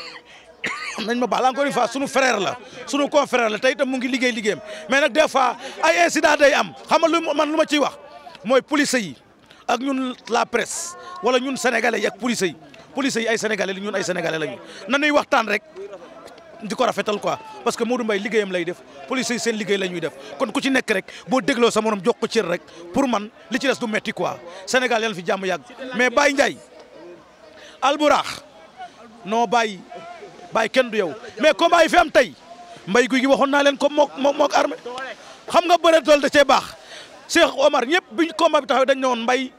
nañ ma baal encore une fois suñu frère la suñu confrère la tay tam mu ngi liggéey liggéeyam mais nak des fois ay incident day am xam nga lu man luma ma wax. moy police yi ak ñun la presse wala ñun sénégalais yi ak police yi police yi ay sénégalais la ñun ay sénégalais lañu na ñuy waxtaan rek diko rafetal quoi parce que Modou mbay liggéeyam lay def police yi seen liggéey lañuy def kon ku ci nek rek bo dégloo sa monom jox ko ci rek pour man li ci dess du metti quoi Sénégal yalla fi jamm yag mais Baye ndjay alburakh no Baye Baye kenn du yow mais ko baye fi am tay mbay guy gi waxoon naa leen comme mok mook armée xam nga bëre dol da ci bax Cheikh Omar ñëpp biñ combat bi taxawee dañ ne woon mbay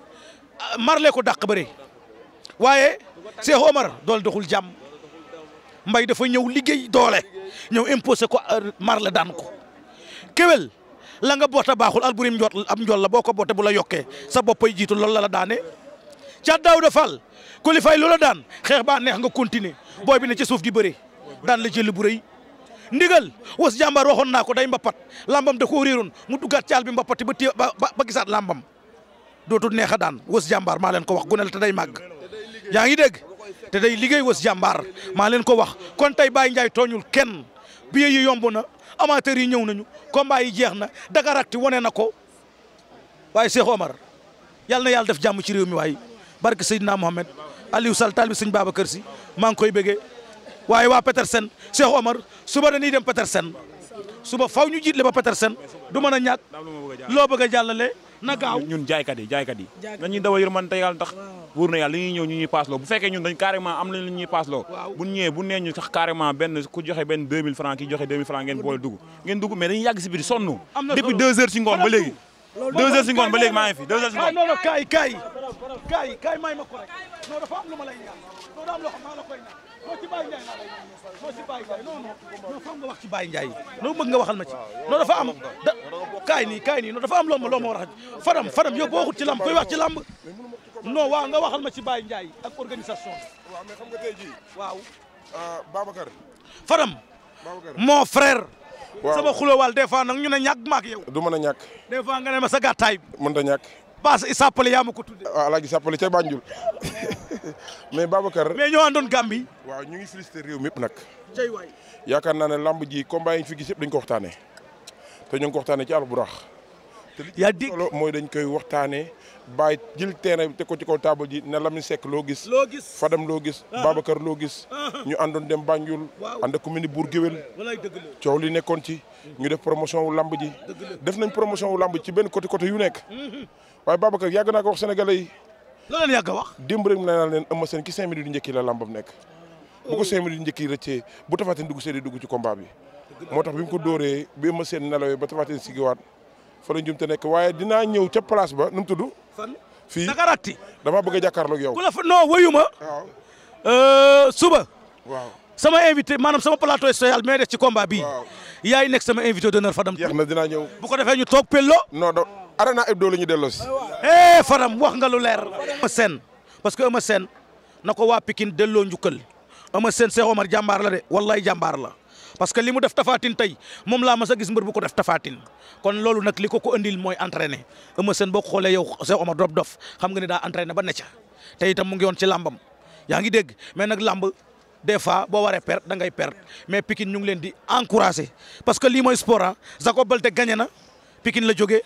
ah, marle ko dàq bëre waaye Cheikh Omar doole doxul jàmm mbay dafa ñëw liggéey doole ñëw imposé ko ah, marle daan ko kéwél la nga boota baaxul alburim njoot am njool la boo ko boote bu la yokkee sa boppay jiitu loolu la la daane ca daaw da fal kulifay loola daan xeex baa neex nga continuer booy bi ne ci suuf di bëre daan la jël bu rëy ndigal was jambar rohon nako day mbapat lambam de ko rirun mu dugat tial bi mbapati ba ba ba lambam dootul nexa dan wos was jàmbaar maa ko wax gune te day mag yaangi deg te day liggéey was jambar malen ko wax kon tay Baye Ndiaye toñul kenn biye yi yombuna na yi ñew nañu combat yi jeexna dakar ak ti woné nako waaye Cheikh Omar na def jamm ci rew mi waaye barke Seydina Muhammad, Aliou sal taal seigne sëñ Babacar si mang koy beggé waye wa Petersen Cheikh Omar suba dañuy dem Petersen suba faw ñu jiitle ba Petersen du mën a ñàkk loo bëgg jàllale na gaaw ñun jaaykat yi jaaykat yi nañuy dawa yërmande yàlla tax wóor na yàlla li ñuy ñëw ñu ñuy paasloo bu fekkee ñun dañ carrément am nañ li ñuy paasloo bu nee ñu sax carrément benn ku joxe benn 2000 francs ki joxe 2000 francs ngeen boole dugg ngeen dugg mais dañuy yàgg si biir sonn depuis deux heures si ngoon ba léegi maa ngi fi deux heures la ci non foog nga wax ci Baye Ndiaye non non nga waxal ma ci non dafa am da kaay nii kaay nii non dafa am loo ma loo ma war a fadam ci lamb koy wax ci lamb non waaw nga waxal ma ci Baye Ndiaye ak organisation waaw mais xam nga tey jii waaw euh, Babacar fadam mon frère sama xulóowal des fois nag ñu ne ñàkk maak yow du mën a ñàkk des fois nga ne ma sa gàttaay mënta ñàkk baas isappale yaa ma ko tudde waaw ah, alaaji sàppale ca Banjul mais Babacar mais ñoo àndoon Gambie waaw ñu ngi félicité réew mépp nag yaakaar naa ne lamb ji combat yi fi gis yëpp dañ ko waxtane te ñu ko waxtane ci alburax. yaa ya te moy dañ koy waxtane bay jël terrain te ko ci ko table ji ne Lamine Seck lo gis. gis Fadam lo gis. Ah. babakar lo gis. Ah. ñu andon dem Banjul. and ànd ak ku mel ni Bour li nekkon ci. ñu def promotion wu lamb ji. def nañ promotion wu lamb ci ben côté côté yu nekk. Mhm. waaye babakar yag na ko wax sénégalais yi. la yàgg wax. démb rek mu ne leen ki 5 minutes yu la lambam nekk. bu ko cinq minutes njëkk yi rëccee bu Tapha Tine dugg see di dugg ci combat moo tax bi mu ko dooree bi ma seen nelawee ba Tapha Tine sigiwaat fa la njumte nekk waaye dinaa ñëw ca place ba nu mu tudd fii Dakaractu dama bëgg a jàkkaarloog yow ku la fa non wayuma waaw euh, suba waaw sama invité maanaam sama plateau spécial bi may def ci combat bii yaay nekk sama invité d'honneur Fadam jeex na dinaa ñëw bu ko defee ñu toog pello noo do arena hebdo la ñu delloo si faram Fadam wax nga lu leer ma seen parce que ama seen na ko waa Pikine delloo njukkal ama sen Cheikh Omar jambar la de wallahi jambar la parce que limu def tafatin tay mom la ma sa gis bu ko def tafatin kon lolu nak liko ko andil moy entraîner ama sen bok ko yow Cheikh Omar dof dof xam nga ni da entraîner ba necca tay te itam mu ngi won ci lambam ya ngi deg mais nak lamb des fois bo waré perte da ngay perte mais Pikine ñu ngi len di encourager parce que li moy sport zako ah, gagné na Pikine la jógee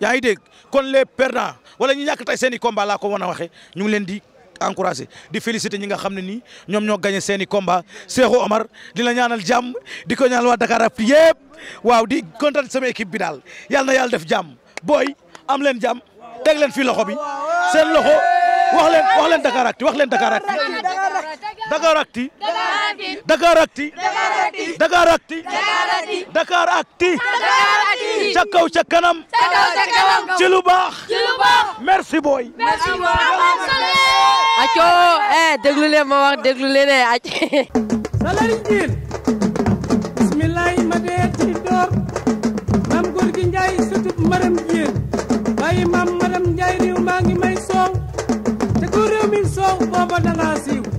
ya ngi deg kon les perdants wala ñu ñak tay seen combat la ko wona waxé ñu ngi len di. encouragé di félicité ñi nga xam ne nii ñoom ñoo gagné seen i combat Cheikhou Omar di la ñaanal jàmm di ko ñaanal wa Dakar ak yëpp waaw di kontaan sama équipe bi daal yàlla na yàlla def jàmm booy am leen jàmm teg leen fi loxo bi seen loxo wax leen wax leen Dakaractu wax leen Dakaractu Dakaractu Dakaractu Dakaractu Dakaractu ca kaw ca kanam ci lu baax merci boy aco eh déglu ma wax déglu eh, salari jiin bismillahi ma dee ci door maam góor gi njaay sutub maram jiin waaye maam maram njaay réew maa ngi may soow te ko réew mi soow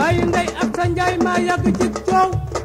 bàyyi ndey ak sa njaay maa yàgg ci